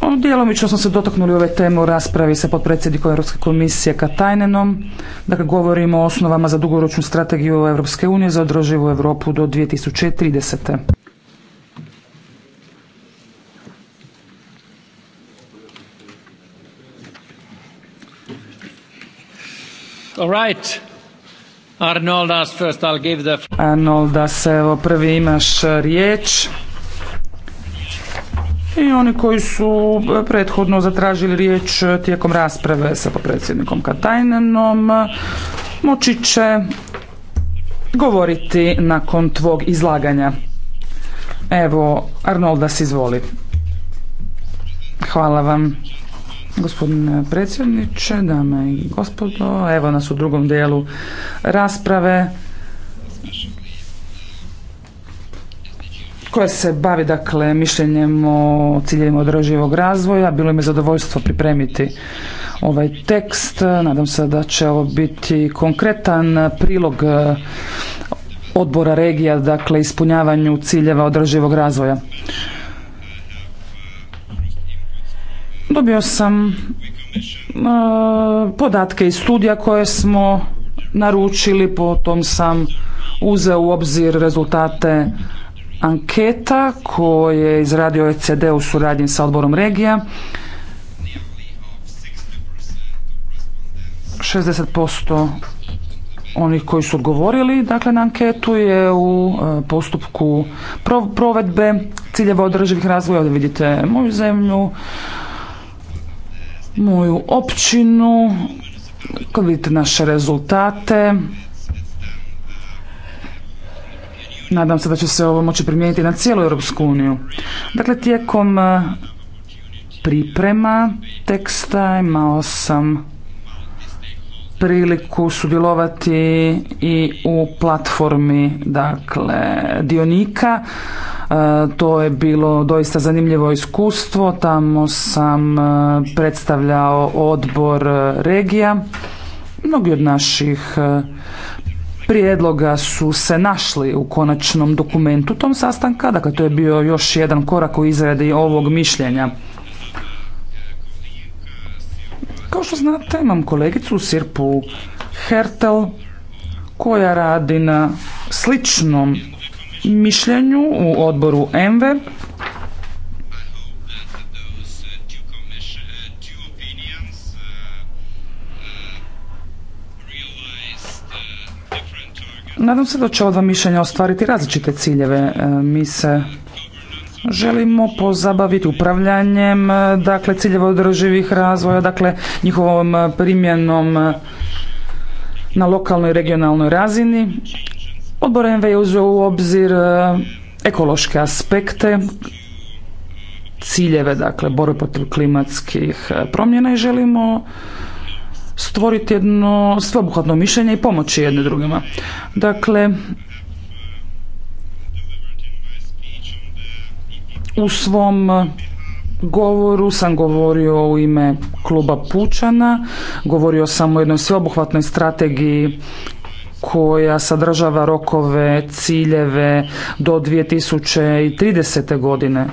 Ono, djelomično smo se dotaknuli ove teme u raspravi sa potpredsjednikom Europske komisije Katajnenom. Dakle, govorimo o osnovama za dugoročnu strategiju Europske unije za održivu Europu do 2030.
All right. Arnoldas, first I'll give the...
Arnoldas, evo prvi imaš riječ i oni koji su e, prethodno zatražili riječ e, tijekom rasprave sa potpredsjednikom Katajnenom e, moći će govoriti nakon tvog izlaganja. Evo, Arnoldas, izvoli. Hvala vam. Gospodine predsjedniče, dame i gospodo, evo nas u drugom dijelu rasprave. koja se bavi dakle mišljenjem o ciljevima održivog razvoja. Bilo mi je zadovoljstvo pripremiti ovaj tekst. Nadam se da će ovo biti konkretan prilog eh, odbora regija, dakle ispunjavanju ciljeva održivog razvoja. Dobio sam eh, podatke iz studija koje smo naručili, potom sam uzeo u obzir rezultate anketa koje je izradio ECD u suradnji sa odborom regija 60% onih koji su odgovorili dakle na anketu je u e, postupku provedbe ciljeva održivih razvoja. Ovdje vidite moju zemlju, moju općinu, kad vidite naše rezultate, Nadam se da će se ovo moći primijeniti na cijelu Europsku uniju. Dakle, tijekom e, priprema teksta imao sam priliku sudjelovati i u platformi dakle dionika. E, to je bilo doista zanimljivo iskustvo. Tamo sam e, predstavljao odbor regija. Mnogi od naših prijedloga su se našli u konačnom dokumentu tom sastanka, dakle to je bio još jedan korak u izradi ovog mišljenja. Kao što znate, imam kolegicu Sirpu Hertel koja radi na sličnom mišljenju u odboru MV. Nadam se da će ova mišljenja ostvariti različite ciljeve. E, mi se želimo pozabaviti upravljanjem, e, dakle ciljeva održivih razvoja, dakle njihovom e, primjenom na lokalnoj i regionalnoj razini. Odbor MV je uzeo u obzir ekološke aspekte, ciljeve, dakle borbe protiv klimatskih promjena i želimo stvoriti jedno sveobuhvatno mišljenje i pomoći jedne drugima. Dakle, u svom govoru sam govorio u ime kluba Pučana, govorio sam o jednoj sveobuhvatnoj strategiji koja sadržava rokove, ciljeve do 2030. godine.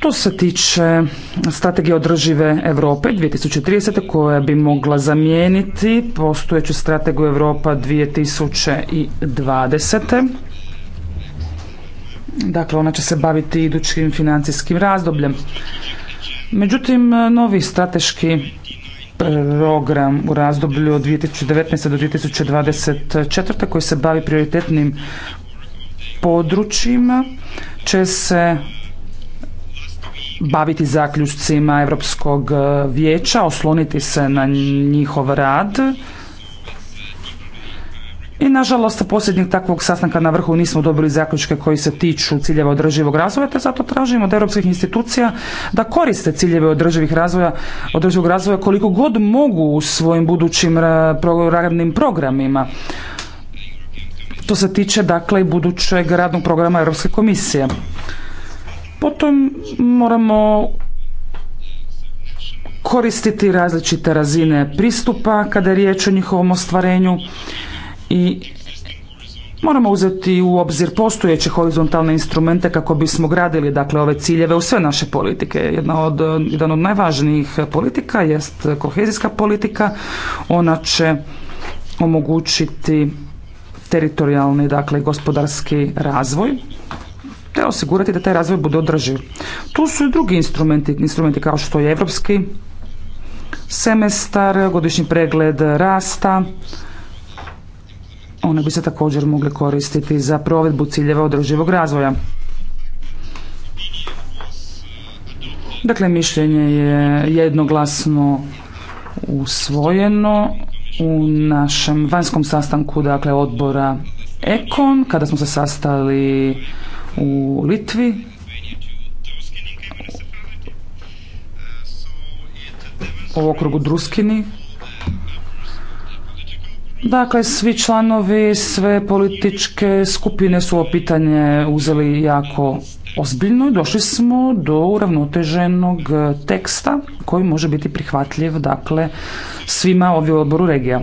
Što se tiče strategije održive Europe 2030. koja bi mogla zamijeniti postojeću strategiju Europa 2020. Dakle, ona će se baviti idućim financijskim razdobljem. Međutim, novi strateški program u razdoblju od 2019. do 2024. koji se bavi prioritetnim područjima će se baviti zaključcima Europskog e, vijeća, osloniti se na njihov rad. I nažalost, posljednjeg takvog sastanka na vrhu nismo dobili zaključke koji se tiču ciljeva održivog razvoja, te zato tražimo od europskih institucija da koriste ciljeve održivih razvoja, održivog razvoja koliko god mogu u svojim budućim e, radnim programima. To se tiče dakle i budućeg radnog programa Europske komisije. Potom moramo koristiti različite razine pristupa kada je riječ o njihovom ostvarenju i moramo uzeti u obzir postojeće horizontalne instrumente kako bismo gradili dakle ove ciljeve u sve naše politike. Jedna od, jedan od najvažnijih politika jest kohezijska politika. Ona će omogućiti teritorijalni dakle gospodarski razvoj osigurati da taj razvoj bude održiv. Tu su i drugi instrumenti, instrumenti kao što je evropski semestar, godišnji pregled rasta, one bi se također mogli koristiti za provedbu ciljeva održivog razvoja. Dakle, mišljenje je jednoglasno usvojeno u našem vanjskom sastanku dakle, odbora Ekon, kada smo se sastali u Litvi. U okrugu Druskini. Dakle, svi članovi, sve političke skupine su ovo pitanje uzeli jako ozbiljno i došli smo do uravnoteženog teksta koji može biti prihvatljiv dakle svima ovdje u odboru regija.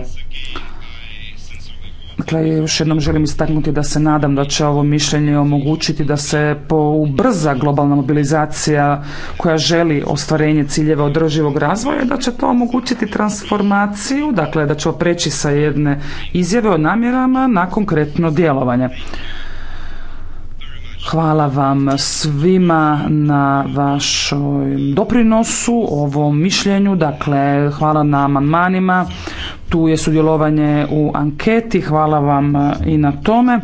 Dakle, još jednom želim istaknuti da se nadam da će ovo mišljenje omogućiti da se ubrza globalna mobilizacija koja želi ostvarenje ciljeva održivog razvoja, da će to omogućiti transformaciju, dakle da će preći sa jedne izjave o namjerama na konkretno djelovanje. Hvala vam svima na vašoj doprinosu, ovom mišljenju, dakle hvala na amandmanima, tu je sudjelovanje u anketi, hvala vam e, i na tome.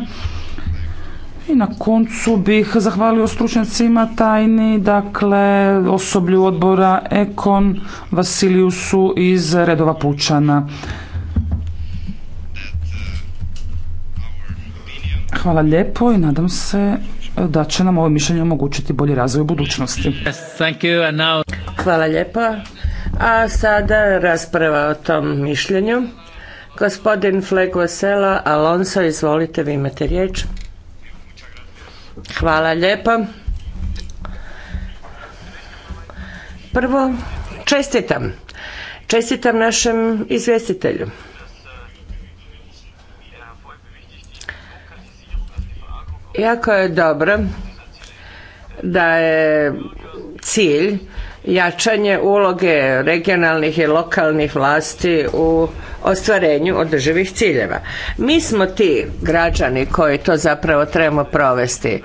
I na koncu bih zahvalio stručnjacima tajni, dakle osoblju odbora Ekon Vasilijusu iz redova Pučana. Hvala lijepo i nadam se da će nam ovo mišljenje omogućiti bolji razvoj u budućnosti.
Hvala lijepa. A sada rasprava o tom mišljenju. Gospodin Sela Alonso, izvolite, vi imate riječ. Hvala lijepa. Prvo, čestitam. Čestitam našem izvjestitelju. Jako je dobro da je cilj jačanje uloge regionalnih i lokalnih vlasti u ostvarenju održivih ciljeva. Mi smo ti građani koji to zapravo trebamo provesti.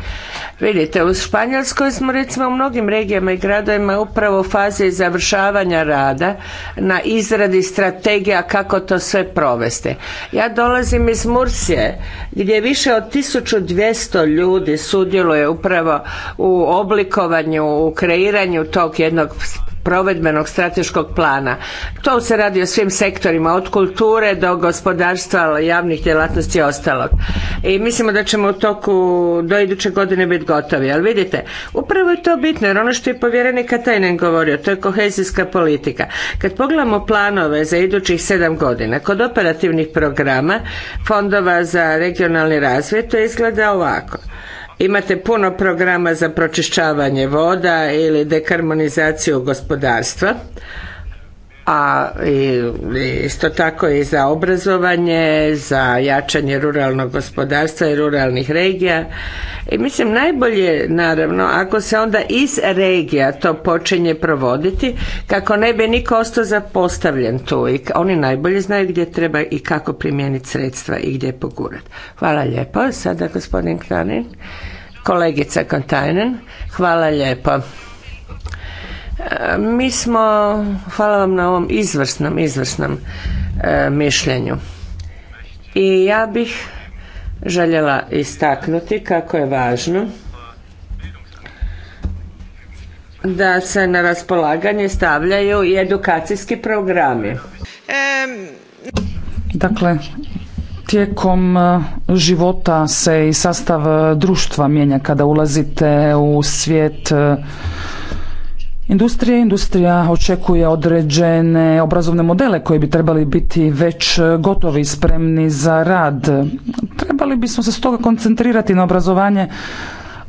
Vidite, u Španjolskoj smo recimo u mnogim regijama i gradovima upravo u fazi završavanja rada na izradi strategija kako to sve provesti. Ja dolazim iz Mursije gdje više od 1200 ljudi sudjeluje upravo u oblikovanju, u kreiranju tog jednog provedbenog strateškog plana. To se radi o svim sektorima, od kulture do gospodarstva, javnih djelatnosti i ostalog. I mislimo da ćemo u toku do iduće godine biti gotovi. Ali vidite, upravo je to bitno, jer ono što je povjerenik Katajnen govorio, to je kohezijska politika. Kad pogledamo planove za idućih sedam godina, kod operativnih programa, fondova za regionalni razvoj, to izgleda ovako imate puno programa za pročišćavanje voda ili dekarmonizaciju gospodarstva a isto tako i za obrazovanje, za jačanje ruralnog gospodarstva i ruralnih regija. I mislim najbolje naravno ako se onda iz regija to počinje provoditi kako ne bi niko ostao zapostavljen tu i oni najbolje znaju gdje treba i kako primijeniti sredstva i gdje pogurati. Hvala lijepo. Sada gospodin Kranin, kolegica Kontajnen. Hvala lijepo. E, mi smo, hvala vam na ovom izvrsnom, izvrsnom e, mišljenju. I ja bih željela istaknuti kako je važno da se na raspolaganje stavljaju i edukacijski programi.
Dakle, tijekom e, života se i sastav društva mijenja kada ulazite u svijet industrije. Industrija očekuje određene obrazovne modele koji bi trebali biti već gotovi i spremni za rad. Trebali bismo se stoga koncentrirati na obrazovanje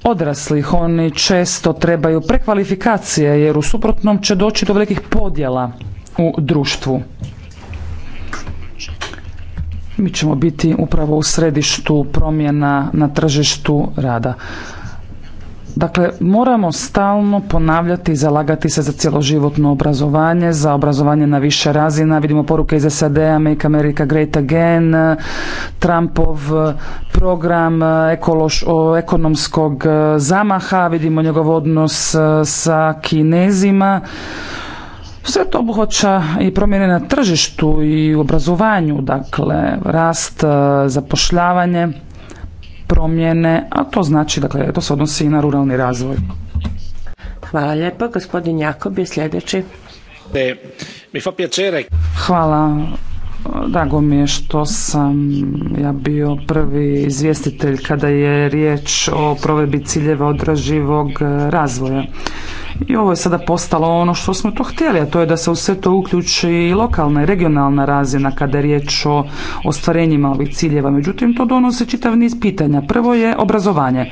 odraslih. Oni često trebaju prekvalifikacije jer u suprotnom će doći do velikih podjela u društvu. Mi ćemo biti upravo u središtu promjena na tržištu rada. Dakle, moramo stalno ponavljati i zalagati se za cjeloživotno obrazovanje, za obrazovanje na više razina. Vidimo poruke iz SAD-a, Make America Great Again, Trumpov eh, program eh, ekološ, ekonomskog eh, zamaha, vidimo njegov odnos sa Kinezima. Sve to obuhvaća i promjene na tržištu i obrazovanju, dakle, rast, zapošljavanje promjene, a to znači, dakle, to se odnosi i na ruralni razvoj. Hvala lijepo. Gospodin Jakob je sljedeći. Hvala Drago mi je što sam ja bio prvi izvjestitelj kada je riječ o provedbi ciljeva odraživog e, razvoja. I ovo je sada postalo ono što smo to htjeli, a to je da se u sve to uključi i lokalna i regionalna razina kada je riječ o ostvarenjima ovih ciljeva. Međutim, to donose čitav niz pitanja. Prvo je obrazovanje.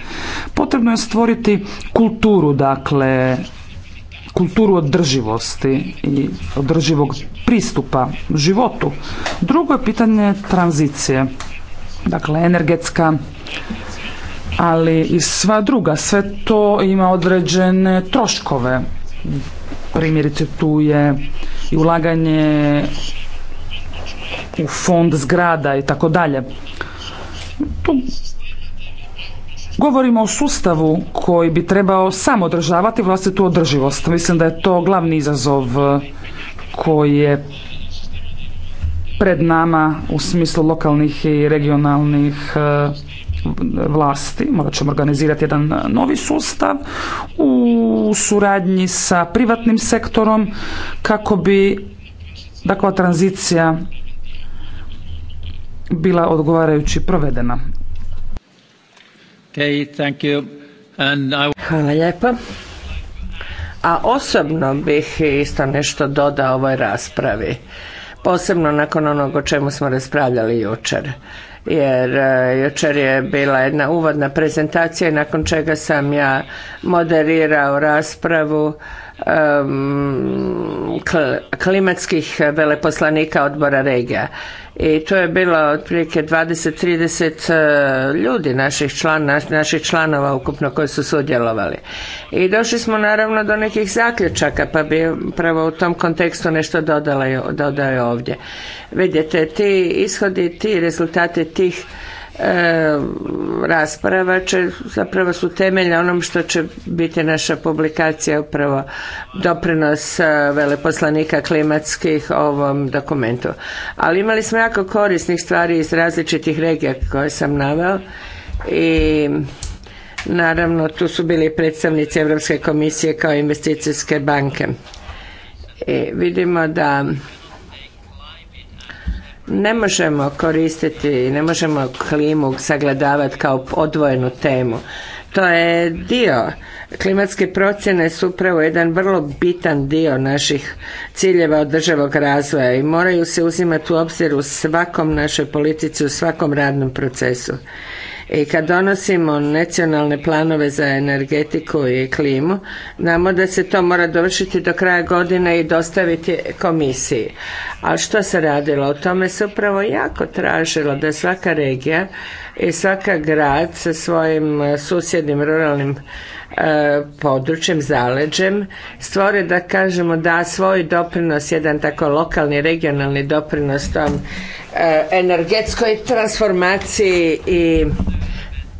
Potrebno je stvoriti kulturu, dakle, kulturu održivosti i održivog pristupa životu. Drugo je pitanje tranzicije, dakle energetska, ali i sva druga. Sve to ima određene troškove. Primjerice tu je i ulaganje u fond zgrada i tako dalje. Tu Govorimo o sustavu koji bi trebao sam održavati vlastitu održivost. Mislim da je to glavni izazov e, koji je pred nama u smislu lokalnih i regionalnih e, vlasti. Morat ćemo organizirati jedan novi sustav u suradnji sa privatnim sektorom kako bi dakle tranzicija bila odgovarajući provedena
thank Hvala lijepa.
A osobno bih isto nešto dodao ovoj raspravi. Posebno nakon onog o čemu smo raspravljali jučer. Jer e, jučer je bila jedna uvodna prezentacija i nakon čega sam ja moderirao raspravu klimatskih veleposlanika odbora regija i to je bilo otprilike 20-30 e, ljudi naših, naših članova ukupno koji su sudjelovali. I došli smo naravno do nekih zaključaka pa bi pravo u tom kontekstu nešto dodala, dodaje ovdje. Vidite, ti ishodi, ti rezultati tih rasprava će zapravo su temelja onom što će biti naša publikacija upravo doprinos e, veleposlanika klimatskih ovom dokumentu. Ali imali smo jako korisnih stvari iz različitih regija koje sam naveo i naravno tu su bili predstavnici Europske komisije kao investicijske banke. I vidimo da ne možemo koristiti, ne možemo klimu sagledavati kao odvojenu temu. To je dio. Klimatske procjene su upravo jedan vrlo bitan dio naših ciljeva održavog razvoja i moraju se uzimati u obzir u svakom našoj politici, u svakom radnom procesu. I kad donosimo nacionalne planove za energetiku i klimu, znamo da se to mora dovršiti do kraja godine i dostaviti komisiji. A što se radilo? O tome se upravo jako tražilo da svaka regija i svaka grad sa svojim susjednim ruralnim E, područjem, zaleđem, stvore da kažemo da svoj doprinos, jedan tako lokalni, regionalni doprinos tom e, energetskoj transformaciji i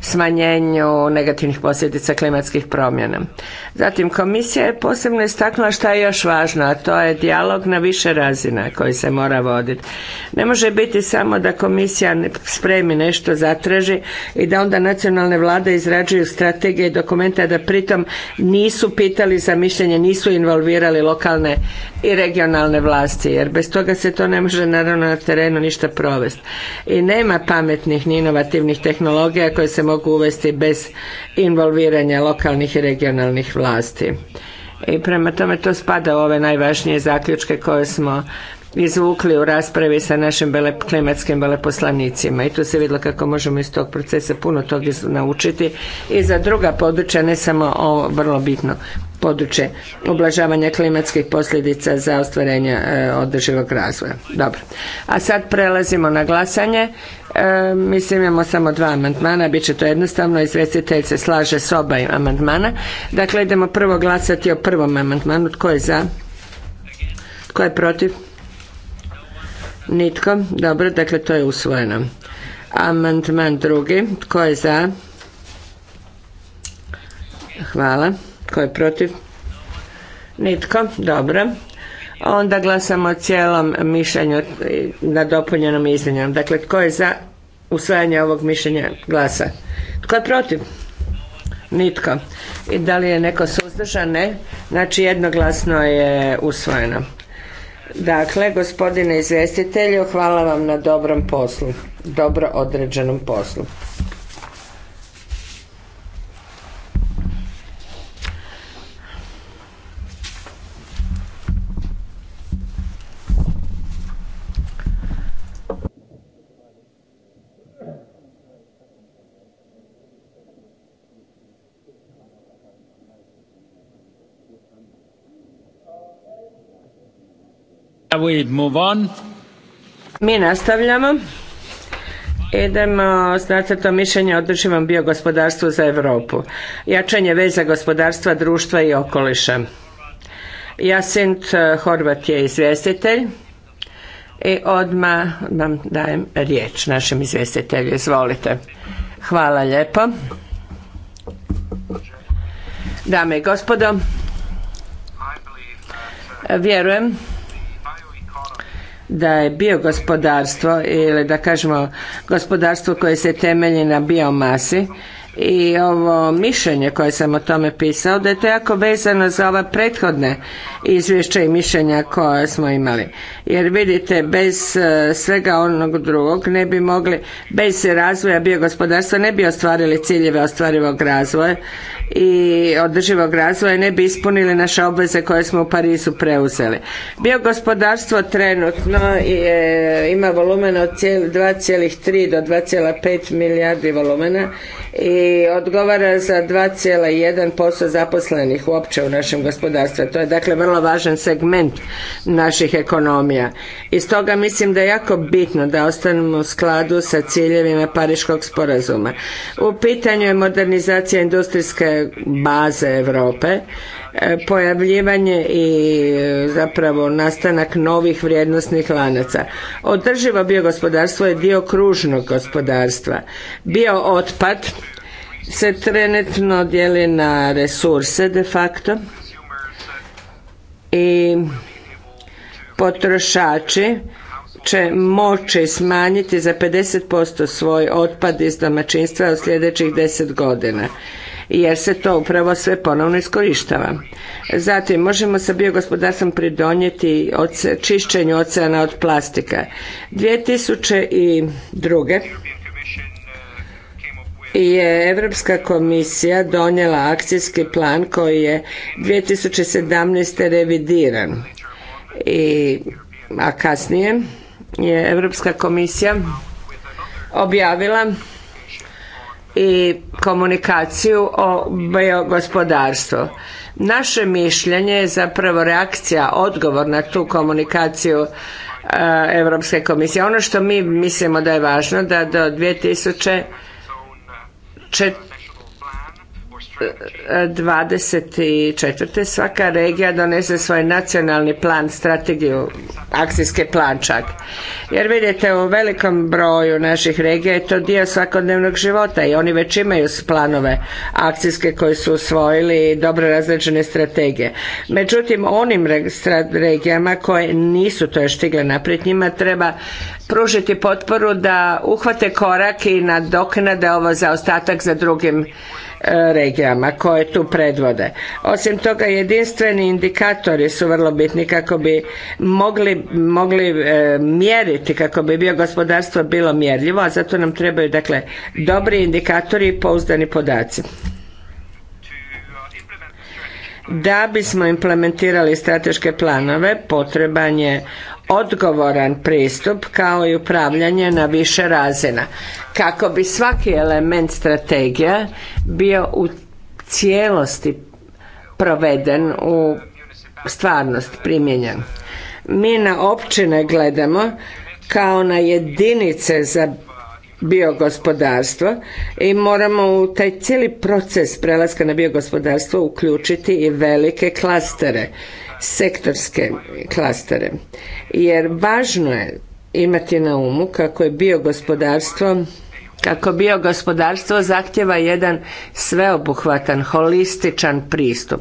smanjenju negativnih posljedica klimatskih promjena. Zatim komisija je posebno istaknula šta je još važno, a to je dijalog na više razina koji se mora voditi. Ne može biti samo da komisija spremi nešto, zatraži i da onda nacionalne vlade izrađuju strategije i dokumenta da pritom nisu pitali za mišljenje, nisu involvirali lokalne i regionalne vlasti, jer bez toga se to ne može naravno na terenu ništa provesti. I nema pametnih ni inovativnih tehnologija koje se mogu uvesti bez involviranja lokalnih i regionalnih vlasti. I prema tome to spada u ove najvažnije zaključke koje smo izvukli u raspravi sa našim bele, klimatskim veleposlanicima i tu se vidjelo kako možemo iz tog procesa puno toga naučiti i za druga područja, ne samo ovo vrlo bitno područje ublažavanja klimatskih posljedica za ostvarenje e, održivog razvoja. Dobro. A sad prelazimo na glasanje. E, mislim imamo samo dva amandmana, bit će to jednostavno, izvjestitelj se slaže s oba amandmana. Dakle, idemo prvo glasati o prvom amandmanu. Tko je za? Tko je protiv? Nitko. Dobro, dakle to je usvojeno. Amandman drugi. Tko je za? Hvala. Tko je protiv? Nitko. Dobro. Onda glasamo o cijelom mišljenju na dopunjenom izmjenjenom. Dakle, tko je za usvajanje ovog mišljenja glasa? Tko je protiv? Nitko. I da li je neko suzdržan? Ne. Znači jednoglasno je usvojeno. Dakle, gospodine izvjestitelju, hvala vam na dobrom poslu, dobro određenom poslu. Mi nastavljamo. Idemo s nacrtom mišljenja o održivom biogospodarstvu za Europu. Jačanje veza gospodarstva, društva i okoliša. Jacint eh, Horvat je izvjestitelj i odmah vam dajem riječ našem izvjestitelju. Izvolite. Hvala lijepo. Dame i gospodo, vjerujem da je biogospodarstvo ili da kažemo gospodarstvo koje se temelji na biomasi i ovo mišljenje koje sam o tome pisao da je to jako vezano za ova prethodne izvješća i mišljenja koje smo imali jer vidite bez e, svega onog drugog ne bi mogli bez razvoja biogospodarstva ne bi ostvarili ciljeve ostvarivog razvoja i održivog razvoja ne bi ispunili naše obveze koje smo u Parizu preuzeli. Biogospodarstvo trenutno ima volumen od 2,3 do 2,5 milijardi volumena i odgovara za 2,1% zaposlenih uopće u našem gospodarstvu. To je dakle vrlo važan segment naših ekonomija. I stoga mislim da je jako bitno da ostanemo u skladu sa ciljevima Pariškog sporazuma. U pitanju je modernizacija industrijske baze Europe, e, pojavljivanje i e, zapravo nastanak novih vrijednosnih lanaca. Održivo biogospodarstvo je dio kružnog gospodarstva. Bio otpad se trenutno dijeli na resurse de facto i potrošači će moći smanjiti za 50% svoj otpad iz domaćinstva u sljedećih 10 godina jer se to upravo sve ponovno iskorištava. Zatim, možemo sa biogospodarstvom pridonijeti čišćenju oceana od plastika. 2002 je Europska komisija donijela akcijski plan koji je 2017. revidiran. I, a kasnije je Europska komisija objavila i komunikaciju o biogospodarstvu. Naše mišljenje je zapravo reakcija, odgovor na tu komunikaciju e, Europske komisije. Ono što mi mislimo da je važno da do 2000 24. svaka regija donese svoj nacionalni plan, strategiju, akcijski plan čak. Jer vidite, u velikom broju naših regija je to dio svakodnevnog života i oni već imaju planove akcijske koje su usvojili i dobro razređene strategije. Međutim, onim regijama koje nisu to još stigle naprijed, njima treba pružiti potporu da uhvate korak i nadoknade ovo zaostatak za drugim E, regijama koje tu predvode. Osim toga jedinstveni indikatori su vrlo bitni kako bi mogli, mogli e, mjeriti, kako bi bio gospodarstvo bilo mjerljivo, a zato nam trebaju dakle dobri indikatori i pouzdani podaci. Da bismo implementirali strateške planove potreban je odgovoran pristup kao i upravljanje na više razina kako bi svaki element strategija bio u cijelosti proveden u stvarnost primijenjen. Mi na općine gledamo kao na jedinice za biogospodarstvo i moramo u taj cijeli proces prelaska na biogospodarstvo uključiti i velike klastere sektorske klastere. Jer važno je imati na umu kako je bio gospodarstvo kako bio gospodarstvo zahtjeva jedan sveobuhvatan, holističan pristup.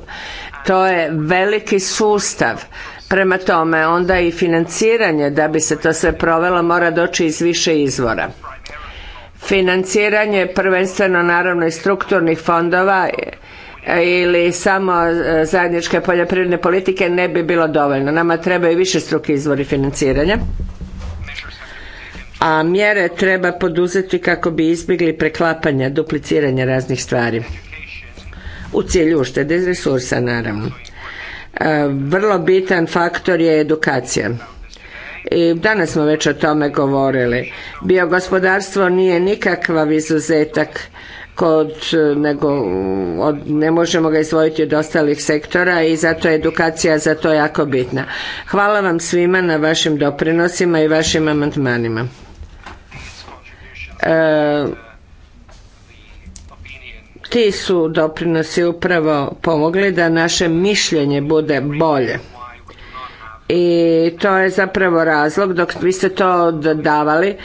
To je veliki sustav. Prema tome, onda i financiranje da bi se to sve provelo mora doći iz više izvora. Financiranje prvenstveno naravno iz strukturnih fondova ili samo e, zajedničke poljoprivredne politike ne bi bilo dovoljno. Nama trebaju struke izvori financiranja. A mjere treba poduzeti kako bi izbjegli preklapanja, dupliciranja raznih stvari. U cilju uštede iz resursa, naravno. E, vrlo bitan faktor je edukacija. I danas smo već o tome govorili. Biogospodarstvo nije nikakav izuzetak kod, nego od, ne možemo ga izvojiti od ostalih sektora i zato je edukacija za to jako bitna. Hvala vam svima na vašim doprinosima i vašim amandmanima. E, ti su doprinosi upravo pomogli da naše mišljenje bude bolje i to je zapravo razlog dok vi ste to dodavali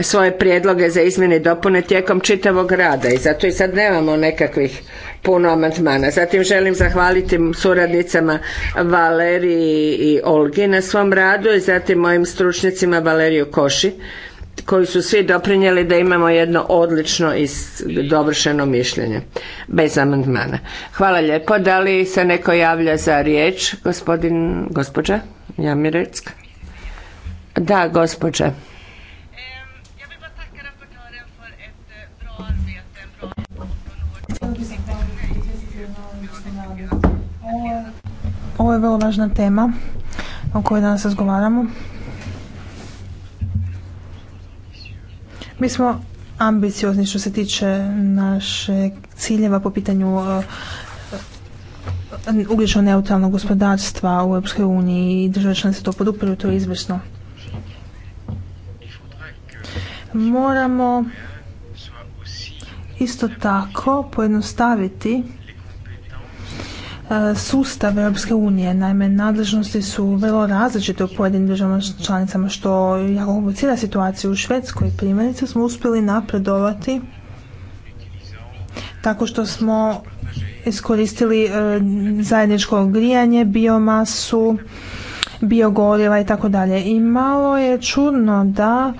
svoje prijedloge za izmjene i dopune tijekom čitavog rada i zato i sad nemamo nekakvih puno amandmana. Zatim želim zahvaliti suradnicama Valeriji i Olgi na svom radu i zatim mojim stručnjacima Valeriju Koši koji su svi doprinijeli da imamo jedno odlično i dovršeno mišljenje bez amandmana. Hvala lijepo. Da li se neko javlja za riječ, gospodin, gospođa? Jamirecka. Da, gospođa.
Ovo je vrlo važna tema o kojoj danas razgovaramo. Mi smo ambiciozni što se tiče naše ciljeva po pitanju ugljično neutralnog gospodarstva u Europskoj uniji i države članice to podupiru, to je izvrsno. Moramo isto tako pojednostaviti e, sustav Europske unije. Naime, nadležnosti su vrlo različite u pojedinim državama članicama, što jako komplicira situaciju u Švedskoj. Primjerice smo uspjeli napredovati tako što smo iskoristili e, zajedničko grijanje, biomasu, biogoriva i tako dalje. I malo je čudno da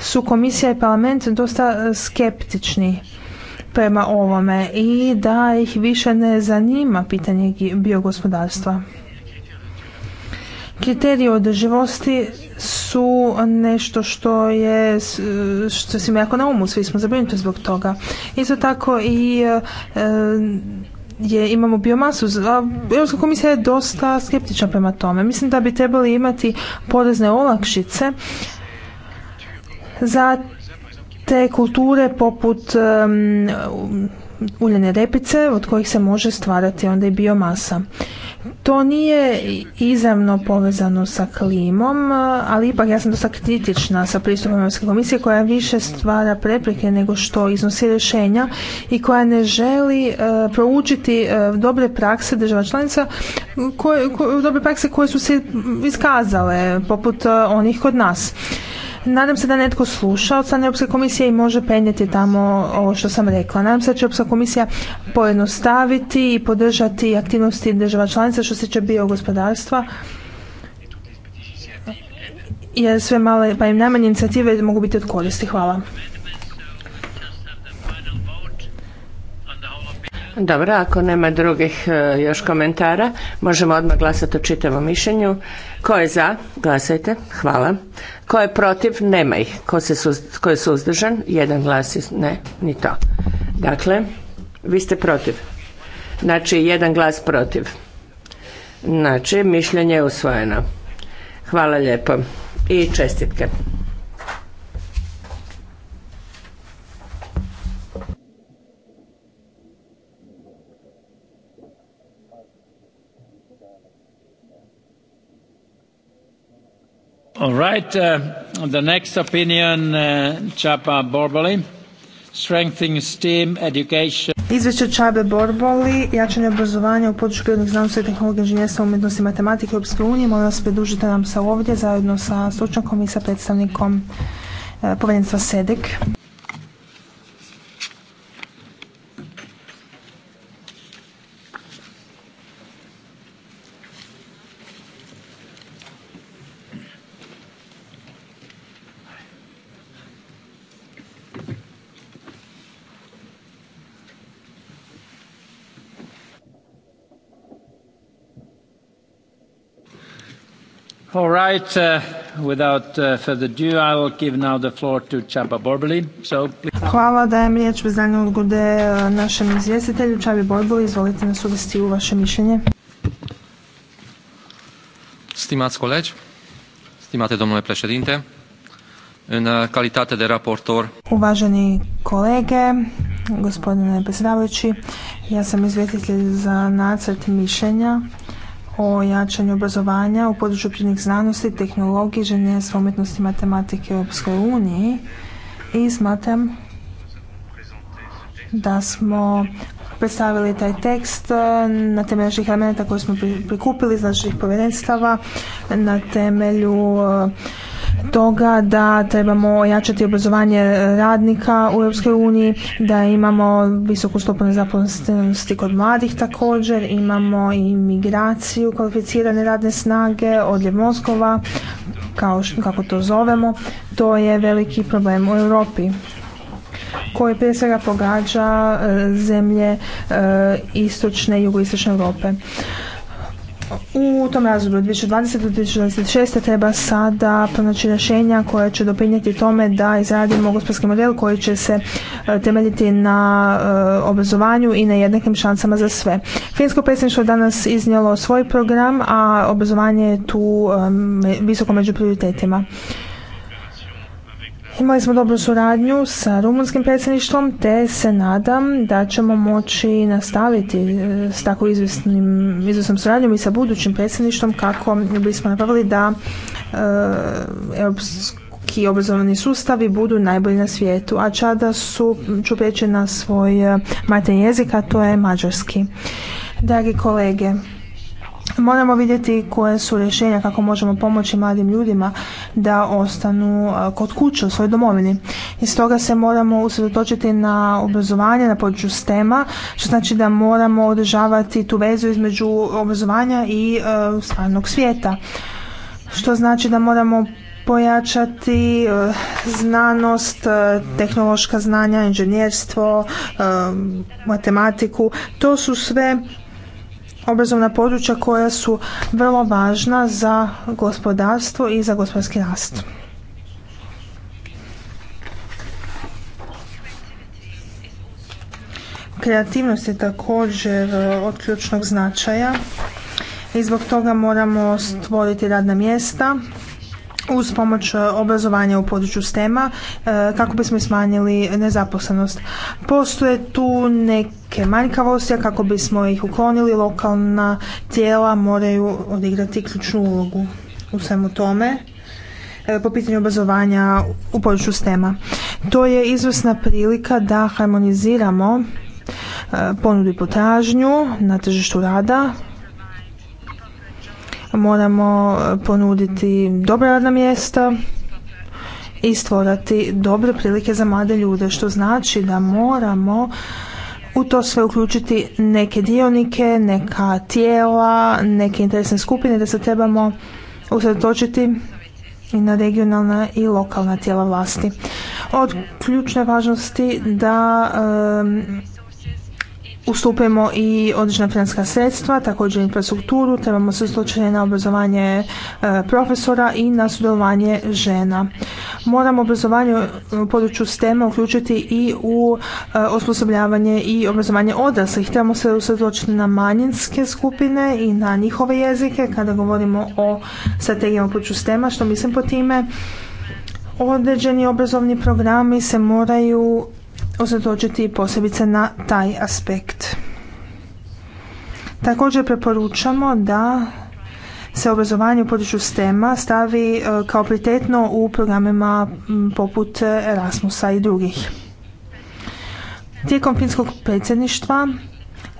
su komisija i parlament dosta e, skeptični prema ovome i da ih više ne zanima pitanje biogospodarstva. Kriteriji održivosti su nešto što je što se mi jako na umu, svi smo zabrinuti zbog toga. Isto tako i e, je imamo biomasu. Europska komisija je dosta skeptična prema tome. Mislim da bi trebali imati porezne olakšice za te kulture poput um, uljene repice od kojih se može stvarati onda i biomasa to nije izravno povezano sa klimom, ali ipak ja sam dosta kritična sa pristupom Europske komisije koja više stvara prepreke nego što iznosi rješenja i koja ne želi e, proučiti e, dobre prakse država članica, koje, dobre prakse koje su se iskazale, poput e, onih kod nas. Nadam se da netko sluša od strane Europske komisije i može penjeti tamo ovo što sam rekla. Nadam se da će Europska komisija pojednostaviti i podržati aktivnosti država članica što se tiče gospodarstva. jer sve male pa i najmanje inicijative mogu biti od koristi. Hvala.
Dobro, ako nema drugih e, još komentara, možemo odmah glasati o čitavom mišljenju. Ko je za? Glasajte. Hvala. Ko je protiv? Nema ih. Ko, je suzdržan? Jedan glas ne, ni to. Dakle, vi ste protiv. Znači, jedan glas protiv. Znači, mišljenje je usvojeno. Hvala lijepo i čestitke.
All uh, uh, Čapa Borboli, strengthening education.
Izvješće Čabe Borboli, jačanje obrazovanja u području prirodnih znanosti, tehnologije, inženjerstva, umjetnosti i matematike Europske unije. Molim vas, pridružite nam se ovdje zajedno sa stručnjakom i sa predstavnikom uh, povjerenstva SEDEK.
All right, uh, without uh, further ado, I will give now the floor to Chaba
Hvala, dajem riječ bez daljnjeg odgode uh, našem izvjestitelju Čabi Borbeli. Izvolite nas uvesti u vaše mišljenje.
Stimați colegi, stimate domnule președinte, în calitate de raportor.
Uvaženi kolege, gospodine predsjedavajući, ja sam izvjestitelj za nacrt mišljenja o jačanju obrazovanja u području općenih znanosti, tehnologije, inženjerstva, umjetnosti i matematike u Europskoj uniji i smatram da smo predstavili taj tekst eh, na temelju naših elemenata koje smo prikupili iz naših povjerenstava, na temelju eh, toga da trebamo ojačati obrazovanje radnika u EU, da imamo visoku stopu nezaposlenosti kod mladih također, imamo i migraciju kvalificirane radne snage, odljev mozgova, kao kako to zovemo, to je veliki problem u Europi koji prije svega pogađa e, zemlje e, istočne i jugoistočne Europe. U tom razdoblju 2020. do 2026. treba sada pronaći rješenja koja će doprinijeti tome da izradimo gospodarski model koji će se e, temeljiti na e, obrazovanju i na jednakim šansama za sve. Finsko predsjedništvo danas iznijelo svoj program, a obrazovanje je tu e, visoko među prioritetima. Imali smo dobru suradnju sa rumunskim predsjedništvom te se nadam da ćemo moći nastaviti e, s tako izvjesnim, izvjesnom suradnjom i sa budućim predsjedništvom kako bismo napravili da e, europski obrazovani sustavi budu najbolji na svijetu. A čada su, ću prijeći na svoj e, materni jezik, a to je mađarski. Dragi kolege, Moramo vidjeti koje su rješenja kako možemo pomoći mladim ljudima da ostanu uh, kod kuće u svojoj domovini. Iz toga se moramo usredotočiti na obrazovanje na području STEMA, što znači da moramo održavati tu vezu između obrazovanja i uh, stvarnog svijeta. Što znači da moramo pojačati uh, znanost, tehnološka znanja, inženjerstvo, matematiku. To su sve obrazovna područja koja su vrlo važna za gospodarstvo i za gospodarski rast. Kreativnost je također od ključnog značaja i zbog toga moramo stvoriti radna mjesta uz pomoć e, obrazovanja u području stem e, kako bismo smanjili nezaposlenost. Postoje tu neke manjkavosti, a kako bismo ih uklonili, lokalna tijela moraju odigrati ključnu ulogu u svemu tome e, po pitanju obrazovanja u području stema. To je izvrsna prilika da harmoniziramo ponudu i potražnju na tržištu rada moramo e, ponuditi dobra radna mjesta i stvorati dobre prilike za mlade ljude, što znači da moramo u to sve uključiti neke dionike, neka tijela, neke interesne skupine, da se trebamo usredotočiti i na regionalna i lokalna tijela vlasti. Od ključne važnosti da Ustupujemo i određena financijska sredstva, također infrastrukturu, trebamo se slučajno na obrazovanje e, profesora i na sudjelovanje žena. Moramo obrazovanje u području stem uključiti i u e, osposobljavanje i obrazovanje odraslih. Trebamo se usredočiti na manjinske skupine i na njihove jezike kada govorimo o strategijama u području STEM-a, što mislim po time. Određeni obrazovni programi se moraju osvjetočiti posebice na taj aspekt. Također preporučamo da se obrazovanje u području STEM-a stavi e, kao prioritetno u programima poput Erasmusa i drugih. Tijekom finskog predsjedništva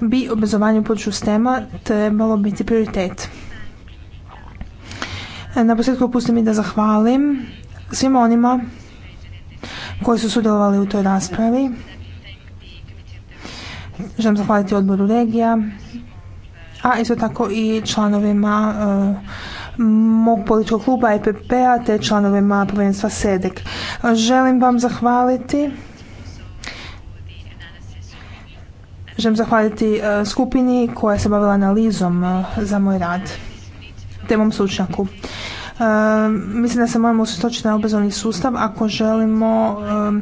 bi obrazovanje u području STEM-a trebalo biti prioritet. E, na posljedku opustim i da zahvalim svima onima koji su sudjelovali u toj raspravi. Želim zahvaliti odboru regija, a isto tako i članovima eh, mog političkog kluba EPP-a te članovima povjerenstva SEDEK. Želim vam zahvaliti Želim zahvaliti eh, skupini koja se bavila analizom eh, za moj rad, temom stručnjaku. Ehm, mislim da se moramo ustočiti na obrazovni sustav ako želimo ehm,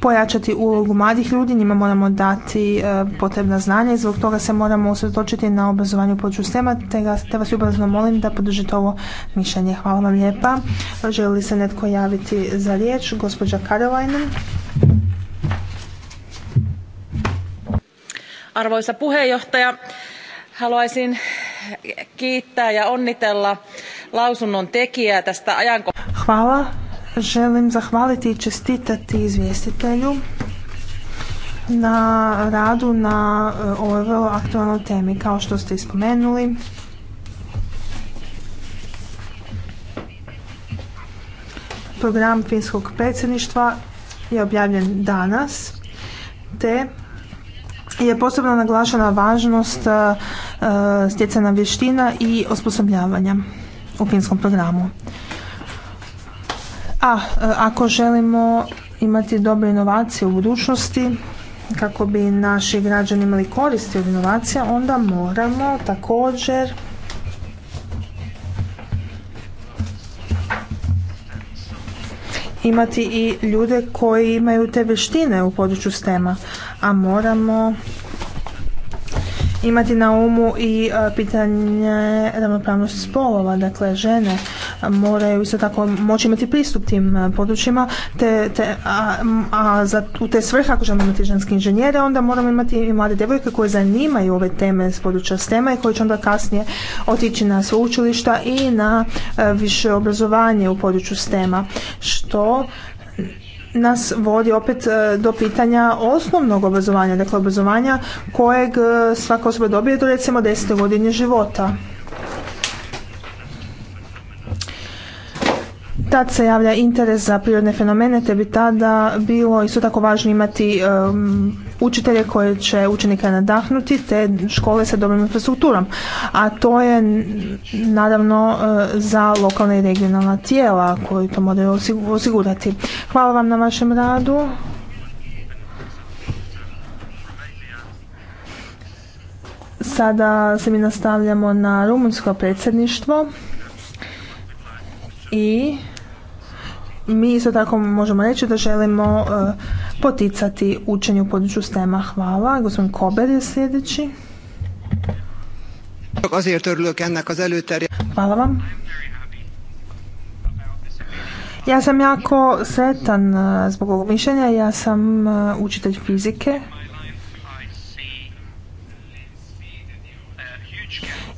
pojačati ulogu mladih ljudi, njima moramo dati ehm, potrebna znanja i zbog toga se moramo usredotočiti na obrazovanju području stem te, vas ljubazno molim da podržite ovo mišljenje. Hvala vam lijepa. Želi li se netko javiti za riječ? Gospođa Karolajna
Arvoisa puheenjohtaja, haluaisin kiittää ja onnitella lausunnon tekijää
Hvala. Želim zahvaliti i čestitati izvjestitelju na radu na e, ovoj vrlo aktualnoj temi, kao što ste ispomenuli. Program finskog predsjedništva je objavljen danas, te je posebno naglašena važnost e, e, stjecanja vještina i osposobljavanja u finskom programu. A e, ako želimo imati dobre inovacije u budućnosti, kako bi naši građani imali koristi od inovacija, onda moramo također imati i ljude koji imaju te vještine u području stema, a moramo imati na umu i pitanje ravnopravnosti spolova, dakle žene moraju isto tako moći imati pristup tim e, područjima, te, te a, za u te svrhe ako želimo imati ženske inženjere, onda moramo imati i mlade djevojke koje zanimaju ove teme s područja STEM-a i koje će onda kasnije otići na sveučilišta i na e, više obrazovanje u području STEM-a, što nas vodi opet e, do pitanja osnovnog obrazovanja, dakle obrazovanja kojeg svaka osoba dobije do recimo 10. godine života. tad se javlja interes za prirodne fenomene, te bi tada bilo isto tako važno imati učitelje koje će učenika nadahnuti, te škole sa dobrom infrastrukturom. A to je naravno e, za lokalna i regionalna tijela koji to moraju osigurati. Hvala vam na vašem radu. Sada se mi nastavljamo na rumunjsko predsjedništvo i mi isto tako možemo reći da želimo e, poticati učenje u području stema Hvala. Gospodin Kober je sljedeći. Hvala vam. Ja sam jako sretan e, zbog ovog mišljenja. Ja sam e, učitelj fizike.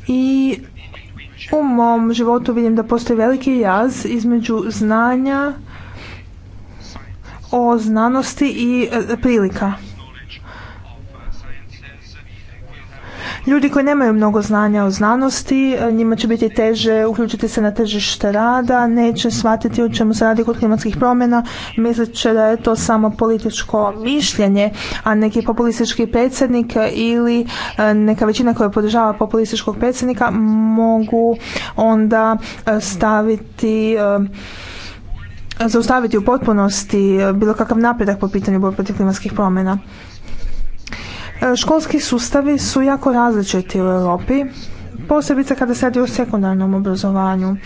I u mom životu vidim da postoji veliki jaz između znanja o znanosti i e, prilika. Ljudi koji nemaju mnogo znanja o znanosti, e, njima će biti teže uključiti se na tržište rada, neće shvatiti u čemu se radi kod klimatskih promjena, mislit će da je to samo političko mišljenje, a neki populistički predsjednik ili e, neka većina koja podržava populističkog predsjednika mogu onda e, staviti zaustaviti u potpunosti bilo kakav napredak po pitanju borbe protiv klimatskih promjena. Školski sustavi su jako različiti u Europi posebice kada se radi o sekundarnom obrazovanju.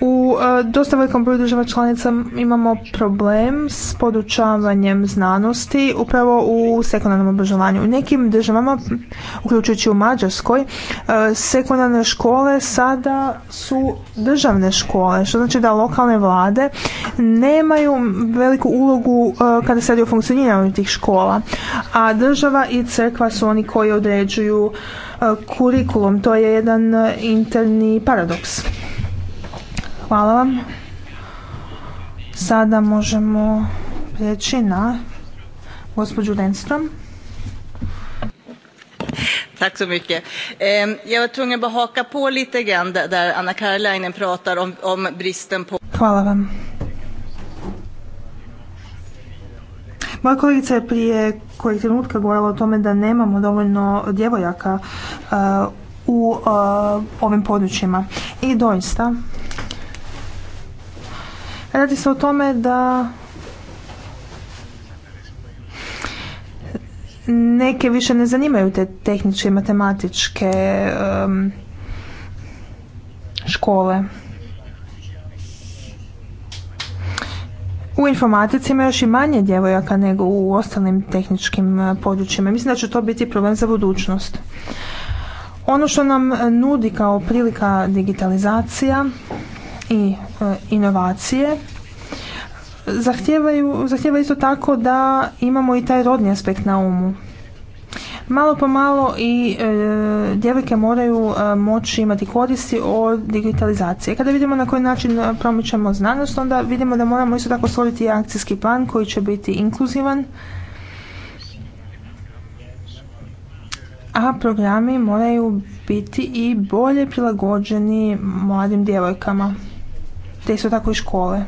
U e, dosta velikom broju država članica imamo problem s podučavanjem znanosti upravo u sekundarnom obrazovanju. U nekim državama, uključujući u Mađarskoj, e, sekundarne škole sada su državne škole, što znači da lokalne vlade nemaju veliku ulogu e, kada se radi o funkcioniranju tih škola, a država i crkva su oni koji određuju kurikulum. To je jedan e, interni paradoks. Hvala vam. Sada možemo preći na gospođu Denstrom.
Tack så mycket. Jag var tvungen att haka på lite grann där Anna Karolainen pratar om, om bristen på...
Hvala vam. Moja kolegica je prije kojeg trenutka govorila o tome da nemamo dovoljno djevojaka uh, u uh, ovim područjima. I doista, radi se o tome da neke više ne zanimaju te tehničke i matematičke um, škole. u informatici ima još i manje djevojaka nego u ostalim tehničkim e, područjima. Mislim da će to biti problem za budućnost. Ono što nam e, nudi kao prilika digitalizacija i e, inovacije zahtijevaju, zahtijeva isto tako da imamo i taj rodni aspekt na umu. Malo po malo i e, djevojke moraju e, moći imati koristi od digitalizacije. Kada vidimo na koji način e, promičemo znanost, onda vidimo da moramo isto tako stvoriti akcijski plan koji će biti inkluzivan, a programi moraju biti i bolje prilagođeni mladim djevojkama, te isto tako i škole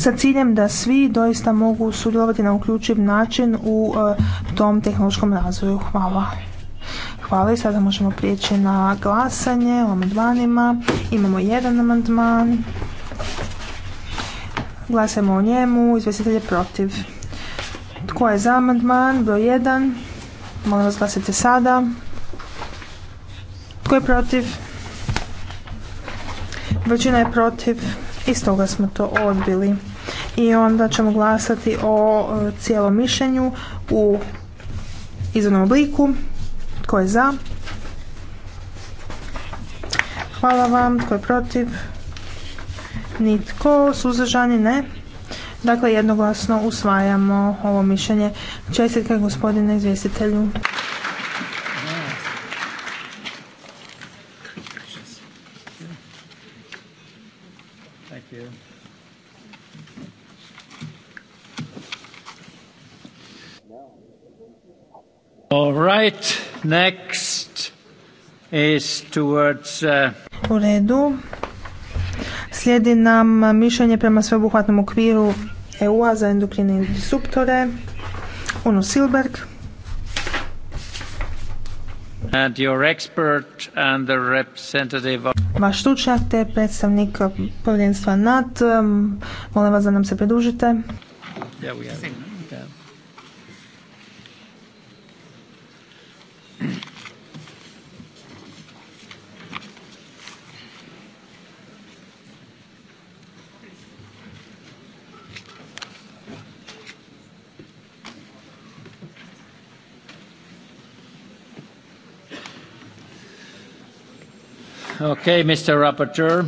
sa ciljem da svi doista mogu sudjelovati na uključiv način u e, tom tehnološkom razvoju. Hvala. Hvala i sada možemo prijeći na glasanje o amandmanima. Imamo jedan amandman. Glasajmo o njemu. Izvjestitelj je protiv. Tko je za amandman? Broj 1. Molim vas glasajte sada. Tko je protiv? Većina je protiv i stoga smo to odbili i onda ćemo glasati o e, cijelom mišljenju u izvornom obliku. Tko je za? Hvala vam. Tko je protiv? Nitko. Suzdržani? Ne. Dakle, jednoglasno usvajamo ovo mišljenje. Čestitke gospodine izvjestitelju.
next is uh,
U redu. Slijedi nam mišljenje prema sveobuhvatnom okviru EU-a za endokrine disruptore. Uno Silberg. Vaš stručnjak te predstavnik povjerenstva NAT. Molim vas da nam se pridružite.
ok Mr. Rapporteur.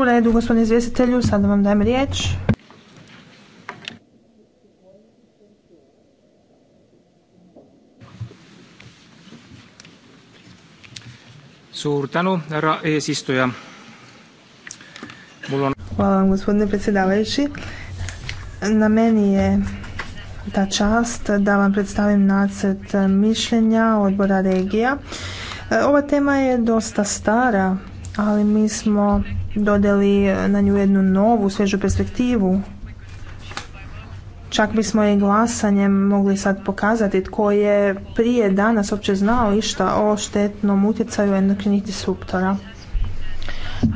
U redu, gospodine izvjestitelju, sada vam dajem riječ. Hvala vam gospodine predsjedavajući. Na meni je ta čast da vam predstavim nacrt mišljenja odbora regija. Ova tema je dosta stara, ali mi smo dodali na nju jednu novu, svežu perspektivu Čak bismo i glasanjem mogli sad pokazati tko je prije danas uopće znao išta o štetnom utjecaju endokrinih disruptora.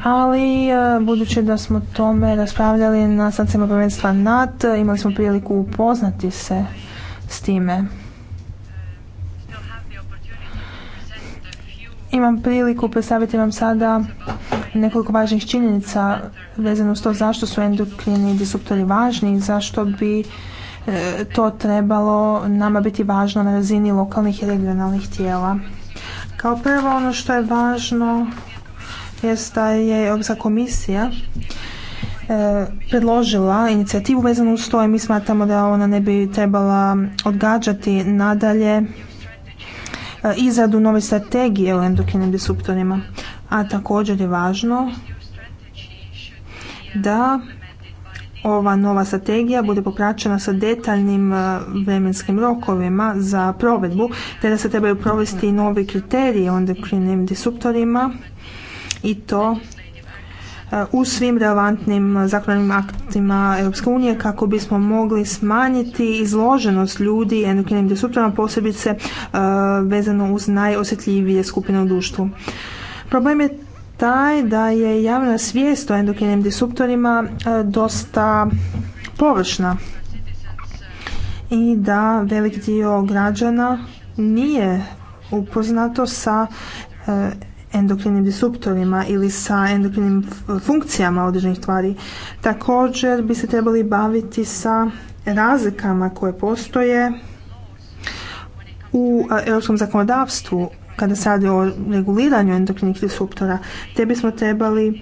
Ali, e, budući da smo tome raspravljali na sancima prvenstva NAT, imali smo priliku upoznati se s time. Imam priliku predstaviti vam sada nekoliko važnih činjenica vezano s to zašto su endokrini disruptori važni i zašto bi E, to trebalo nama biti važno na razini lokalnih i regionalnih tijela. Kao prvo ono što je važno jest da je Europska komisija e, predložila inicijativu vezanu uz to i mi smatramo da ona ne bi trebala odgađati nadalje e, izradu nove strategije o endokrinim disruptorima. A također je važno da ova nova strategija bude popraćena sa detaljnim e, vremenskim rokovima za provedbu, te da se trebaju provesti i novi kriteriji endokrinim disruptorima i to e, u svim relevantnim zakonodavnim aktima Europske unije kako bismo mogli smanjiti izloženost ljudi endokrinim disruptorima posebice e, vezano uz najosjetljivije skupine u društvu. Problem je taj da je javna svijest o endokrinim disruptorima e, dosta površna i da velik dio građana nije upoznato sa e, endokrinim disuptorima ili sa endokrinim funkcijama određenih tvari. Također bi se trebali baviti sa razlikama koje postoje u e, europskom zakonodavstvu kada se radi o reguliranju endokrinih disruptora, te bismo trebali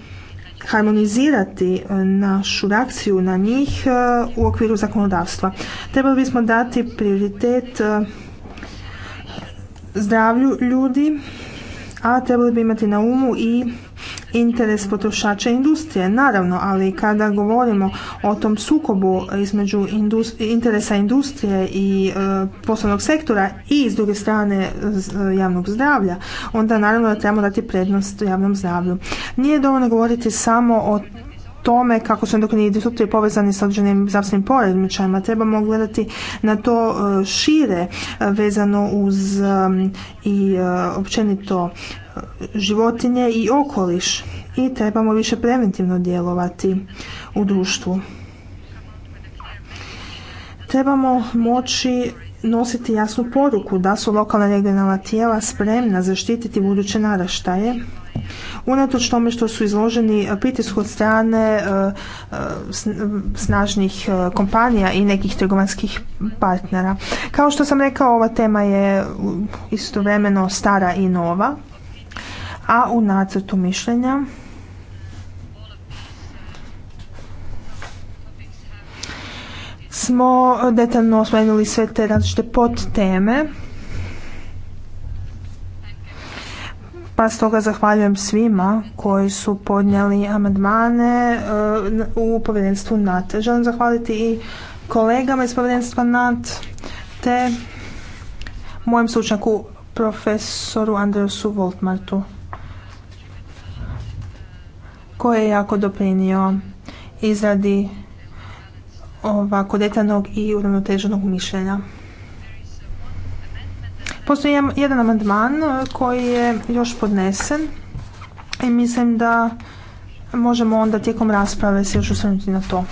harmonizirati e, našu reakciju na njih e, u okviru zakonodavstva. Trebali bismo dati prioritet e, zdravlju ljudi, a trebali bi imati na umu i interes potrošača industrije, naravno, ali kada govorimo o tom sukobu između interesa industrije i e, poslovnog sektora i s druge strane e, e, javnog zdravlja, onda naravno da trebamo dati prednost javnom zdravlju. Nije dovoljno govoriti samo o tome kako su endokrini disruptori povezani sa određenim zdravstvenim poremećajima. Trebamo gledati na to e, šire e, vezano uz i e, općenito životinje i okoliš i trebamo više preventivno djelovati u društvu. Trebamo moći nositi jasnu poruku da su lokalna regionalna tijela spremna zaštititi buduće naraštaje Unatoč tome što su izloženi eh, pritisku od strane eh, eh, snažnih kompanija i nekih trgovanskih partnera. Kao što sam rekao, ova tema je istovremeno stara i nova, a u nacrtu mišljenja smo detaljno osmenili sve te različite podteme Pa stoga zahvaljujem svima koji su podnijeli amandmane e, u povjerenstvu NAT. Želim zahvaliti i kolegama iz povjerenstva NAT te mojem stručnjaku profesoru Andresu Voltmartu koji je jako doprinio izradi ovako detaljnog i uravnoteženog mišljenja. Postoji jedan amandman e, koji je još podnesen i mislim da možemo onda tijekom rasprave se još osvrnuti na to.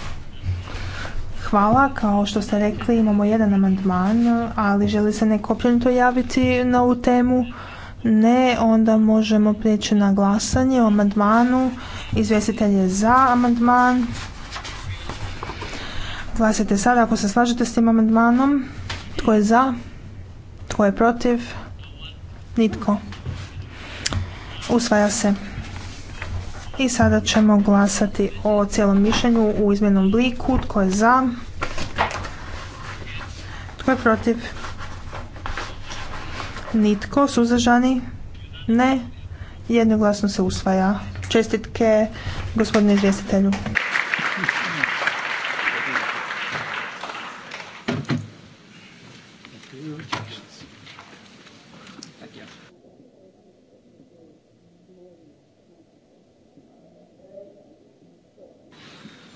Hvala, kao što ste rekli imamo jedan amandman, ali želi se neko općenito javiti na ovu temu? Ne, onda možemo prijeći na glasanje o amandmanu. Izvjestitelj je za amandman. Glasite sada ako se slažete s tim amandmanom. Tko je za? Tko je protiv? Nitko. Usvaja se. I sada ćemo glasati o cijelom mišljenju u izmjenom bliku. Tko je za? Tko je protiv? Nitko. Suzdržani? Ne. Jednoglasno se usvaja. Čestitke gospodine izvjestitelju.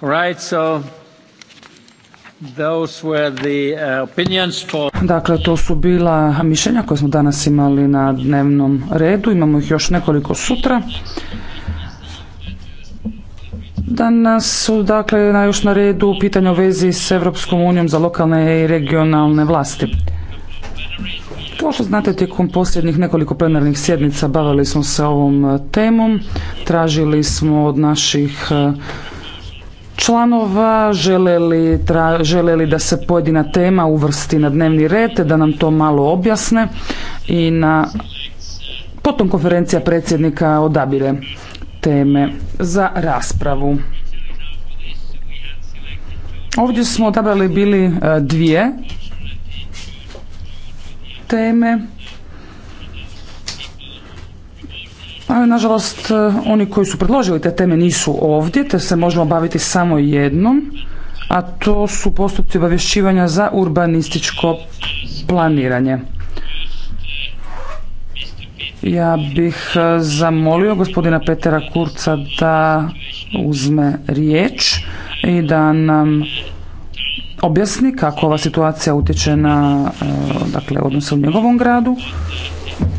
Right, so those were uh,
Dakle, to su bila mišljenja koje smo danas imali na dnevnom redu. Imamo ih još nekoliko sutra. Danas su dakle još na redu pitanja u vezi s Europskom unijom za lokalne i regionalne vlasti. Kao što znate, tijekom posljednjih nekoliko plenarnih sjednica bavili smo se ovom temom, tražili smo od naših članova, žele li, da se pojedina tema uvrsti na dnevni red, da nam to malo objasne i na potom konferencija predsjednika odabire teme za raspravu. Ovdje smo odabrali bili e, dvije teme Nažalost, e, oni koji su predložili te teme nisu ovdje, te se možemo baviti samo jednom, a to su postupci obavješćivanja za urbanističko planiranje. Ja bih e, zamolio gospodina Petera Kurca da uzme riječ i da nam objasni kako ova situacija utječe na e, dakle, odnose u njegovom gradu.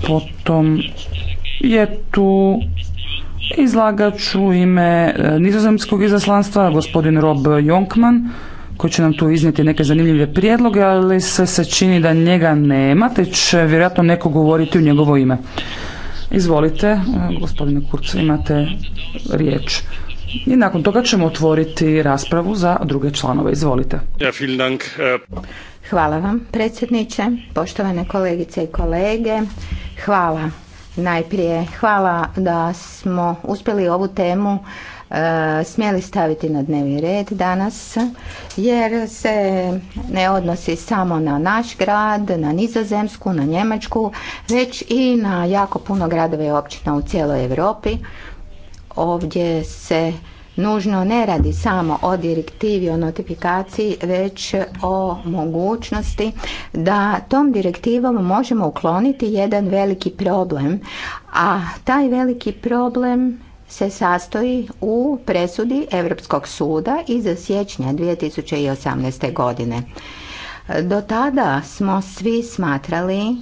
Potom je tu izlagat ću ime e, nizozemskog izaslanstva, gospodin Rob Jonkman, koji će nam tu iznijeti neke zanimljive prijedloge, ali se, čini da njega nema, te će vjerojatno neko govoriti u njegovo ime. Izvolite, e, gospodine Kurc, imate riječ. I nakon toga ćemo
otvoriti raspravu za
druge članove. Izvolite.
E.
Hvala vam, predsjedniče, poštovane kolegice i kolege. Hvala Najprije hvala da smo uspjeli ovu temu e, smjeli staviti na dnevni red danas jer se ne odnosi samo na naš grad, na Nizozemsku, na Njemačku, već i na jako puno gradova i općina u cijeloj Europi. Ovdje se nužno ne radi samo o direktivi o notifikaciji, već o mogućnosti da tom direktivom možemo ukloniti jedan veliki problem, a taj veliki problem se sastoji u presudi Europskog suda iz siječnja 2018. godine. Do tada smo svi smatrali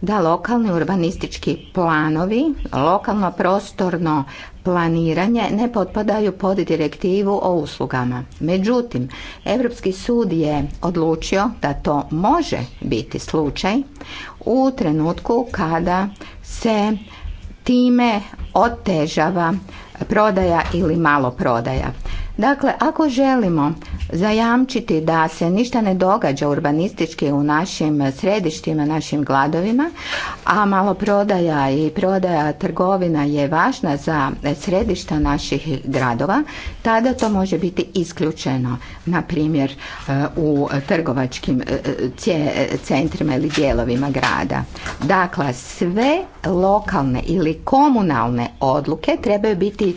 da lokalni urbanistički planovi, lokalno prostorno planiranje ne potpadaju pod direktivu o uslugama. Međutim, Europski sud je odlučio da to može biti slučaj u trenutku kada se time otežava prodaja ili malo prodaja. Dakle, ako želimo zajamčiti da se ništa ne događa urbanistički u našim središtima, našim gladovima, a maloprodaja i prodaja trgovina je važna za središta naših gradova, tada to može biti isključeno, na primjer u trgovačkim e, e, centrima ili dijelovima grada. Dakle, sve lokalne ili komunalne odluke trebaju biti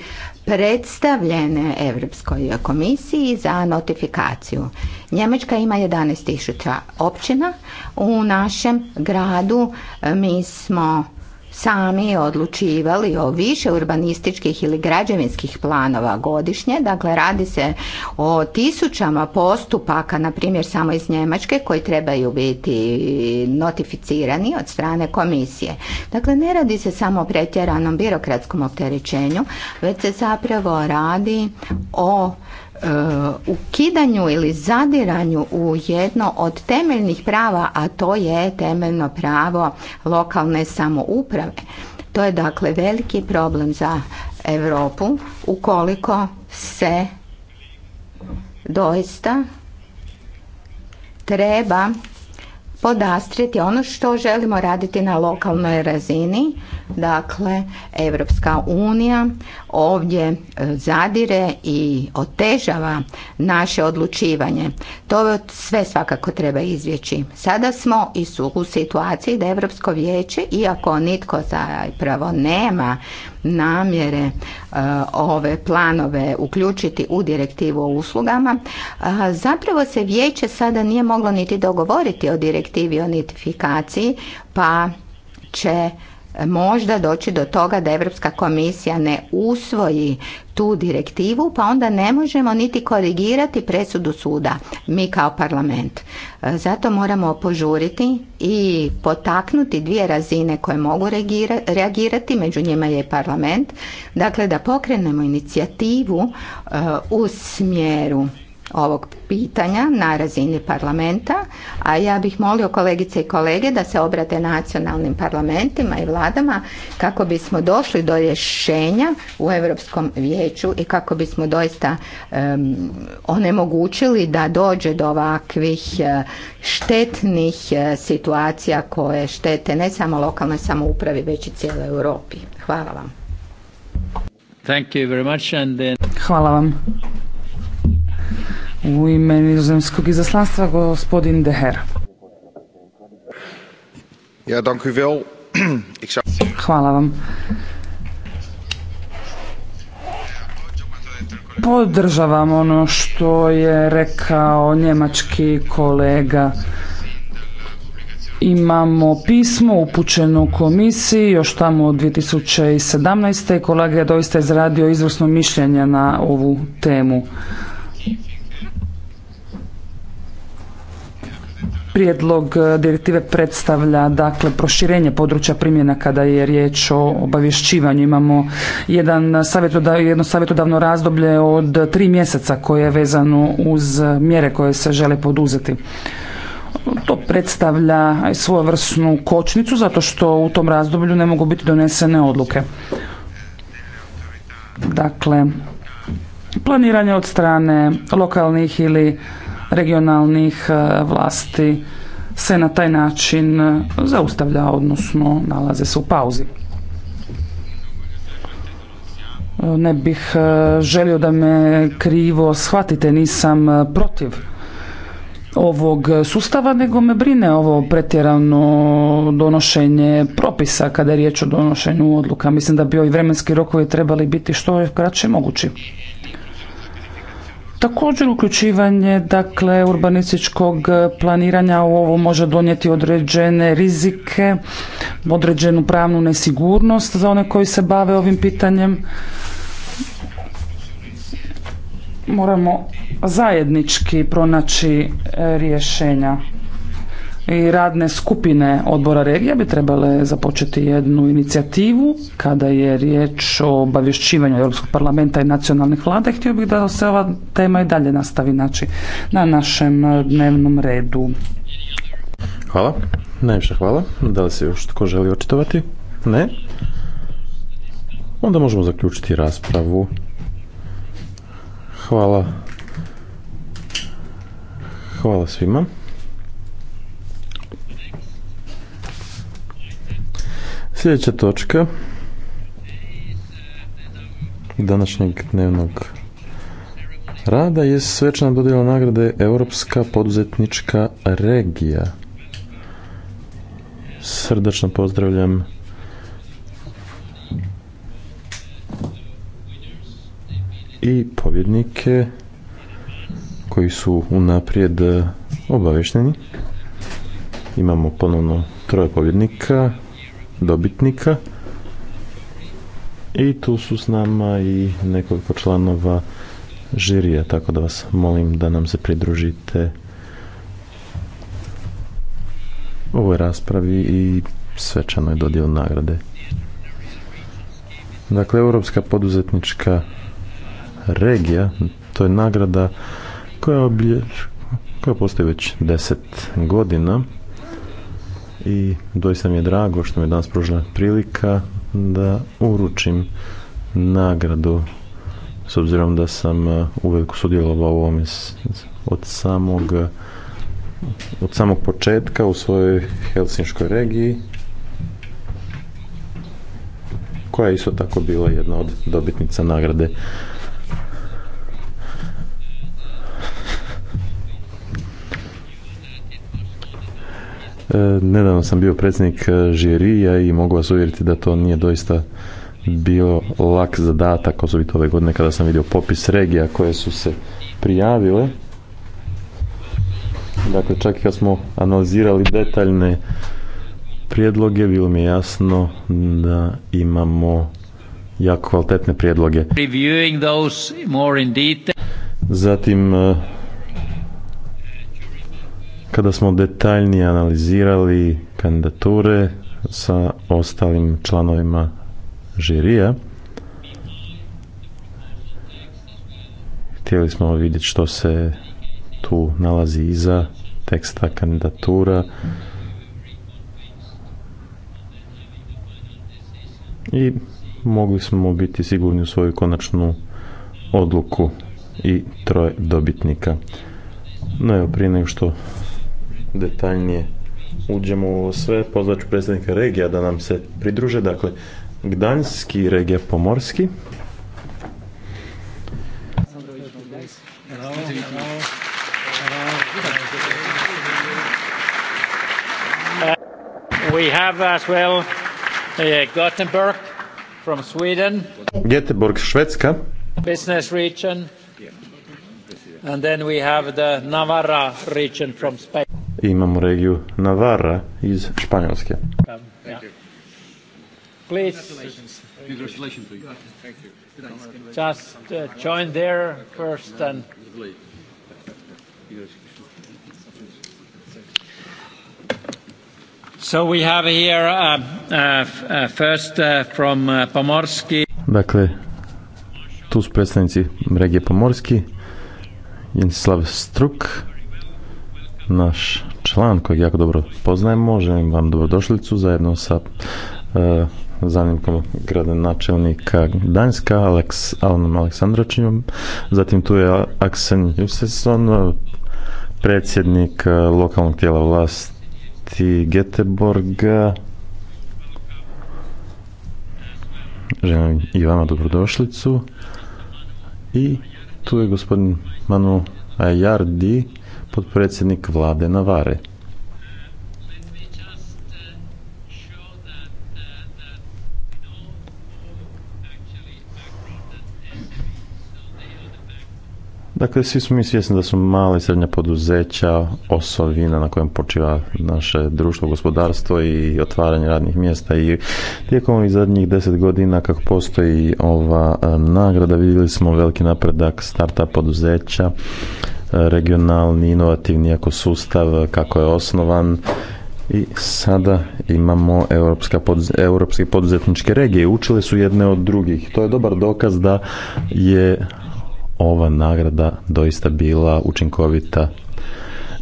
predstavljene Europskoj komisiji za notifikaciju. Njemačka ima 11.000 općina. U našem gradu e, mi smo sami odlučivali o više urbanističkih ili građevinskih planova godišnje. Dakle, radi se o tisućama postupaka, na primjer samo iz Njemačke, koji trebaju biti notificirani od strane komisije. Dakle, ne radi se samo o pretjeranom birokratskom opterećenju, već se zapravo radi o ukidanju ili zadiranju u jedno od temeljnih prava, a to je temeljno pravo lokalne samouprave. To je dakle veliki problem za Europu ukoliko se doista treba podastrijeti ono što želimo raditi na lokalnoj razini. Dakle, Evropska unija ovdje e, zadire i otežava naše odlučivanje. To sve svakako treba izvjeći. Sada smo i su u situaciji da Europsko vijeće, iako nitko zapravo nema namjere e, ove planove uključiti u direktivu o uslugama, e, zapravo se vijeće sada nije moglo niti dogovoriti o direktivi o nitifikaciji pa će možda doći do toga da Europska komisija ne usvoji tu direktivu, pa onda ne možemo niti korigirati presudu suda, mi kao parlament. Zato moramo požuriti i potaknuti dvije razine koje mogu reagirati, među njima je parlament, dakle da pokrenemo inicijativu e, u smjeru ovog pitanja na razini parlamenta, a ja bih molio kolegice i kolege da se obrate nacionalnim parlamentima i vladama kako bismo došli do rješenja u Europskom vijeću i kako bismo doista onemogućili da dođe do ovakvih e, štetnih e, situacija koje štete ne samo lokalnoj samoupravi već i cijeloj Europi. Hvala vam.
Thank you very much and then... Hvala vam.
U ime nizozemskog izaslanstva gospodin Deher. Ja, dank u Hvala vam. Podržavam ono što je rekao njemački kolega. Imamo pismo upućeno komisiji još tamo od 2017. kolega je doista izradio izvrsno mišljenje na ovu temu. Prijedlog e, direktive predstavlja dakle proširenje područja primjena kada je riječ o obavješćivanju. Imamo jedan savjetodav, jedno savjetodavno razdoblje od tri mjeseca koje je vezano uz mjere koje se žele poduzeti. To predstavlja svojevrsnu kočnicu zato što u tom razdoblju ne mogu biti donesene odluke. Dakle, planiranje od strane lokalnih ili regionalnih e, vlasti se na taj način e, zaustavlja, odnosno nalaze se u pauzi. E, ne bih želio da me krivo shvatite, nisam protiv ovog sustava, nego me brine ovo pretjerano donošenje propisa kada je riječ o donošenju odluka. Mislim da bi ovi vremenski rokovi trebali biti što je kraće mogući. Također uključivanje dakle urbanističkog planiranja u ovo može donijeti određene rizike, određenu pravnu nesigurnost za one koji se bave ovim pitanjem. Moramo zajednički pronaći e, rješenja i radne skupine odbora regija bi trebale započeti jednu inicijativu kada je riječ o obavješćivanju Europskog parlamenta i nacionalnih vlada. Htio bih da se ova tema i dalje nastavi znači, na našem dnevnom redu.
Hvala. Najviše hvala. Da li se još tko želi očitovati? Ne. Onda možemo zaključiti raspravu. Hvala. Hvala svima. Sljedeća točka današnjeg dnevnog rada je svečana dodjela nagrade Europska poduzetnička regija. Srdačno pozdravljam i pobjednike koji su unaprijed obavešteni. Imamo ponovno troje pobjednika dobitnika. I tu su s nama i nekoliko članova žirija, tako da vas molim da nam se pridružite ovoj raspravi i svečanoj dodjeli nagrade. Dakle, Europska poduzetnička regija, to je nagrada koja, koja postoji već deset godina i doista mi je drago što mi je danas pružila prilika da uručim nagradu s obzirom da sam e, uvijek sudjelovao u ovome od samog od samog početka u svojoj Helsinškoj regiji koja je isto tako bila jedna od dobitnica nagrade. E, nedavno sam bio predsjednik e, žirija i mogu vas uvjeriti da to nije doista bio lak zadatak, osobito ove godine kada sam vidio popis regija koje su se prijavile. Dakle, čak i kad smo analizirali detaljne prijedloge, bilo mi je jasno da imamo jako kvalitetne prijedloge. Zatim, e, kada smo detaljnije analizirali kandidature sa ostalim članovima žirija. Htjeli smo vidjeti što se tu nalazi iza teksta kandidatura i mogli smo biti sigurni u svoju konačnu odluku i troje dobitnika. No evo, prije nego što detaljnije uđemo u sve, pozvaću predsjednika regija da nam se pridruže. Dakle, Gdanjski regija Pomorski.
We have as well uh, Gothenburg from Sweden.
Göteborg, Švedska.
Business region. And then we have the Navarra region from Spain.
I imamo regiju Navarra iz Španjolske.
Please, uh, So we have here uh, uh, uh first from Pomorski.
Dakle, tu su predstavnici regije Pomorski, Jenslav Struk, naš član kojeg jako dobro poznajemo. Želim vam dobrodošlicu zajedno sa zanimkom e, zamjenikom gradonačelnika Danjska, Alex, Alanom Zatim tu je Aksen Juseson, predsjednik e, lokalnog tijela vlasti Geteborga. Želim i vama dobrodošlicu. I tu je gospodin Manu Ajardi, potpredsjednik vlade Navare. Dakle, svi smo mi svjesni da su male i srednja poduzeća osovina na kojem počiva naše društvo, gospodarstvo i otvaranje radnih mjesta i tijekom ovih zadnjih deset godina kako postoji ova e, nagrada vidjeli smo veliki napredak starta poduzeća regionalni, inovativni jako sustav kako je osnovan i sada imamo europske poduzetničke regije. Učile su jedne od drugih. To je dobar dokaz da je ova nagrada doista bila učinkovita.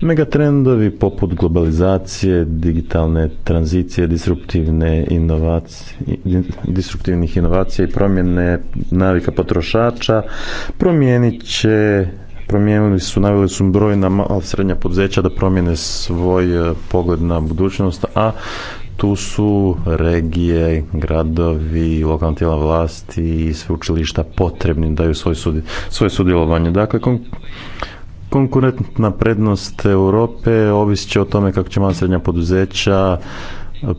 Megatrendovi poput globalizacije, digitalne tranzicije, disruptivne inovacije, disruptivnih inovacija i promjene navika potrošača promijenit će promijenili su, naveli su brojna mala srednja poduzeća da promijene svoj e, pogled na budućnost, a tu su regije, gradovi, lokalna tijela vlasti i sveučilišta potrebni daju sudi, svoje sudjelovanje. Dakle, kon, konkurentna prednost Europe ovisit će o tome kako će mala srednja poduzeća e,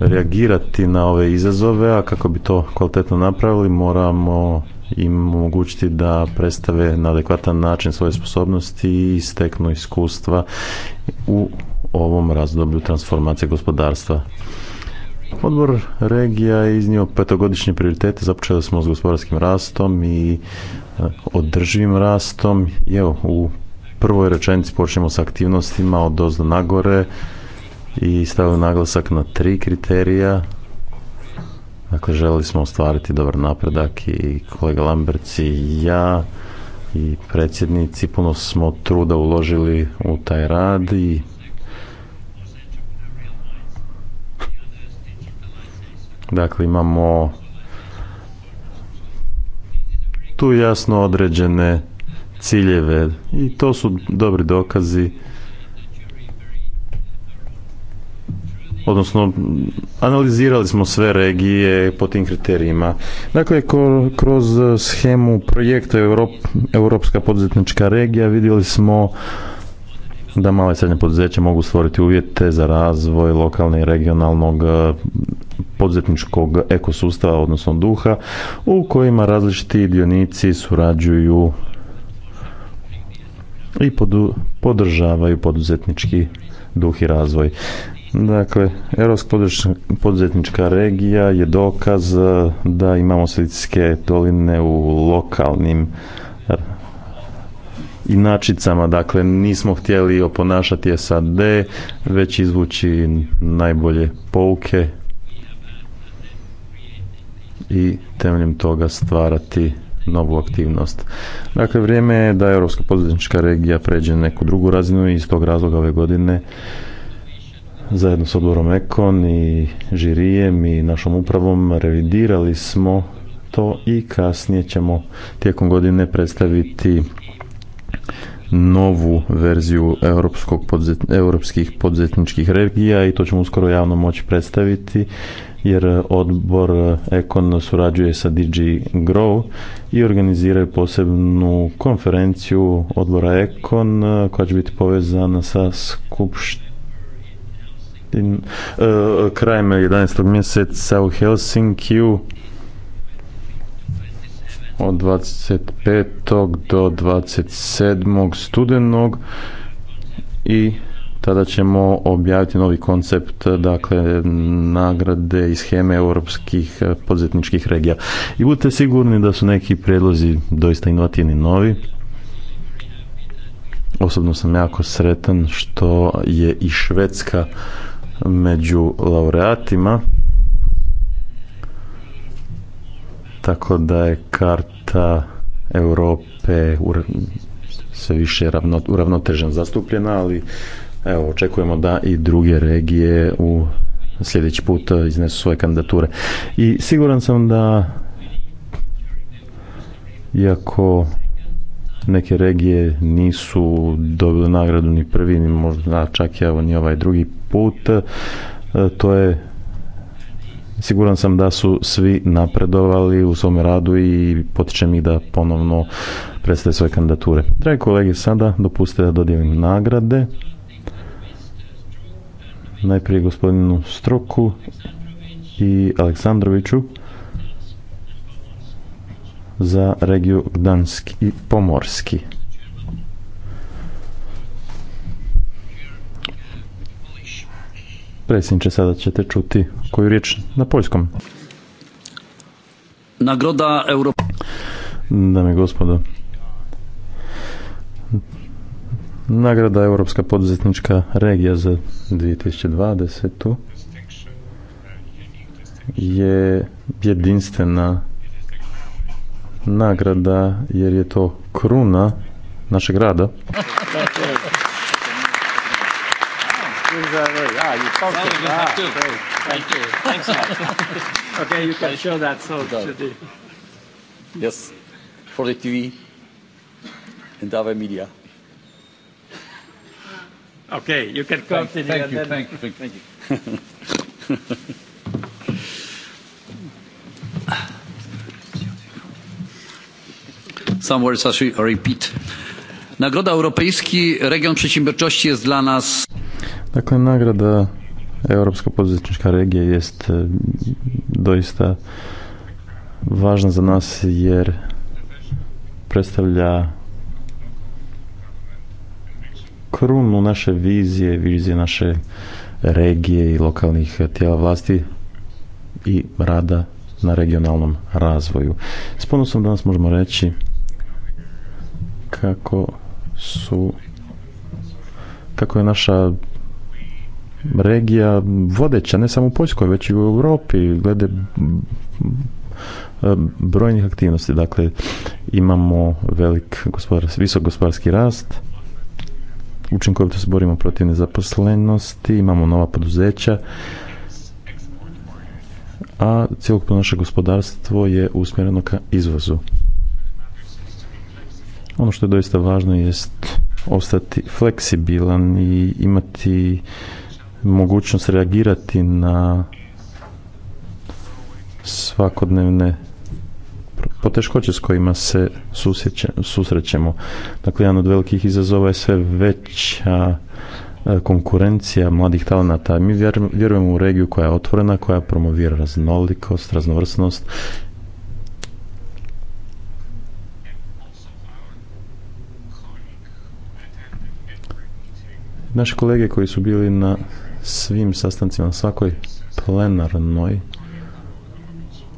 reagirati na ove izazove, a kako bi to kvalitetno napravili moramo im omogućiti da predstave na adekvatan način svoje sposobnosti i steknu iskustva u ovom razdoblju transformacije gospodarstva. Odbor regija je iznio petogodišnje prioritete, započeli smo s gospodarskim rastom i e, održivim rastom. evo, u prvoj rečenici počnemo s aktivnostima od na gore i stavili naglasak na tri kriterija Dakle, želili smo ostvariti dobar napredak i kolega Lamberts i ja i predsjednici puno smo truda uložili u taj rad i dakle imamo tu jasno određene ciljeve i to su dobri dokazi odnosno analizirali smo sve regije po tim kriterijima. Dakle, kroz schemu projekta Europ, Europska poduzetnička regija vidjeli smo da male i srednje poduzeće mogu stvoriti uvjete za razvoj lokalne i regionalnog e, poduzetničkog ekosustava, odnosno duha, u kojima različiti dionici surađuju i podržavaju poduzetnički duh i razvoj. Dakle, Europska poduzetnička regija je dokaz e, da imamo silicijske doline u lokalnim inačicama, dakle nismo htjeli oponašati SAD, već izvući najbolje pouke i temeljem toga stvarati novu aktivnost. Dakle, vrijeme je da Europska poduzetnička regija pređe neku drugu razinu i iz tog razloga ove godine zajedno s odborom Ekon i žirijem i našom upravom revidirali smo to i kasnije ćemo tijekom godine predstaviti novu verziju europskog europskih poduzetničkih regija i to ćemo uskoro javno moći predstaviti jer odbor Ekon surađuje sa DG Grow i organiziraju posebnu konferenciju odbora Ekon koja će biti povezana sa skupštinom E, krajem 11. mjeseca u Helsinkiju od 25. do 27. studenog i tada ćemo objaviti novi koncept dakle nagrade i scheme europskih e, podzetničkih regija. I budite sigurni da su neki predlozi doista inovativni novi. Osobno sam jako sretan što je i Švedska među laureatima tako da je karta Europe sve više ravno, uravnotežen zastupljena, ali evo, očekujemo da i druge regije u sljedeći put iznesu svoje kandidature. I siguran sam da iako neke regije nisu dobile nagradu ni prvi, ni možda čak i ni ovaj drugi put. E, to je Siguran sam da su svi napredovali u svom radu i potičem ih da ponovno predstave svoje kandidature. Dragi kolege, sada dopustite da dodijelim nagrade. Najprije gospodinu Stroku i Aleksandroviću za regiju Gdanski i Pomorski. Predsjedniče, sada ćete čuti koju riječ na poljskom.
Nagroda Europa...
Dame i gospodo, nagrada Europska poduzetnička regija za 2020. je jedinstvena nagrada jer je to kruna našeg rada.
Yes, for the TV
and other media.
Okay, you can continue. Thank, thank you, thank you, thank <laughs> you. some words I repeat. Nagroda Europejski Region Przedsiębiorczości jest dla nas...
Dakle, nagrada Europska poduzetnička regija jest e, doista važna za nas jer predstavlja krunu naše vizije, vizije naše regije i lokalnih e, tijela vlasti i rada na regionalnom razvoju. S ponosom danas možemo reći kako su kako je naša regija vodeća, ne samo u Poljskoj, već i u Europi, glede brojnih aktivnosti. Dakle, imamo velik gospodarski, visok gospodarski rast, učinkovito se borimo protiv nezaposlenosti, imamo nova poduzeća, a cjelokupno naše gospodarstvo je usmjereno ka izvozu. Ono što je doista važno jest ostati fleksibilan i imati mogućnost reagirati na svakodnevne poteškoće s kojima se susrećemo. Dakle, jedan od velikih izazova je sve veća e, konkurencija mladih talenata. Mi vjerujemo u regiju koja je otvorena, koja promovira raznolikost, raznovrsnost Naši kolege koji su bili na svim sastancima, na svakoj plenarnoj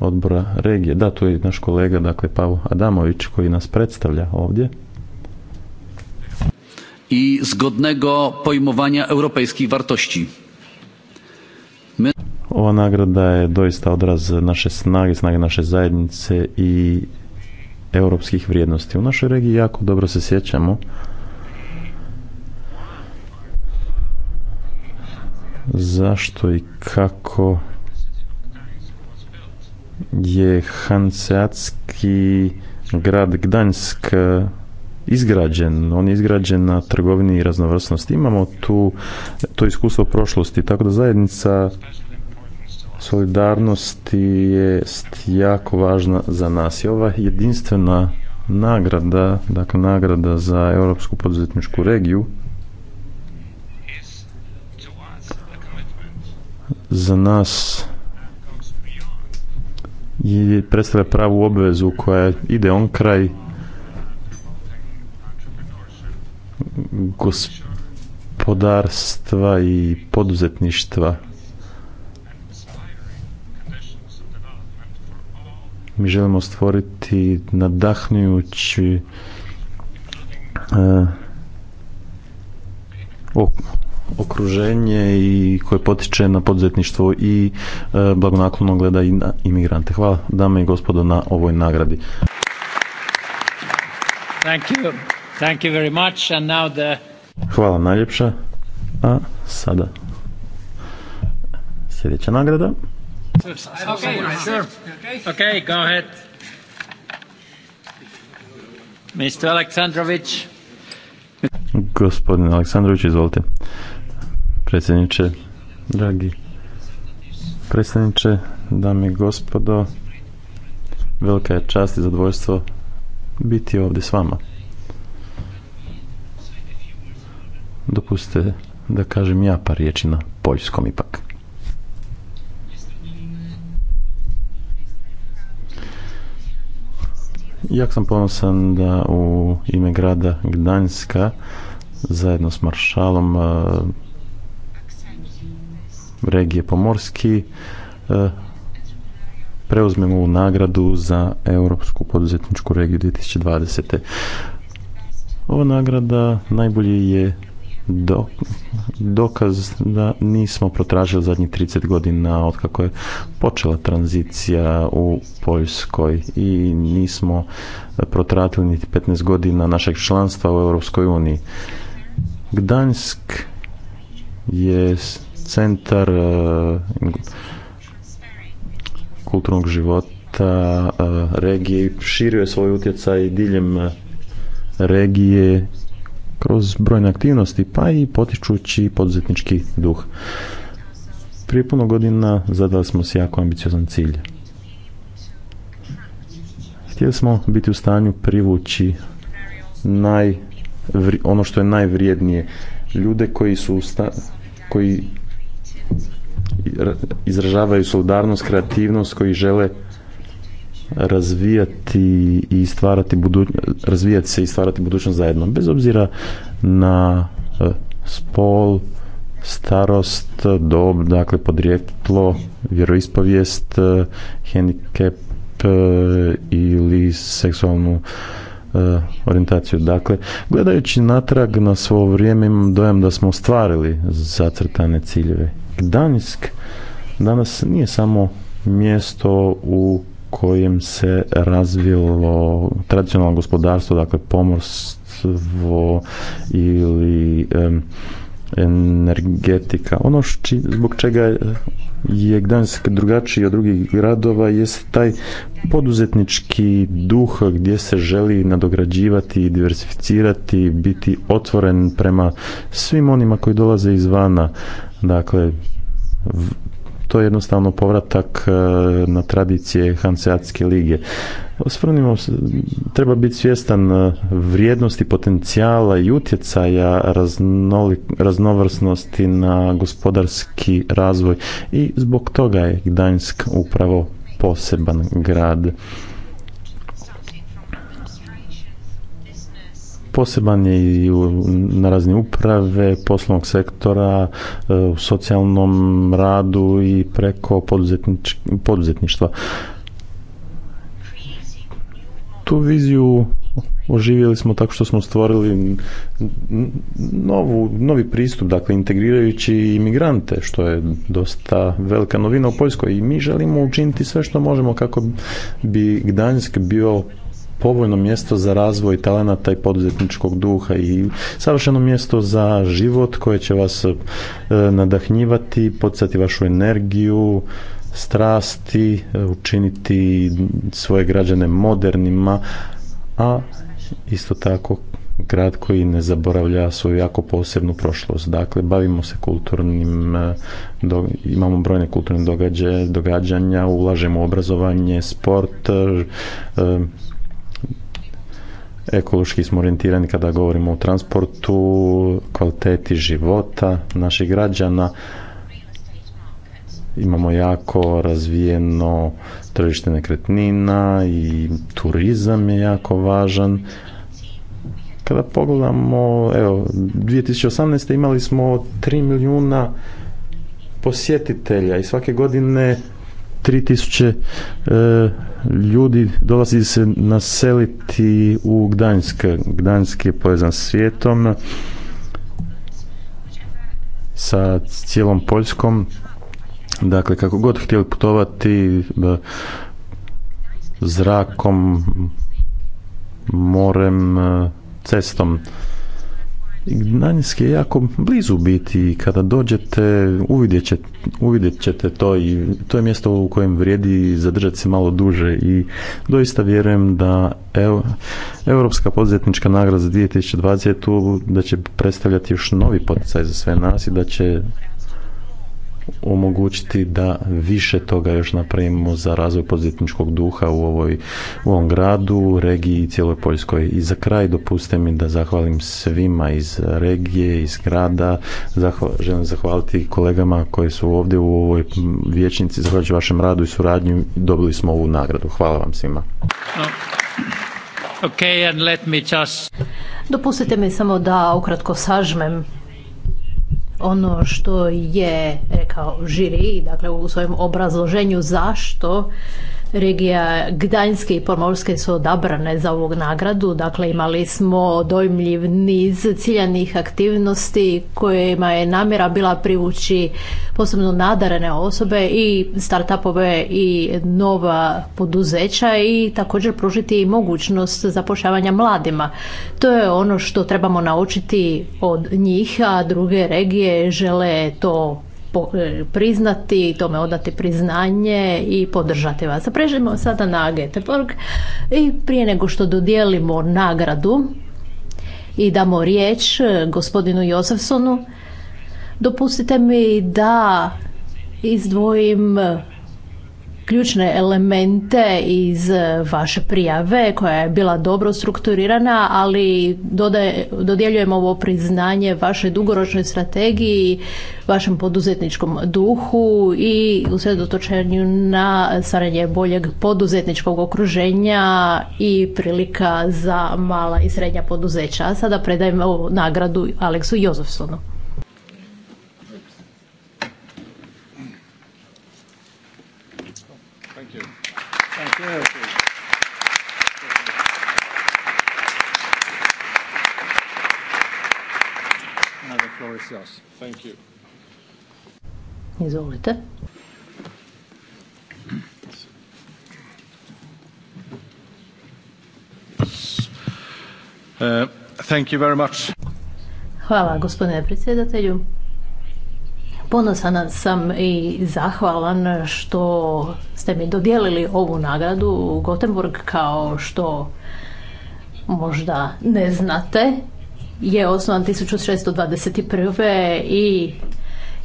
odbora regije. Da, tu je naš kolega, dakle, Pavo Adamović, koji nas predstavlja ovdje.
I zgodnego pojmovanja europejskih wartości.
Ova nagrada je doista odraz naše snage, snage naše zajednice i europskih vrijednosti. U našoj regiji jako dobro se sjećamo zašto i kako je hanseatski grad Gdańsk izgrađen, on je izgrađen na trgovini i raznovrsnosti. Imamo tu to iskustvo prošlosti, tako da zajednica solidarnosti je jako važna za nas. I ova jedinstvena nagrada, dakle nagrada za Europsku poduzetničku regiju, za nas i predstavlja pravu obvezu koja ide on kraj gospodarstva i poduzetništva. Mi želimo stvoriti nadahnujući uh, e, okruženje i koje potiče na poduzetništvo i e, blagonaklono gleda i na imigrante. Hvala dame i gospodo na ovoj nagradi.
Thank you. Thank you very much. And now the...
Hvala najljepša. A sada sljedeća nagrada.
Okay, sure. okay, go ahead. Mr. Aleksandrović.
Gospodin Aleksandrović, izvolite predsjedniče, dragi predsjedniče, dame i gospodo, velika je čast i zadovoljstvo biti ovdje s vama. Dopustite da kažem ja par riječi na poljskom ipak. Jak sam ponosan da u ime grada Gdanjska zajedno s maršalom regije Pomorski e, preuzmemo u nagradu za Europsku poduzetničku regiju 2020. Ova nagrada najbolji je dokaz da nismo protražili zadnjih 30 godina od kako je počela tranzicija u Poljskoj i nismo protratili niti 15 godina našeg članstva u Europskoj uniji. Gdansk je centar e, kulturnog života e, regije i širio je svoj utjecaj diljem e, regije kroz brojne aktivnosti, pa i potičući poduzetnički duh. Prije puno godina zadali smo se jako ambiciozan cilj. Htjeli smo biti u stanju privući naj, ono što je najvrijednije, ljude koji su koji izražavaju solidarnost, kreativnost, koji žele razvijati i stvarati budućnost, razvijati se i stvarati budućnost zajedno, bez obzira na e, spol, starost, dob, dakle podrijetlo, vjeroispovijest, e, hendikep e, ili seksualnu orijentaciju. Dakle, gledajući natrag na svo vrijeme imam dojam da smo ostvarili zacrtane ciljeve danisk danas nije samo mjesto u kojem se razvilo tradicionalno gospodarstvo, dakle pomorstvo ili energetika. Ono zbog čega je Gdansk drugačiji od drugih gradova jest taj poduzetnički duh gdje se želi nadograđivati, diversificirati, biti otvoren prema svim onima koji dolaze izvana. Dakle, to je jednostavno povratak e, na tradicije Hanseatske lige. Osvrnimo, treba biti svjestan e, vrijednosti potencijala i utjecaja raznovrsnosti na gospodarski razvoj i zbog toga je Gdańsk upravo poseban grad. poseban je i na razini uprave, poslovnog sektora, e, u socijalnom radu i preko poduzetništva. Tu viziju oživjeli smo tako što smo stvorili novu, novi pristup, dakle integrirajući imigrante, što je dosta velika novina u Poljskoj i mi želimo učiniti sve što možemo kako bi Gdanjsk bio povoljno mjesto za razvoj talenata i poduzetničkog duha i savršeno mjesto za život koje će vas e, nadahnjivati, poticati vašu energiju, strasti, e, učiniti svoje građane modernima, a isto tako grad koji ne zaboravlja svoju jako posebnu prošlost. Dakle, bavimo se kulturnim, e, imamo brojne kulturne događaje, događanja, ulažemo u obrazovanje, sport, ekološki smo orijentirani kada govorimo o transportu, kvaliteti života naših građana. Imamo jako razvijeno tržište nekretnina i turizam je jako važan. Kada pogledamo, evo, 2018. imali smo 3 milijuna posjetitelja i svake godine 3000 tisuće e, ljudi dolazi se naseliti u Gdańsk, Gdańsk je povezan s svijetom sa cijelom Poljskom. Dakle, kako god htjeli putovati zrakom, morem, e, cestom. Gdanjski je jako blizu biti i kada dođete uvidjet ćete, ćete to i to je mjesto u kojem vrijedi zadržati se malo duže i doista vjerujem da Evropska Europska poduzetnička nagrada za 2020 da će predstavljati još novi poticaj za sve nas i da će omogućiti da više toga još napravimo za razvoj poduzetničkog duha u, ovoj, u ovom gradu, regiji i cijeloj Poljskoj. I za kraj dopuste mi da zahvalim svima iz regije, iz grada. želim zahvaliti kolegama koji su ovdje u ovoj vječnici. Zahvaljujući vašem radu i suradnju dobili smo ovu nagradu. Hvala vam svima.
and let me just...
Dopustite mi samo da ukratko sažmem ono što je rekao žiri, dakle u svojem obrazloženju zašto regija Gdanske i Pomorske su odabrane za ovu nagradu. Dakle, imali smo dojmljiv niz ciljanih aktivnosti kojima je namjera bila privući posebno nadarene osobe i startupove i nova poduzeća i također pružiti i mogućnost zapošljavanja mladima. To je ono što trebamo naučiti od njih, a druge regije žele to E, priznati, tome odati priznanje i podržati vas. Prežemo sada na Göteborg i prije nego što dodijelimo nagradu i damo riječ e, gospodinu Josefsonu, dopustite mi da izdvojim ključne elemente iz e, vaše prijave koja je bila dobro strukturirana, ali dodaje, dodjeljujem ovo priznanje vašoj dugoročnoj strategiji, vašem poduzetničkom duhu i usredotočenju na stvaranje boljeg poduzetničkog okruženja i prilika za mala i srednja poduzeća. A sada predajem ovu nagradu Aleksu Jozovsonu.
Thank you.
Izvolite.
Uh, thank you very much.
Hvala gospodine predsjedatelju. Ponosan sam i zahvalan što ste mi dodijelili ovu nagradu u Gotenburg kao što možda ne znate je osnovan 1621. i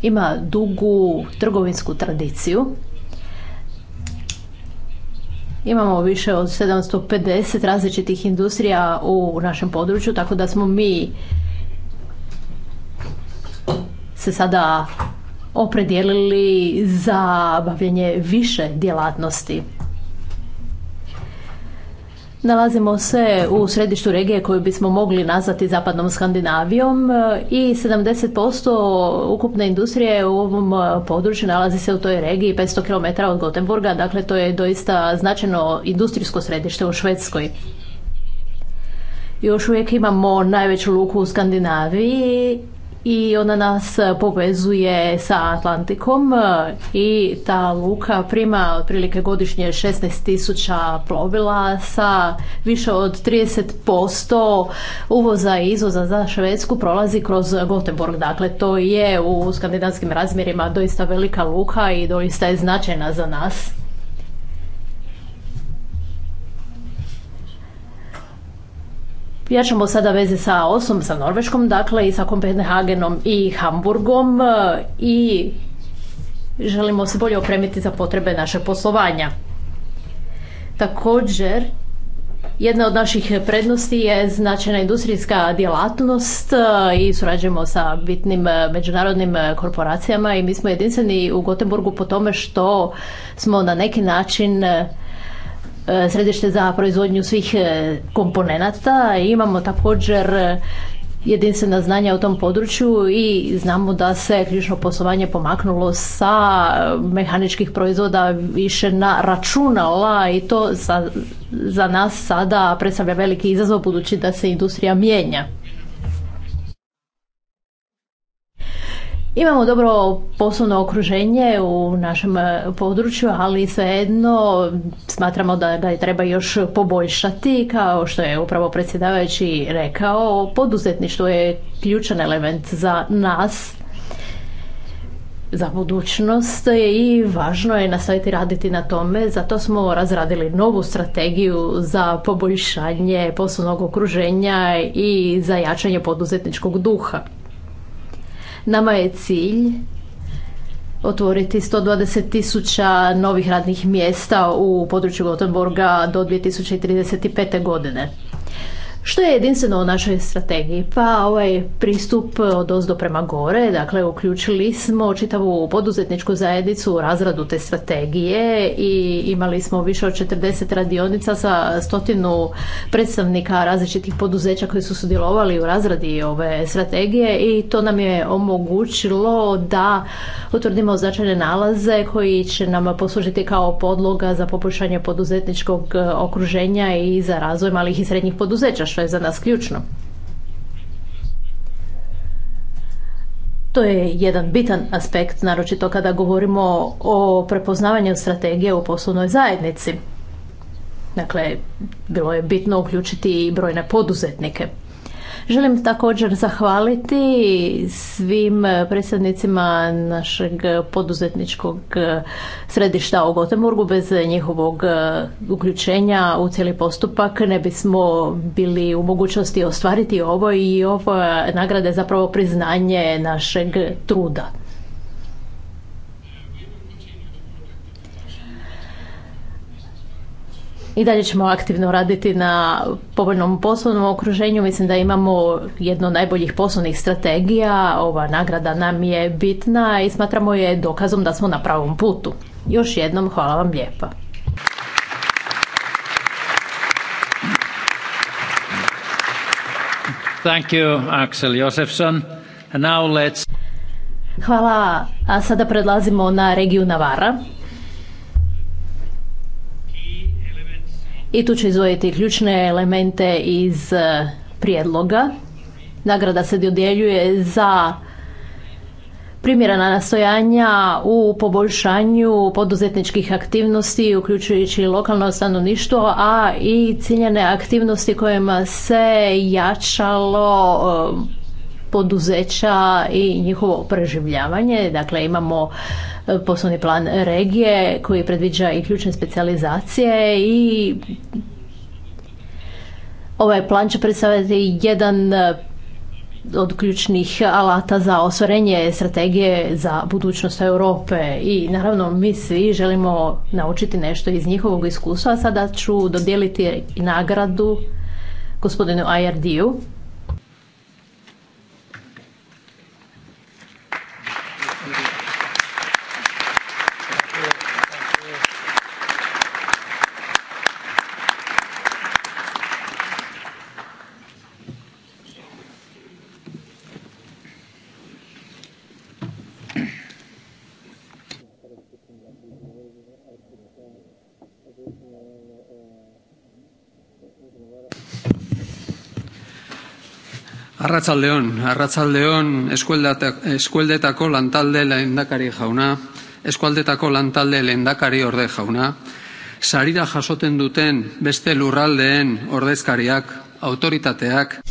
ima dugu trgovinsku tradiciju. Imamo više od 750 različitih industrija u našem području, tako da smo mi se sada opredijelili za bavljenje više djelatnosti. Nalazimo se u središtu regije koju bismo mogli nazvati zapadnom Skandinavijom eh, i 70% ukupne industrije u ovom eh, području nalazi se u toj regiji 500 km od Gotemburga, dakle to je doista značajno industrijsko središte u Švedskoj. Još uvijek imamo najveću luku u Skandinaviji i ona nas povezuje sa Atlantikom e, i ta luka prima otprilike godišnje 16.000 plovila sa više od 30% uvoza i izvoza za Švedsku prolazi kroz Gothenburg. Dakle, to je u skandinavskim razmjerima doista velika luka i doista je značajna za nas. Jačamo sada veze sa Osom, sa Norveškom, dakle i sa Kopenhagenom i Hamburgom e, i želimo se bolje opremiti za potrebe našeg poslovanja. Također, jedna od naših prednosti je značajna industrijska djelatnost e, i surađujemo sa bitnim e, međunarodnim korporacijama i mi smo jedinstveni u Gotemburgu po tome što smo na neki način E, središte za proizvodnju svih e, komponenata. Imamo također e, jedinstvena znanja u tom području i znamo da se ključno poslovanje pomaknulo sa mehaničkih proizvoda više na računala i to za, za nas sada predstavlja veliki izazov budući da se industrija mijenja. Imamo dobro poslovno okruženje u našem e, području, ali svejedno smatramo da ga treba još poboljšati. Kao što je upravo predsjedavajući rekao, poduzetništvo je ključan element za nas, za budućnost i važno je nastaviti raditi na tome. Zato smo razradili novu strategiju za poboljšanje poslovnog okruženja i za jačanje poduzetničkog duha. Nama je cilj otvoriti 120 tisuća novih radnih mjesta u području Gotenborga do 2035. godine. Što je jedinstveno u našoj strategiji? Pa ovaj pristup eh, od ozdo prema gore, dakle uključili smo čitavu poduzetničku zajednicu u razradu te strategije i imali smo više od 40 radionica sa stotinu predstavnika različitih poduzeća koji su sudjelovali u razradi ove strategije i to nam je omogućilo da utvrdimo značajne nalaze koji će nam poslužiti kao podloga za poboljšanje poduzetničkog eh, okruženja i za razvoj malih i srednjih poduzeća što je za nas ključno. To je jedan bitan aspekt, naročito kada govorimo o prepoznavanju strategije u poslovnoj zajednici. Dakle, bilo je bitno uključiti i brojne poduzetnike. Želim također zahvaliti svim predsjednicima našeg poduzetničkog e, središta u Gotemburgu. Bez njihovog e, uključenja u cijeli postupak ne bismo bili u mogućnosti ostvariti ovo i ovo nagrade zapravo priznanje našeg truda. i dalje ćemo aktivno raditi na povoljnom poslovnom okruženju. Mislim da imamo jednu od najboljih poslovnih strategija. Ova nagrada nam je bitna i smatramo je dokazom da smo na pravom putu. Još jednom hvala vam lijepa.
Thank you, Axel And now let's...
Hvala. A sada prelazimo na regiju Navara. i tu ću izvojiti ključne elemente iz e, prijedloga. Nagrada se dodjeljuje za primjerena nastojanja u poboljšanju poduzetničkih aktivnosti, uključujući lokalno stanovništvo, a i ciljene aktivnosti kojima se jačalo e, poduzeća i njihovo preživljavanje. Dakle, imamo poslovni plan regije koji predviđa i ključne specijalizacije i ovaj plan će predstavljati jedan od ključnih alata za osvarenje strategije za budućnost Europe i naravno mi svi želimo naučiti nešto iz njihovog iskustva. Sada ću dodijeliti nagradu gospodinu IRD-u
Arratsaldeon, Arratsaldeon eskualdetako lantalde lehendakari jauna, eskualdetako lantalde lehendakari orde jauna, sarira jasoten duten beste lurraldeen ordezkariak, autoritateak.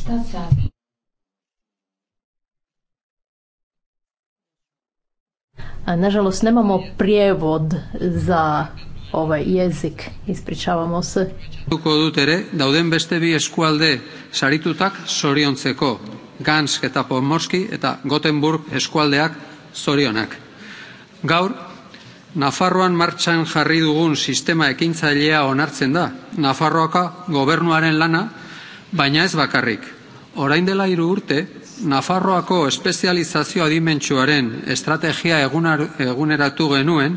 nažalost, nemamo prijevod za ovaj jezik. Ispričavamo se.
Tuko dut ere, dauden beste bi eskualde saritutak soriontzeko. Gansk eta Pomorski eta Gotenburg eskualdeak zorionak. Gaur, Nafarroan martxan jarri dugun sistema ekintzailea onartzen da, Nafarroaka gobernuaren lana, baina ez bakarrik. Orain dela hiru urte, Nafarroako espezializazio adimentsuaren estrategia egunar, eguneratu genuen,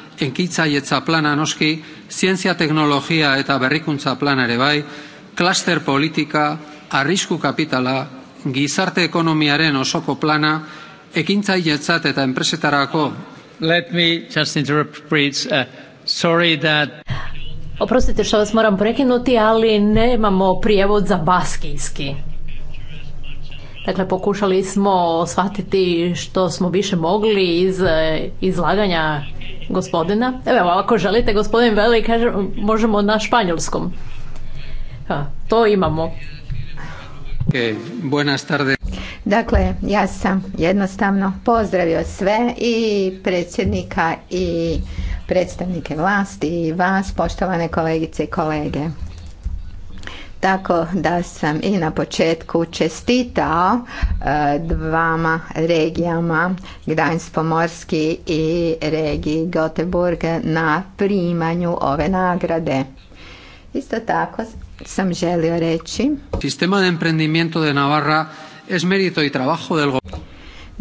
ekintzailetza plana noski zientzia teknologia eta berrikuntza plana ere bai kluster politika arrisku kapitala gizarte ekonomiaren osoko plana ekintzailetzat eta enpresetarako Let me just interrupt, please. Uh, sorry that...
Oprostite što vas moram prekinuti, ali nemamo prijevod za baskijski. Dakle, pokušali smo shvatiti što smo više mogli iz eh, izlaganja gospodina. Evo, ako želite, gospodin veli, kaže, možemo na španjolskom.
Ha, to imamo. Okay, Dakle, ja sam jednostavno pozdravio sve i predsjednika i predstavnike vlasti i vas, poštovane kolegice i kolege. Tako da sam i na početku čestitao e, dvama regijama, gdańsko morski i regiji Göteborg na primanju ove nagrade. Isto tako sam želio reći
Sistema de emprendimiento de Navarra es mérito y trabajo del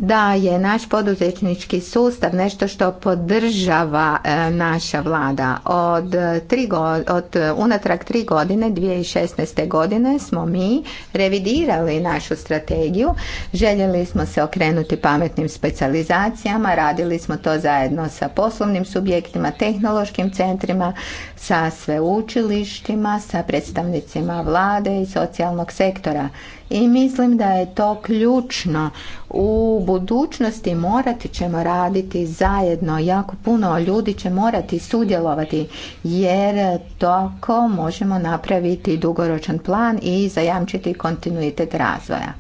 da je naš poduzetnički sustav nešto što podržava e, naša vlada. Od, tri go, od unatrag tri godine, 2016. godine, smo mi revidirali našu strategiju. Željeli smo se okrenuti pametnim specializacijama, radili smo to zajedno sa poslovnim subjektima, tehnološkim centrima, sa sveučilištima, sa predstavnicima vlade i socijalnog sektora i mislim da je to ključno. U budućnosti morati ćemo raditi zajedno, jako puno ljudi će morati sudjelovati jer tako možemo napraviti dugoročan plan i zajamčiti kontinuitet razvoja.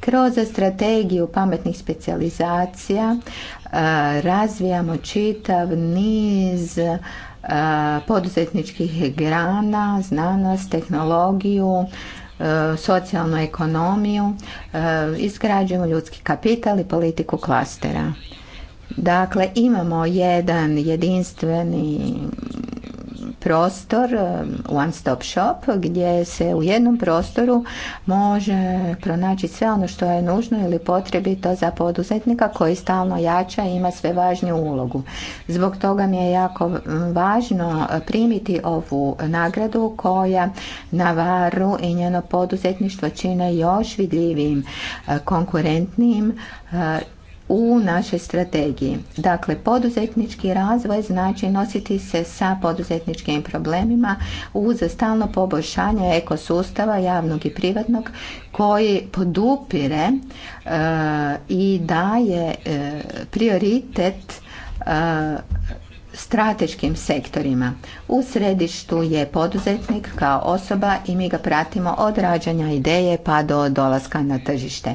Kroz strategiju pametnih specijalizacija e, razvijamo čitav niz e, poduzetničkih grana, znanost, tehnologiju, E, socijalnu ekonomiju, e, izgrađujemo ljudski kapital i politiku klastera. Dakle, imamo jedan jedinstveni prostor um, one stop shop gdje se u jednom prostoru može pronaći sve ono što je nužno ili potrebito za poduzetnika koji stalno jača i ima sve važnju ulogu. Zbog toga mi je jako um, važno primiti ovu nagradu koja varu i njeno poduzetništvo čine još vidljivim uh, konkurentnim uh, u našoj strategiji. Dakle, poduzetnički razvoj znači nositi se sa poduzetničkim problemima uz stalno poboljšanje ekosustava javnog i privatnog koji podupire e, i daje e, prioritet e, strateškim sektorima. U središtu je poduzetnik kao osoba i mi ga pratimo od rađanja ideje pa do dolaska na tržište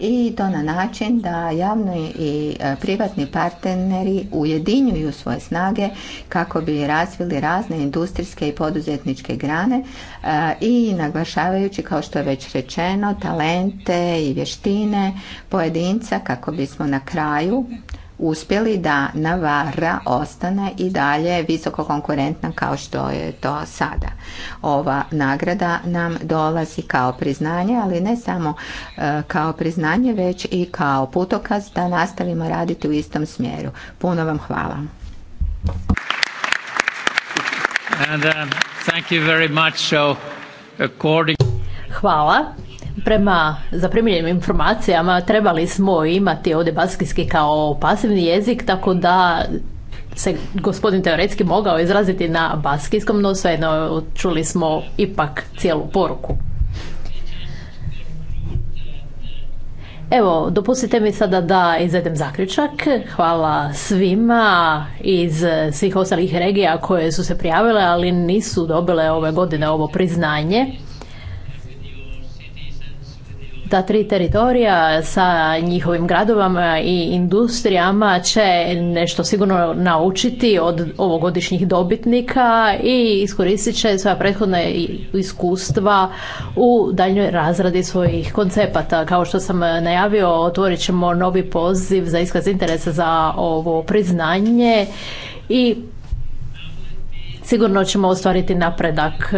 i to na način da javni i e, privatni partneri ujedinjuju svoje snage kako bi razvili razne industrijske i poduzetničke grane e, i naglašavajući kao što je već rečeno talente i vještine pojedinca kako bismo na kraju uspjeli da Navara ostane i dalje visoko konkurentna kao što je to sada. Ova nagrada nam dolazi kao priznanje, ali ne samo e, kao priznanje, već i kao putokaz da nastavimo raditi u istom smjeru. Puno vam hvala.
Um,
hvala. Prema zaprimljenim informacijama trebali smo imati ovdje baskijski kao pasivni jezik, tako da se gospodin teoretski mogao izraziti na baskijskom, no svejedno čuli smo ipak cijelu poruku. Evo, dopustite mi sada da izvedem zaključak. Hvala svima iz svih ostalih regija koje su se prijavile, ali nisu dobile ove godine ovo priznanje ta tri teritorija sa njihovim gradovama i industrijama će nešto sigurno naučiti od ovogodišnjih dobitnika i iskoristit će sva prethodna iskustva u daljnjoj razradi svojih koncepata. Kao što sam najavio, otvorit ćemo novi poziv za iskaz interesa za ovo priznanje i sigurno ćemo ostvariti napredak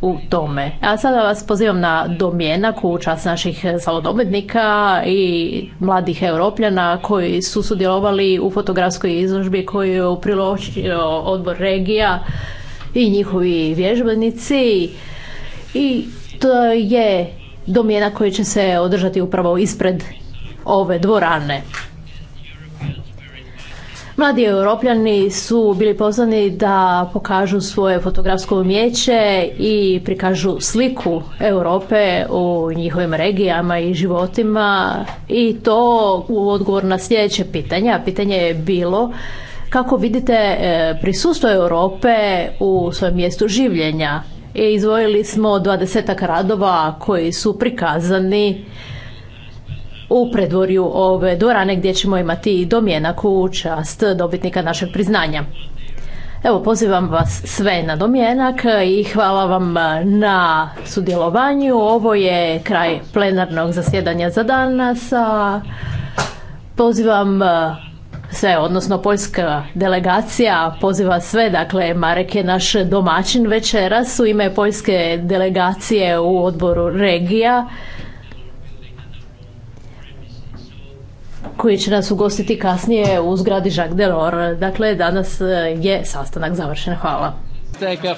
u tome. A sada vas pozivam na domjenaku u čast naših e, salodobjednika i mladih europljana koji su sudjelovali u fotografskoj izložbi koju je upriločio odbor regija i njihovi vježbenici i to je domjena koji će se održati upravo ispred ove dvorane. Mladi europljani su bili pozvani da pokažu svoje fotografsko umjeće i prikažu sliku Europe u njihovim regijama i životima i to u odgovor na sljedeće pitanje, a pitanje je bilo kako vidite e, prisustvo Europe u svojem mjestu življenja. Izvojili smo dvadesetak radova koji su prikazani u predvorju ove dvorane gdje ćemo imati i domjenak u čast dobitnika našeg priznanja. Evo, pozivam vas sve na domjenak i hvala vam na sudjelovanju. Ovo je kraj plenarnog zasjedanja za danas. Pozivam e, sve, odnosno poljska delegacija poziva sve, dakle Marek je naš domaćin večeras u ime poljske delegacije u odboru regija. koji će nas ugostiti kasnije u zgradi Jacques Delors. Dakle, danas e, je sastanak završen. Hvala.
Take